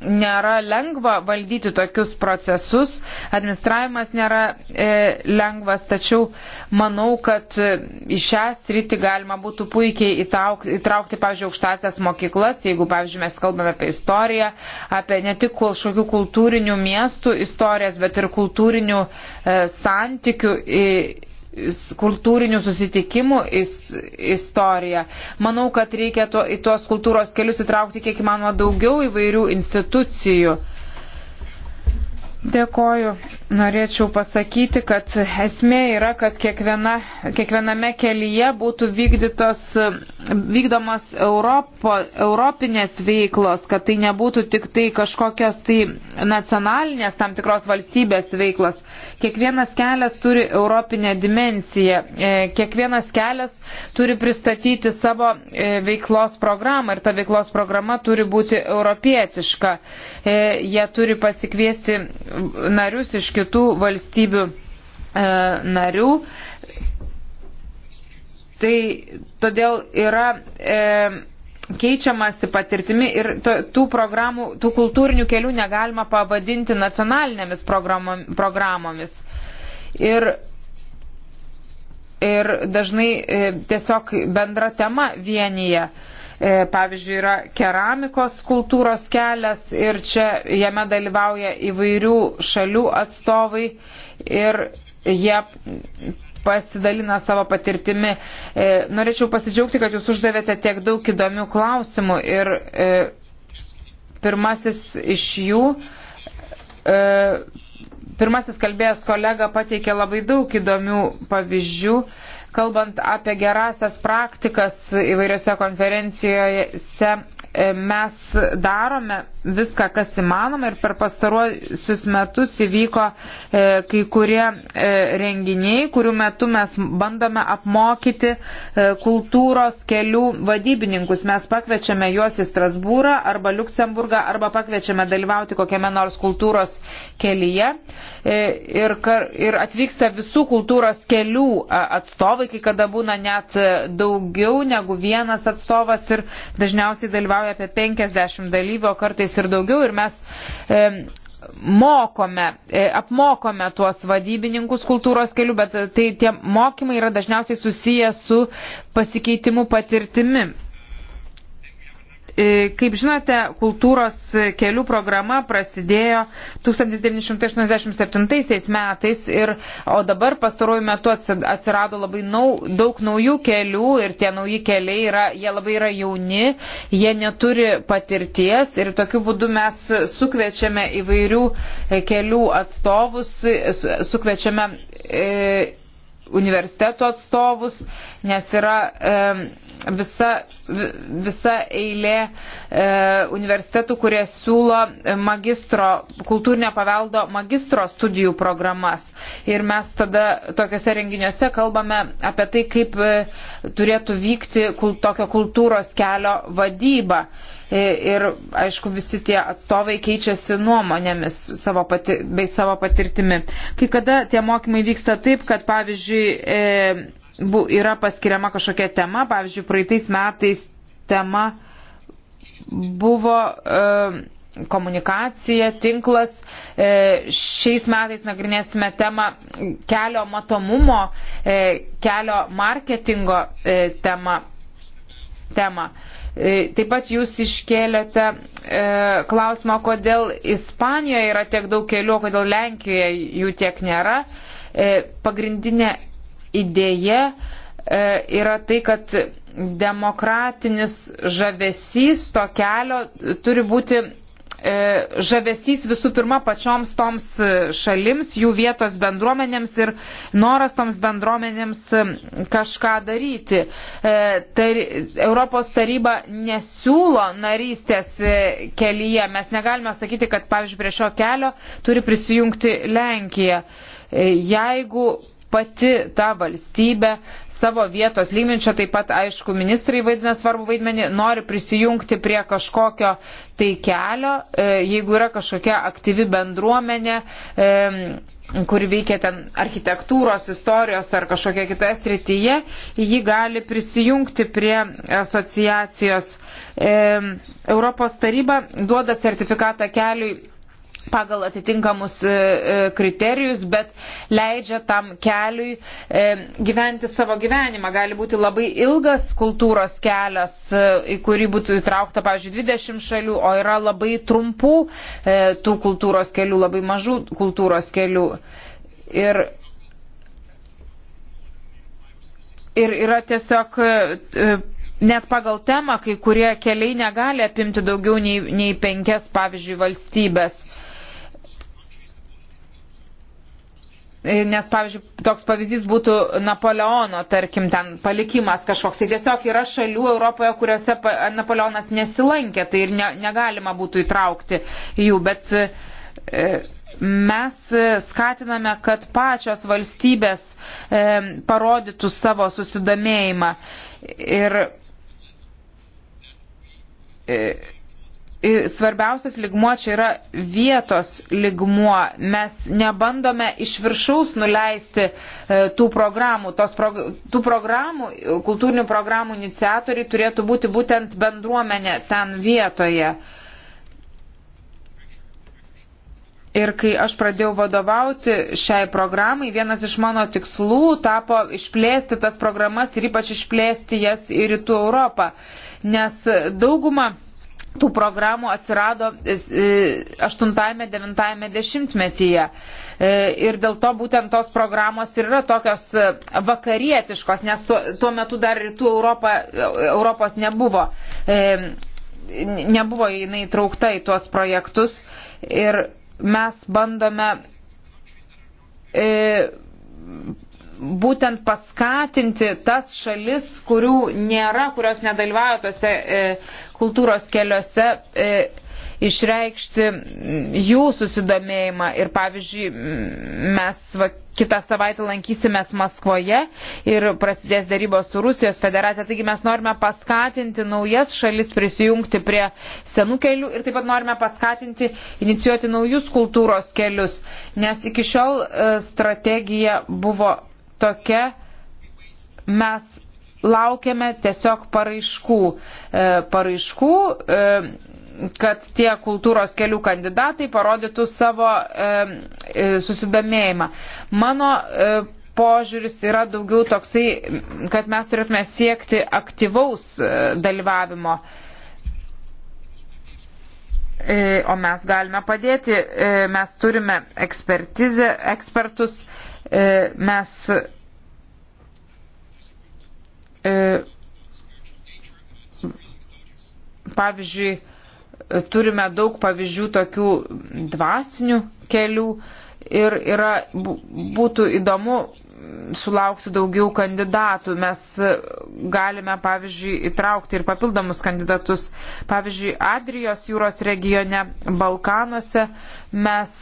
nėra lengva valdyti tokius procesus, administravimas nėra e, lengvas, tačiau manau, kad e, į šią sritį galima būtų puikiai įtraukti, įtraukti pavyzdžiui, aukštasias mokyklas, jeigu, pavyzdžiui, mes kalbame apie istoriją, apie ne tik kažkokių kultūrinių miestų istorijas, bet ir kultūrinių e, santykių. E, kultūrinių susitikimų is, istoriją. Manau, kad reikia to, į tuos kultūros kelius įtraukti kiek įmanoma daugiau įvairių institucijų. Dėkoju. Norėčiau pasakyti, kad esmė yra, kad kiekviena, kiekviename kelyje būtų vykdytos, vykdomos Europo, europinės veiklos, kad tai nebūtų tik tai kažkokios tai nacionalinės tam tikros valstybės veiklos. Kiekvienas kelias turi europinę dimenciją. E, kiekvienas kelias turi pristatyti savo e, veiklos programą ir ta veiklos programa turi būti europietiška. E, jie turi pasikviesti narius iš kitų valstybių narių. Tai todėl yra e, keičiamasi patirtimi ir tų programų, tų kultūrinių kelių negalima pavadinti nacionalinėmis programomis. Ir, ir dažnai e, tiesiog bendra tema vienyje. E, pavyzdžiui, yra keramikos kultūros kelias ir čia jame dalyvauja įvairių šalių atstovai ir jie pasidalina savo patirtimi. E, norėčiau pasidžiaugti, kad jūs uždavėte tiek daug įdomių klausimų ir e, pirmasis iš jų, e, pirmasis kalbėjęs kolega pateikė labai daug įdomių pavyzdžių. Kalbant apie gerasias praktikas įvairiose konferencijose, mes darome viską, kas įmanoma ir per pastaruosius metus įvyko e, kai kurie e, renginiai, kurių metu mes bandome apmokyti e, kultūros kelių vadybininkus. Mes pakviečiame juos į Strasbūrą arba Luksemburgą arba pakviečiame dalyvauti kokiame nors kultūros kelyje. Ir, ir atvyksta visų kultūros kelių atstovai, kai kada būna net daugiau negu vienas atstovas ir dažniausiai dalyvauja dalyvauja apie 50 dalyvių, kartais ir daugiau, ir mes e, mokome, e, apmokome tuos vadybininkus kultūros kelių, bet e, tai tie mokymai yra dažniausiai susiję su pasikeitimu patirtimi. E, kaip žinote, kultūros kelių programa prasidėjo 1987 metais, ir, o dabar pastaruoju metu atsirado labai nau, daug naujų kelių ir tie nauji keliai yra, jie labai yra jauni, jie neturi patirties ir tokiu būdu mes sukvečiame įvairių e, kelių atstovus, e, sukvečiame e, universiteto atstovus, nes yra. E, visa, visa eilė e, universitetų, kurie siūlo magistro, kultūrinio paveldo magistro studijų programas. Ir mes tada tokiuose renginiuose kalbame apie tai, kaip e, turėtų vykti kul, tokio kultūros kelio vadyba. E, ir, aišku, visi tie atstovai keičiasi nuomonėmis savo pati, bei savo patirtimi. Kai kada tie mokymai vyksta taip, kad, pavyzdžiui, e, yra paskiriama kažkokia tema, pavyzdžiui, praeitais metais tema buvo komunikacija, tinklas. E, šiais metais nagrinėsime temą kelio matomumo, e, kelio marketingo temą. temą. E, taip pat jūs iškėlėte e, klausimą, kodėl Ispanijoje yra tiek daug kelių, kodėl Lenkijoje jų tiek nėra. E, pagrindinė idėja e, yra tai, kad demokratinis žavesys to kelio turi būti e, žavesys visų pirma pačioms toms šalims, jų vietos bendruomenėms ir noras toms bendruomenėms e, kažką daryti. Tar, Europos taryba nesiūlo narystės kelyje. Mes negalime sakyti, kad pavyzdžiui prie šio kelio turi prisijungti Lenkija. Jeigu pati ta valstybė savo vietos lygmenčio, taip pat, aišku, ministrai vaidina svarbu vaidmenį, nori prisijungti prie kažkokio tai kelio, e, jeigu yra kažkokia aktyvi bendruomenė e, kuri veikia ten architektūros, istorijos ar kažkokia kitoje srityje, ji gali prisijungti prie asociacijos. E, Europos taryba duoda sertifikatą keliui pagal atitinkamus e, e, kriterijus, bet leidžia tam keliui e, gyventi savo gyvenimą. Gali būti labai ilgas kultūros kelias, į kurį būtų įtraukta, pavyzdžiui, 20 šalių, o yra labai trumpų tų kultūros kelių, labai mažų kultūros kelių. Ir Ir yra tiesiog net pagal temą, kai kurie keliai negali apimti daugiau nei, nei penkias, pavyzdžiui, valstybės. E, nes, pavyzdžiui, toks pavyzdys būtų Napoleono, tarkim, ten palikimas kažkoks. Tai tiesiog yra šalių Europoje, kuriuose Napoleonas nesilankė, tai ir ne, negalima būtų įtraukti jų. Bet e, mes skatiname, kad pačios valstybės e, parodytų savo susidomėjimą. Ir svarbiausias ligmuo čia yra vietos ligmuo. Mes nebandome iš viršaus nuleisti e, tų programų. Tos prog tų programų, kultūrinių programų iniciatoriai turėtų būti būtent bendruomenė ten vietoje. Ir kai aš pradėjau vadovauti šiai programai, vienas iš mano tikslų tapo išplėsti tas programas ir ypač išplėsti jas į rytų Europą. Nes dauguma tų programų atsirado 8-9 e, dešimtmetyje. E, ir dėl to būtent tos programos ir yra tokios e, vakarietiškos, nes tuo, tuo metu dar rytų Europa, Europos nebuvo. Nebuvo jinai traukta į tuos projektus ir mes bandome būtent paskatinti tas šalis, kurių nėra, kurios nedalyvauja tose e, kultūros keliuose, e, išreikšti jų susidomėjimą. Ir pavyzdžiui, mes va, kitą savaitę lankysimės Maskvoje ir prasidės darybos su Rusijos federacija. Taigi mes norime paskatinti naujas šalis prisijungti prie senų kelių ir taip pat norime paskatinti inicijuoti naujus kultūros kelius, nes iki šiol e, strategija buvo tokia. Mes laukiame tiesiog paraiškų. E, paraiškų e, kad tie kultūros kelių kandidatai parodytų savo e, e, susidomėjimą. Mano e, požiūris yra daugiau toksai, kad mes turėtume siekti aktyvaus e, dalyvavimo. E, o mes galime padėti, e, mes turime ekspertizę, ekspertus. E, E, mes e, pavyzdžiui turime daug pavyzdžių tokių dvasinių kelių ir yra, būtų įdomu sulaukti daugiau kandidatų. Mes galime, pavyzdžiui, įtraukti ir papildomus kandidatus. Pavyzdžiui, Adrijos jūros regione, Balkanuose mes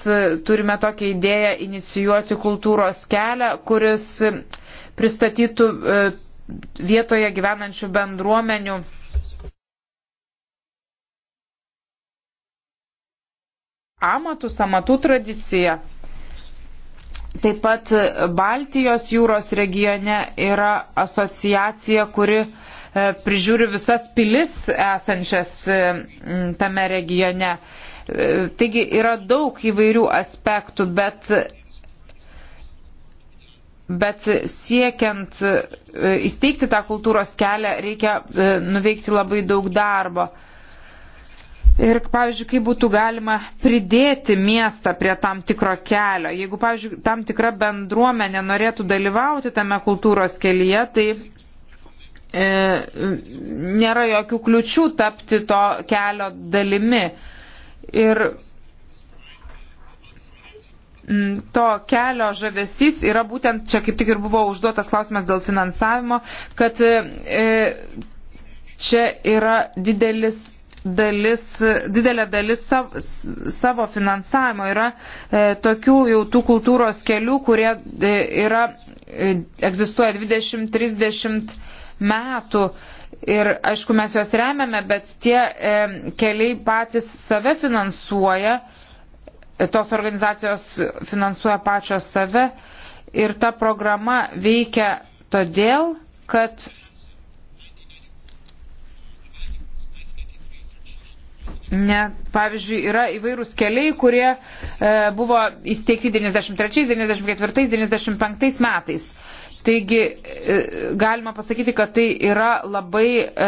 turime tokią idėją inicijuoti kultūros kelią, kuris pristatytų e, vietoje gyvenančių bendruomenių amatus, amatų tradiciją. Taip pat Baltijos jūros regione yra asociacija, kuri e, prižiūri visas pilis esančias e, tame regione. E, taigi yra daug įvairių aspektų, bet, bet siekiant įsteigti tą kultūros kelią reikia nuveikti labai daug darbo. Ir, pavyzdžiui, kaip būtų galima pridėti miestą prie tam tikro kelio. Jeigu, pavyzdžiui, tam tikra bendruomenė norėtų dalyvauti tame kultūros kelyje, tai e, nėra jokių kliučių tapti to kelio dalimi. Ir to kelio žavesys yra būtent, čia kaip tik ir buvo užduotas klausimas dėl finansavimo, kad e, e čia yra didelis dalis, didelė dalis savo, savo finansavimo yra e, tokių jau tų kultūros kelių, kurie e, yra, e, egzistuoja 20-30 metų. Ir aišku, mes juos remiame, bet tie e, keliai patys save finansuoja, e, tos organizacijos finansuoja pačios save. Ir ta programa veikia todėl, kad Ne, pavyzdžiui, yra įvairūs keliai, kurie e, buvo įsteigti 93, 94, 95 metais. Taigi e, galima pasakyti, kad tai yra labai e,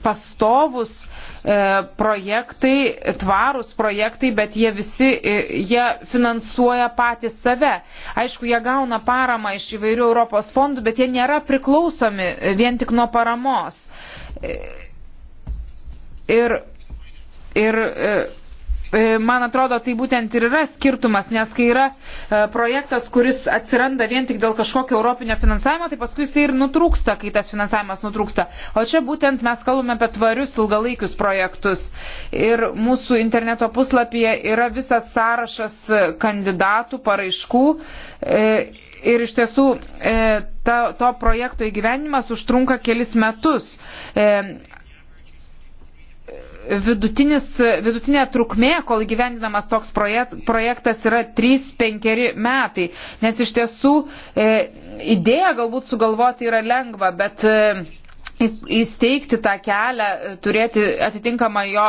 pastovus e, projektai, tvarus projektai, bet jie visi, e, jie finansuoja patys save. Aišku, jie gauna paramą iš įvairių Europos fondų, bet jie nėra priklausomi e, vien tik nuo paramos. E, ir Ir e, e, man atrodo, tai būtent ir yra skirtumas, nes kai yra e, projektas, kuris atsiranda vien tik dėl kažkokio europinio finansavimo, tai paskui jis ir nutrūksta, kai tas finansavimas nutrūksta. O čia būtent mes kalbame apie tvarius ilgalaikius projektus. Ir mūsų interneto puslapyje yra visas sąrašas kandidatų, paraiškų. Ir iš tiesų e, ta, to projekto įgyvenimas užtrunka kelis metus. E, vidutinis, vidutinė trukmė, kol gyvendinamas toks projekt, projektas yra 3-5 metai. Nes iš tiesų e, idėja galbūt sugalvoti yra lengva, bet e, įsteigti tą kelią, e, turėti atitinkamą jo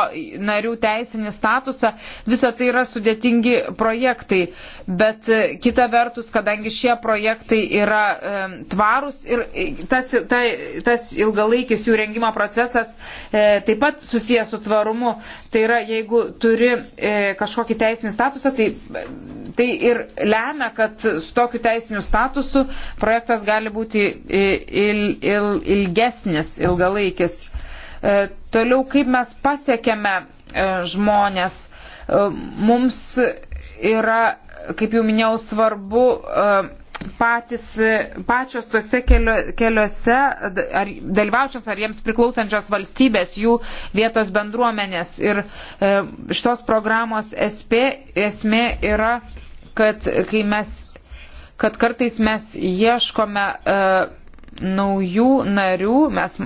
narių teisinį statusą, visa tai yra sudėtingi projektai bet e, kita vertus, kadangi šie projektai yra e, tvarūs ir e, tas, ta, tas ilgalaikis jų rengimo procesas e, taip pat susijęs su tvarumu, tai yra jeigu turi e, kažkokį teisinį statusą, tai, tai ir lemia, kad su tokiu teisiniu statusu projektas gali būti e, il, il, ilgesnis, ilgalaikis. E, toliau, kaip mes pasiekėme e, žmonės, e, mums yra kaip jau minėjau, svarbu e, patys, e, pačios tuose kelio, keliuose ar, dalyvaučios ar jiems priklausančios valstybės, jų vietos bendruomenės. Ir e, šitos programos SP, esmė yra, kad, kai mes, kad kartais mes ieškome e, naujų narių, mes,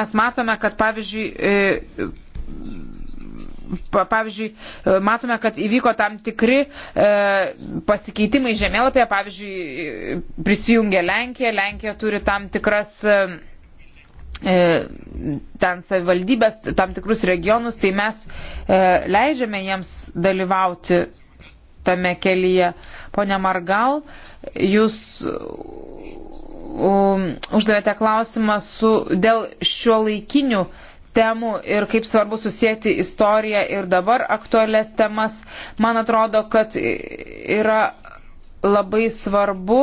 mes matome, kad pavyzdžiui, e, pavyzdžiui, e, matome, kad įvyko tam tikri e, pasikeitimai žemėlapėje, pavyzdžiui, e, prisijungia Lenkija, Lenkija turi tam tikras ten savivaldybės, tam tikrus regionus, tai mes leidžiame jiems dalyvauti tame kelyje. Pone Margal, jūs uždavėte klausimą su, dėl šio laikinių uh, temų ir kaip svarbu susijęti istoriją ir dabar aktualias temas. Man atrodo, kad yra labai svarbu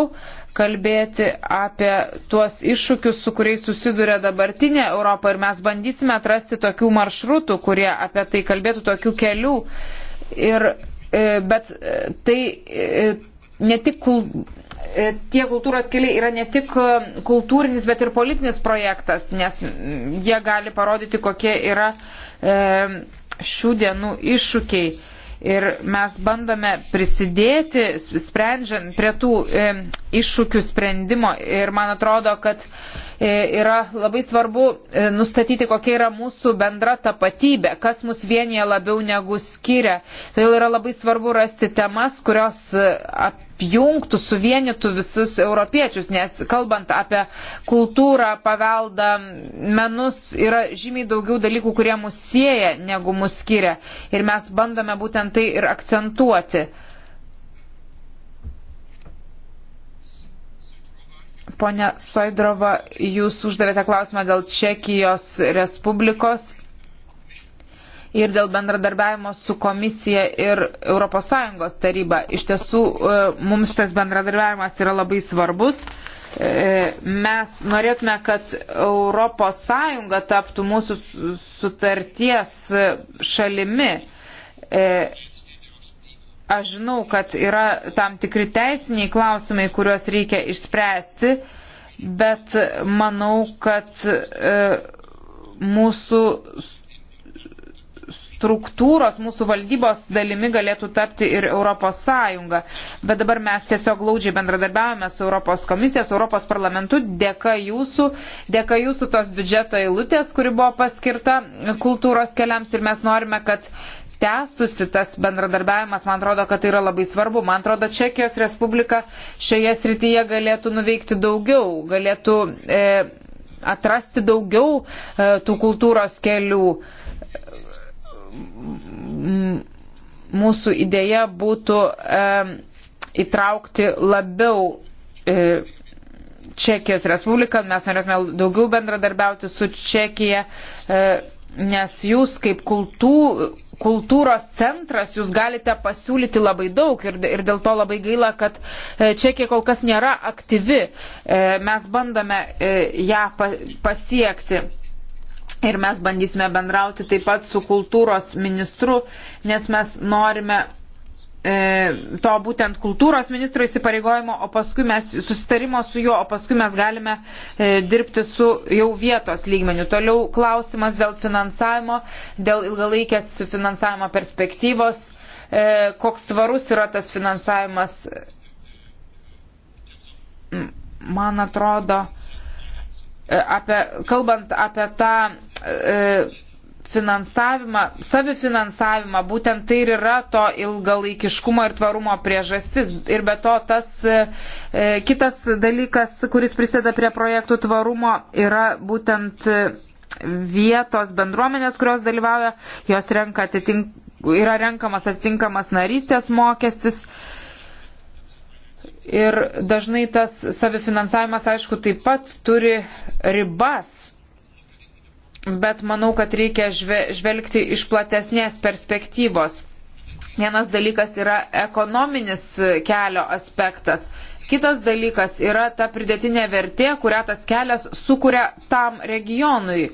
kalbėti apie tuos iššūkius, su kuriais susiduria dabartinė Europa ir mes bandysime atrasti tokių maršrutų, kurie apie tai kalbėtų, tokių kelių. Ir, e, bet e, tai e, ne tik E, tie kultūros keliai yra ne tik e, kultūrinis, bet ir politinis projektas, nes jie gali parodyti, kokie yra e, šių dienų iššūkiai. Ir mes bandome prisidėti, sprendžiant prie tų e, iššūkių sprendimo. Ir man atrodo, kad e, yra labai svarbu e, nustatyti, kokia yra mūsų bendra tapatybė, kas mus vienyje labiau negu skiria. Todėl yra labai svarbu rasti temas, kurios ap, apjungtų, suvienytų visus europiečius, nes kalbant apie kultūrą, paveldą, menus, yra žymiai daugiau dalykų, kurie mus sieja, negu mus skiria. Ir mes bandome būtent tai ir akcentuoti. Pone Soidrova, jūs uždavėte klausimą dėl Čekijos Respublikos ir dėl bendradarbiavimo su komisija ir ES taryba. Iš tiesų, e, mums tas bendradarbiavimas yra labai svarbus. E, mes norėtume, kad ES taptų mūsų sutarties šalimi. E, aš žinau, kad yra tam tikri teisiniai klausimai, kuriuos reikia išspręsti, bet manau, kad mūsų struktūros mūsų valdybos dalimi galėtų tapti ir Europos Sąjunga. Bet dabar mes tiesiog glaudžiai bendradarbiavame su Europos komisija, su Europos parlamentu, dėka jūsų, dėka jūsų tos biudžeto eilutės, kuri buvo paskirta kultūros keliams ir mes norime, kad tęstusi tas bendradarbiavimas, man atrodo, kad tai yra labai svarbu. Man atrodo, Čekijos Respublika šioje srityje galėtų nuveikti daugiau, galėtų e, atrasti daugiau e, tų kultūros kelių. E, mūsų idėja būtų e, įtraukti labiau e, Čekijos Respubliką, mes norėtume daugiau bendradarbiauti su Čekija, e, nes jūs kaip kultū, kultūros centras, jūs galite pasiūlyti labai daug ir, ir dėl to labai gaila, kad e, Čekija kol kas nėra aktyvi, e, mes bandome e, ją pa, pasiekti. Ir mes bandysime bendrauti taip pat su kultūros ministru, nes mes norime e, to būtent kultūros ministro įsipareigojimo, o paskui mes susitarimo su juo, o paskui mes galime e, dirbti su jau vietos lygmeniu. Toliau klausimas dėl finansavimo, dėl ilgalaikės finansavimo perspektyvos, e, koks tvarus yra tas finansavimas. Man atrodo, e, apie, kalbant apie tą E, finansavimą, savifinansavimą, būtent tai ir yra to ilgalaikiškumo ir tvarumo priežastis. Ir be to tas e, e kitas dalykas, kuris prisideda prie projektų tvarumo, yra būtent e, vietos bendruomenės, kurios dalyvauja, jos renka atitink, yra renkamas atitinkamas narystės mokestis. Ir dažnai tas savifinansavimas, aišku, taip pat turi ribas bet manau, kad reikia žvelgti iš platesnės perspektyvos. Vienas dalykas yra ekonominis kelio aspektas. Kitas dalykas yra ta pridėtinė vertė, kurią tas kelias sukuria tam regionui.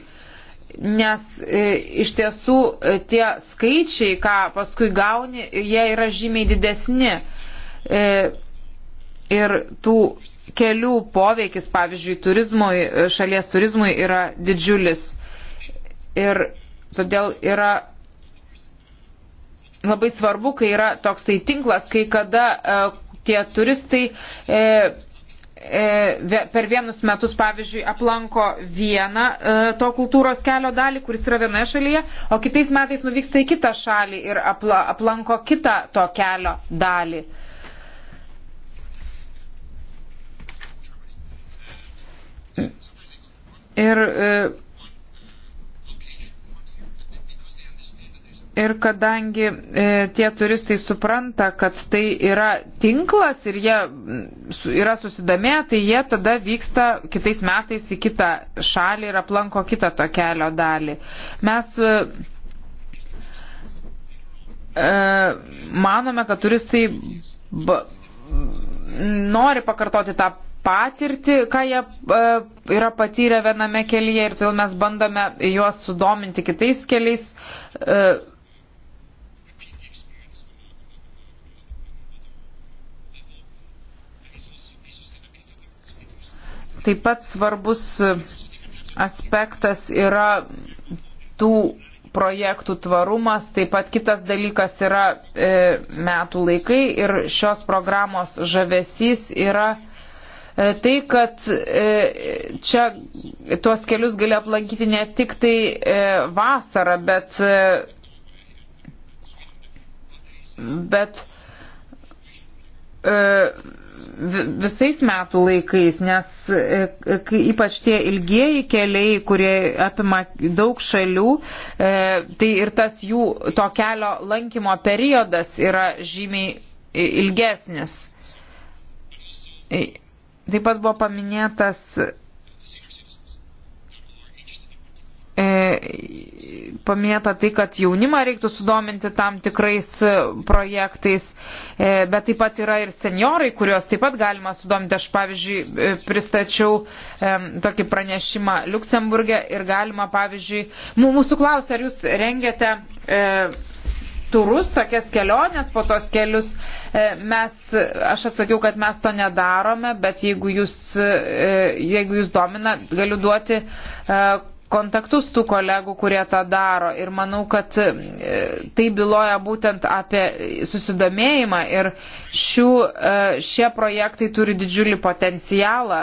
Nes e, iš tiesų e, tie skaičiai, ką paskui gauni, jie yra žymiai didesni. E, ir tų kelių poveikis, pavyzdžiui, turizmui, šalies turizmui yra didžiulis. Ir todėl yra labai svarbu, kai yra toksai tinklas, kai kada e, tie turistai e, e, per vienus metus, pavyzdžiui, aplanko vieną e, to kultūros kelio dalį, kuris yra vienoje šalyje, o kitais metais nuvyksta į kitą šalį ir apla, aplanko kitą to kelio dalį. Ir e, Ir kadangi e, tie turistai supranta, kad tai yra tinklas ir jie su, yra susidomėję, tai jie tada vyksta kitais metais į kitą šalį ir aplanko kitą to kelio dalį. Mes e, e, manome, kad turistai ba, nori pakartoti tą patirtį, ką jie e, yra patyrę viename kelyje ir todėl mes bandome juos sudominti kitais keliais. E, Taip pat svarbus aspektas yra tų projektų tvarumas, taip pat kitas dalykas yra e, metų laikai ir šios programos žavesys yra e, tai, kad e, čia tuos kelius gali aplankyti ne tik tai e, vasarą, bet, e, bet e, visais metų laikais, nes e, e, ypač tie ilgieji keliai, kurie apima daug šalių, e, tai ir tas jų to kelio lankymo periodas yra žymiai ilgesnis. Taip pat buvo paminėtas E, pamėta tai, kad jaunimą reiktų sudominti tam tikrais e, projektais, e, bet taip pat yra ir seniorai, kuriuos taip pat galima sudominti. Aš, pavyzdžiui, pristačiau tokį pranešimą Luksemburgė ir galima, pavyzdžiui, mūsų klausia, ar jūs rengiate turus, tokias keliones, po tos kelius mes, aš atsakiau, kad mes to nedarome, bet jeigu jūs, jeigu jūs domina, galiu duoti kontaktus tų kolegų, kurie tą daro. Ir manau, kad e, tai byloja būtent apie susidomėjimą ir šių, e, šie projektai turi didžiulį potencialą,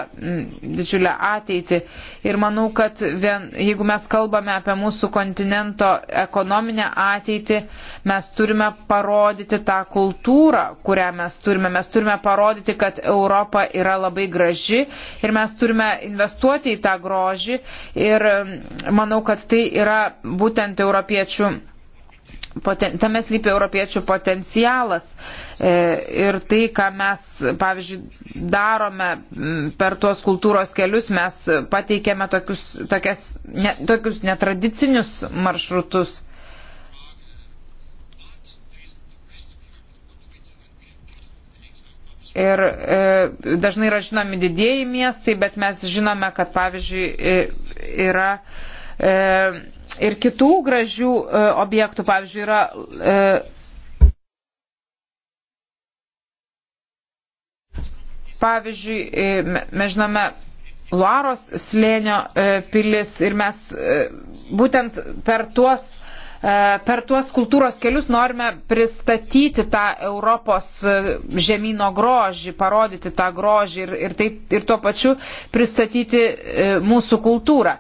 didžiulę ateitį. Ir manau, kad vien, jeigu mes kalbame apie mūsų kontinento ekonominę ateitį, mes turime parodyti tą kultūrą, kurią mes turime. Mes turime parodyti, kad Europa yra labai graži ir mes turime investuoti į tą grožį. Ir manau, kad tai yra būtent europiečių poten, tame slypi europiečių potencialas e, ir tai, ką mes, pavyzdžiui, darome per tuos kultūros kelius, mes pateikėme tokius, tokias, ne, tokius netradicinius maršrutus. Ir e, dažnai yra žinomi didieji miestai, bet mes žinome, kad pavyzdžiui e, yra e, ir kitų gražių e, objektų, pavyzdžiui, yra. E, Pavyzdžiui, e, mes žinome Luaros slėnio e, pilis ir mes būtent per tuos E, per tuos kultūros kelius norime pristatyti tą Europos e, žemynų grožį, parodyti tą grožį ir, ir, taip, ir tuo pačiu pristatyti e, mūsų kultūrą.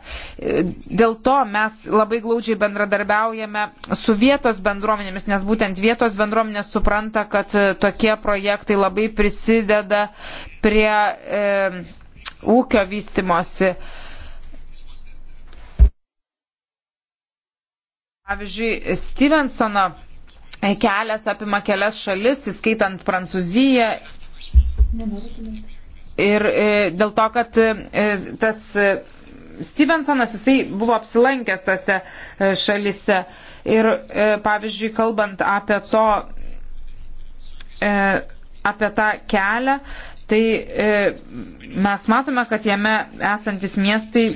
Dėl to mes labai glaudžiai bendradarbiaujame su vietos bendruomenėmis, nes būtent vietos bendruomenės supranta, kad tokie projektai labai prisideda prie e, ūkio vystimosi. E, Pavyzdžiui, Stevensono kelias apima kelias šalis, įskaitant Prancūziją. Ir e, dėl to, kad e, tas e, Stevensonas, jisai buvo apsilankęs tose šalise. Ir pavyzdžiui, kalbant apie to, apie tą kelią, tai mes matome, kad jame esantis miestai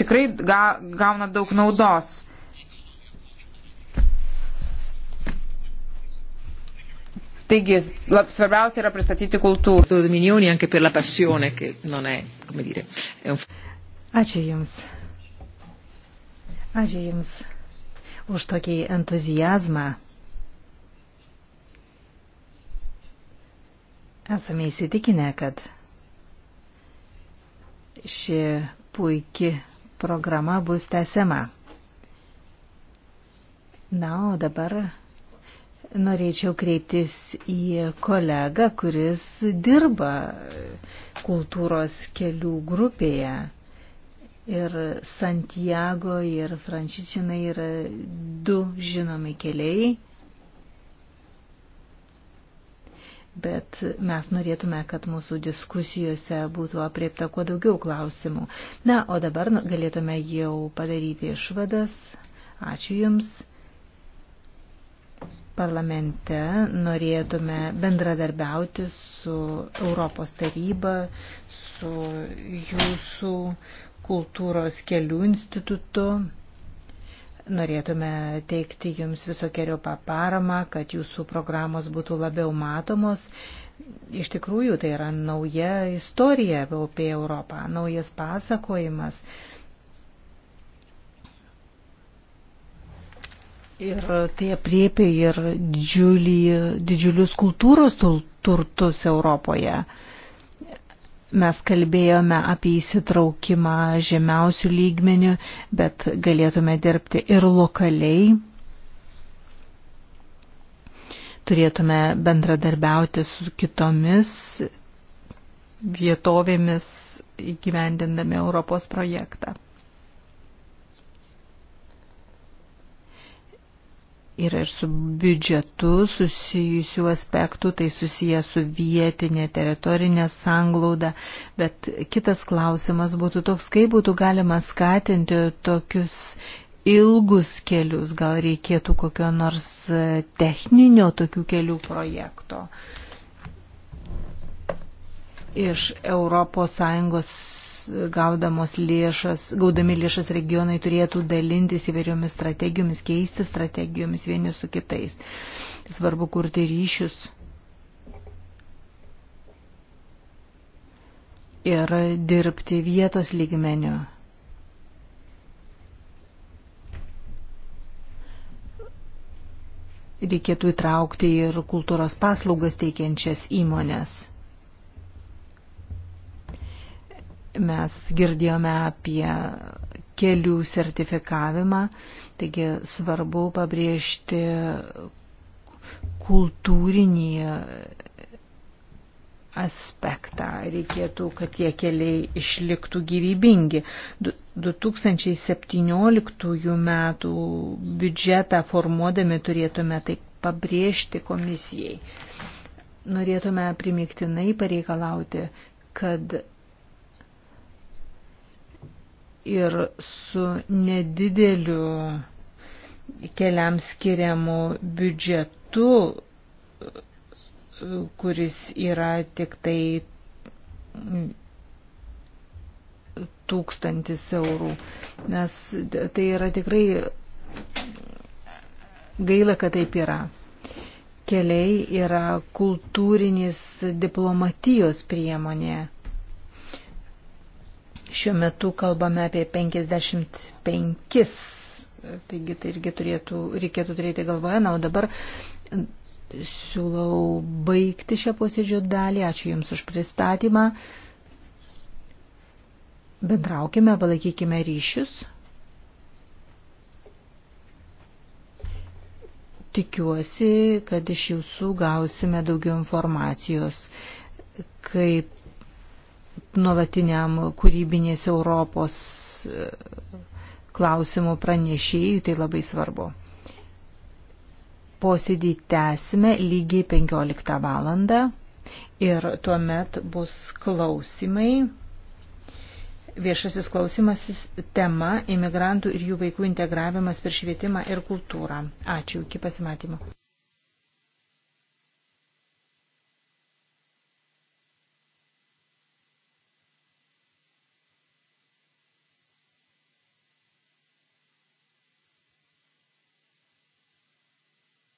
tikrai gauna daug naudos. Taigi, lab, svarbiausia yra pristatyti kultūrą. Ačiū Jums. Ačiū Jums už tokį entuzijazmą. Esame įsitikinę, kad ši puiki programa bus tęsiama. Na, o dabar Norėčiau kreiptis į kolegą, kuris dirba kultūros kelių grupėje. Ir Santiago ir Frančičinai yra du žinomi keliai. Bet mes norėtume, kad mūsų diskusijose būtų apriepta kuo daugiau klausimų. Na, o dabar galėtume jau padaryti išvadas. Ačiū Jums parlamente norėtume bendradarbiauti su Europos taryba, su jūsų kultūros kelių institutu. Norėtume teikti jums visokiojo paparamą, kad jūsų programos būtų labiau matomos. Iš tikrųjų, tai yra nauja istorija apie Europą, naujas pasakojimas. Ir tai apriepia ir didžiulį, didžiulius kultūros turtus Europoje. Mes kalbėjome apie įsitraukimą žemiausių lygmenių, bet galėtume dirbti ir lokaliai, turėtume bendradarbiauti su kitomis vietovėmis įgyvendindami Europos projektą. Yra ir su biudžetu susijusių aspektų, tai susiję su vietinė teritorinė sanglauda, bet kitas klausimas būtų toks, kaip būtų galima skatinti tokius ilgus kelius, gal reikėtų kokio nors techninio tokių kelių projekto iš ES gaudamos lėšas, gaudami lėšas regionai turėtų dalintis įvairiomis strategijomis, keisti strategijomis vieni su kitais. Svarbu kurti ryšius. Ir dirbti vietos lygmenio. Reikėtų įtraukti ir kultūros paslaugas teikiančias įmonės Mes girdėjome apie kelių sertifikavimą, taigi svarbu pabrėžti kultūrinį aspektą. Reikėtų, kad tie keliai išliktų gyvybingi. 2017 metų biudžetą formuodami turėtume tai pabrėžti komisijai. Norėtume primiktinai pareikalauti, kad ir su nedideliu keliam skiriamu biudžetu, kuris yra tik tai tūkstantis eurų. Nes tai yra tikrai gaila, kad taip yra. Keliai yra kultūrinis diplomatijos priemonė. Šiuo metu kalbame apie 55, taigi tai irgi turėtų, reikėtų turėti galvoje. Na, o dabar siūlau baigti šią posėdžio dalį. Ačiū Jums už pristatymą. Bendraukime, palaikykime ryšius. Tikiuosi, kad iš jūsų gausime daugiau informacijos, kaip nuolatiniam kūrybinės Europos e, klausimų pranešėjui, tai labai svarbu. Posėdį tęsime lygiai 15 valandą ir tuomet bus klausimai. Viešasis klausimasis tema imigrantų ir jų vaikų integravimas per švietimą ir kultūrą. Ačiū, iki pasimatymo.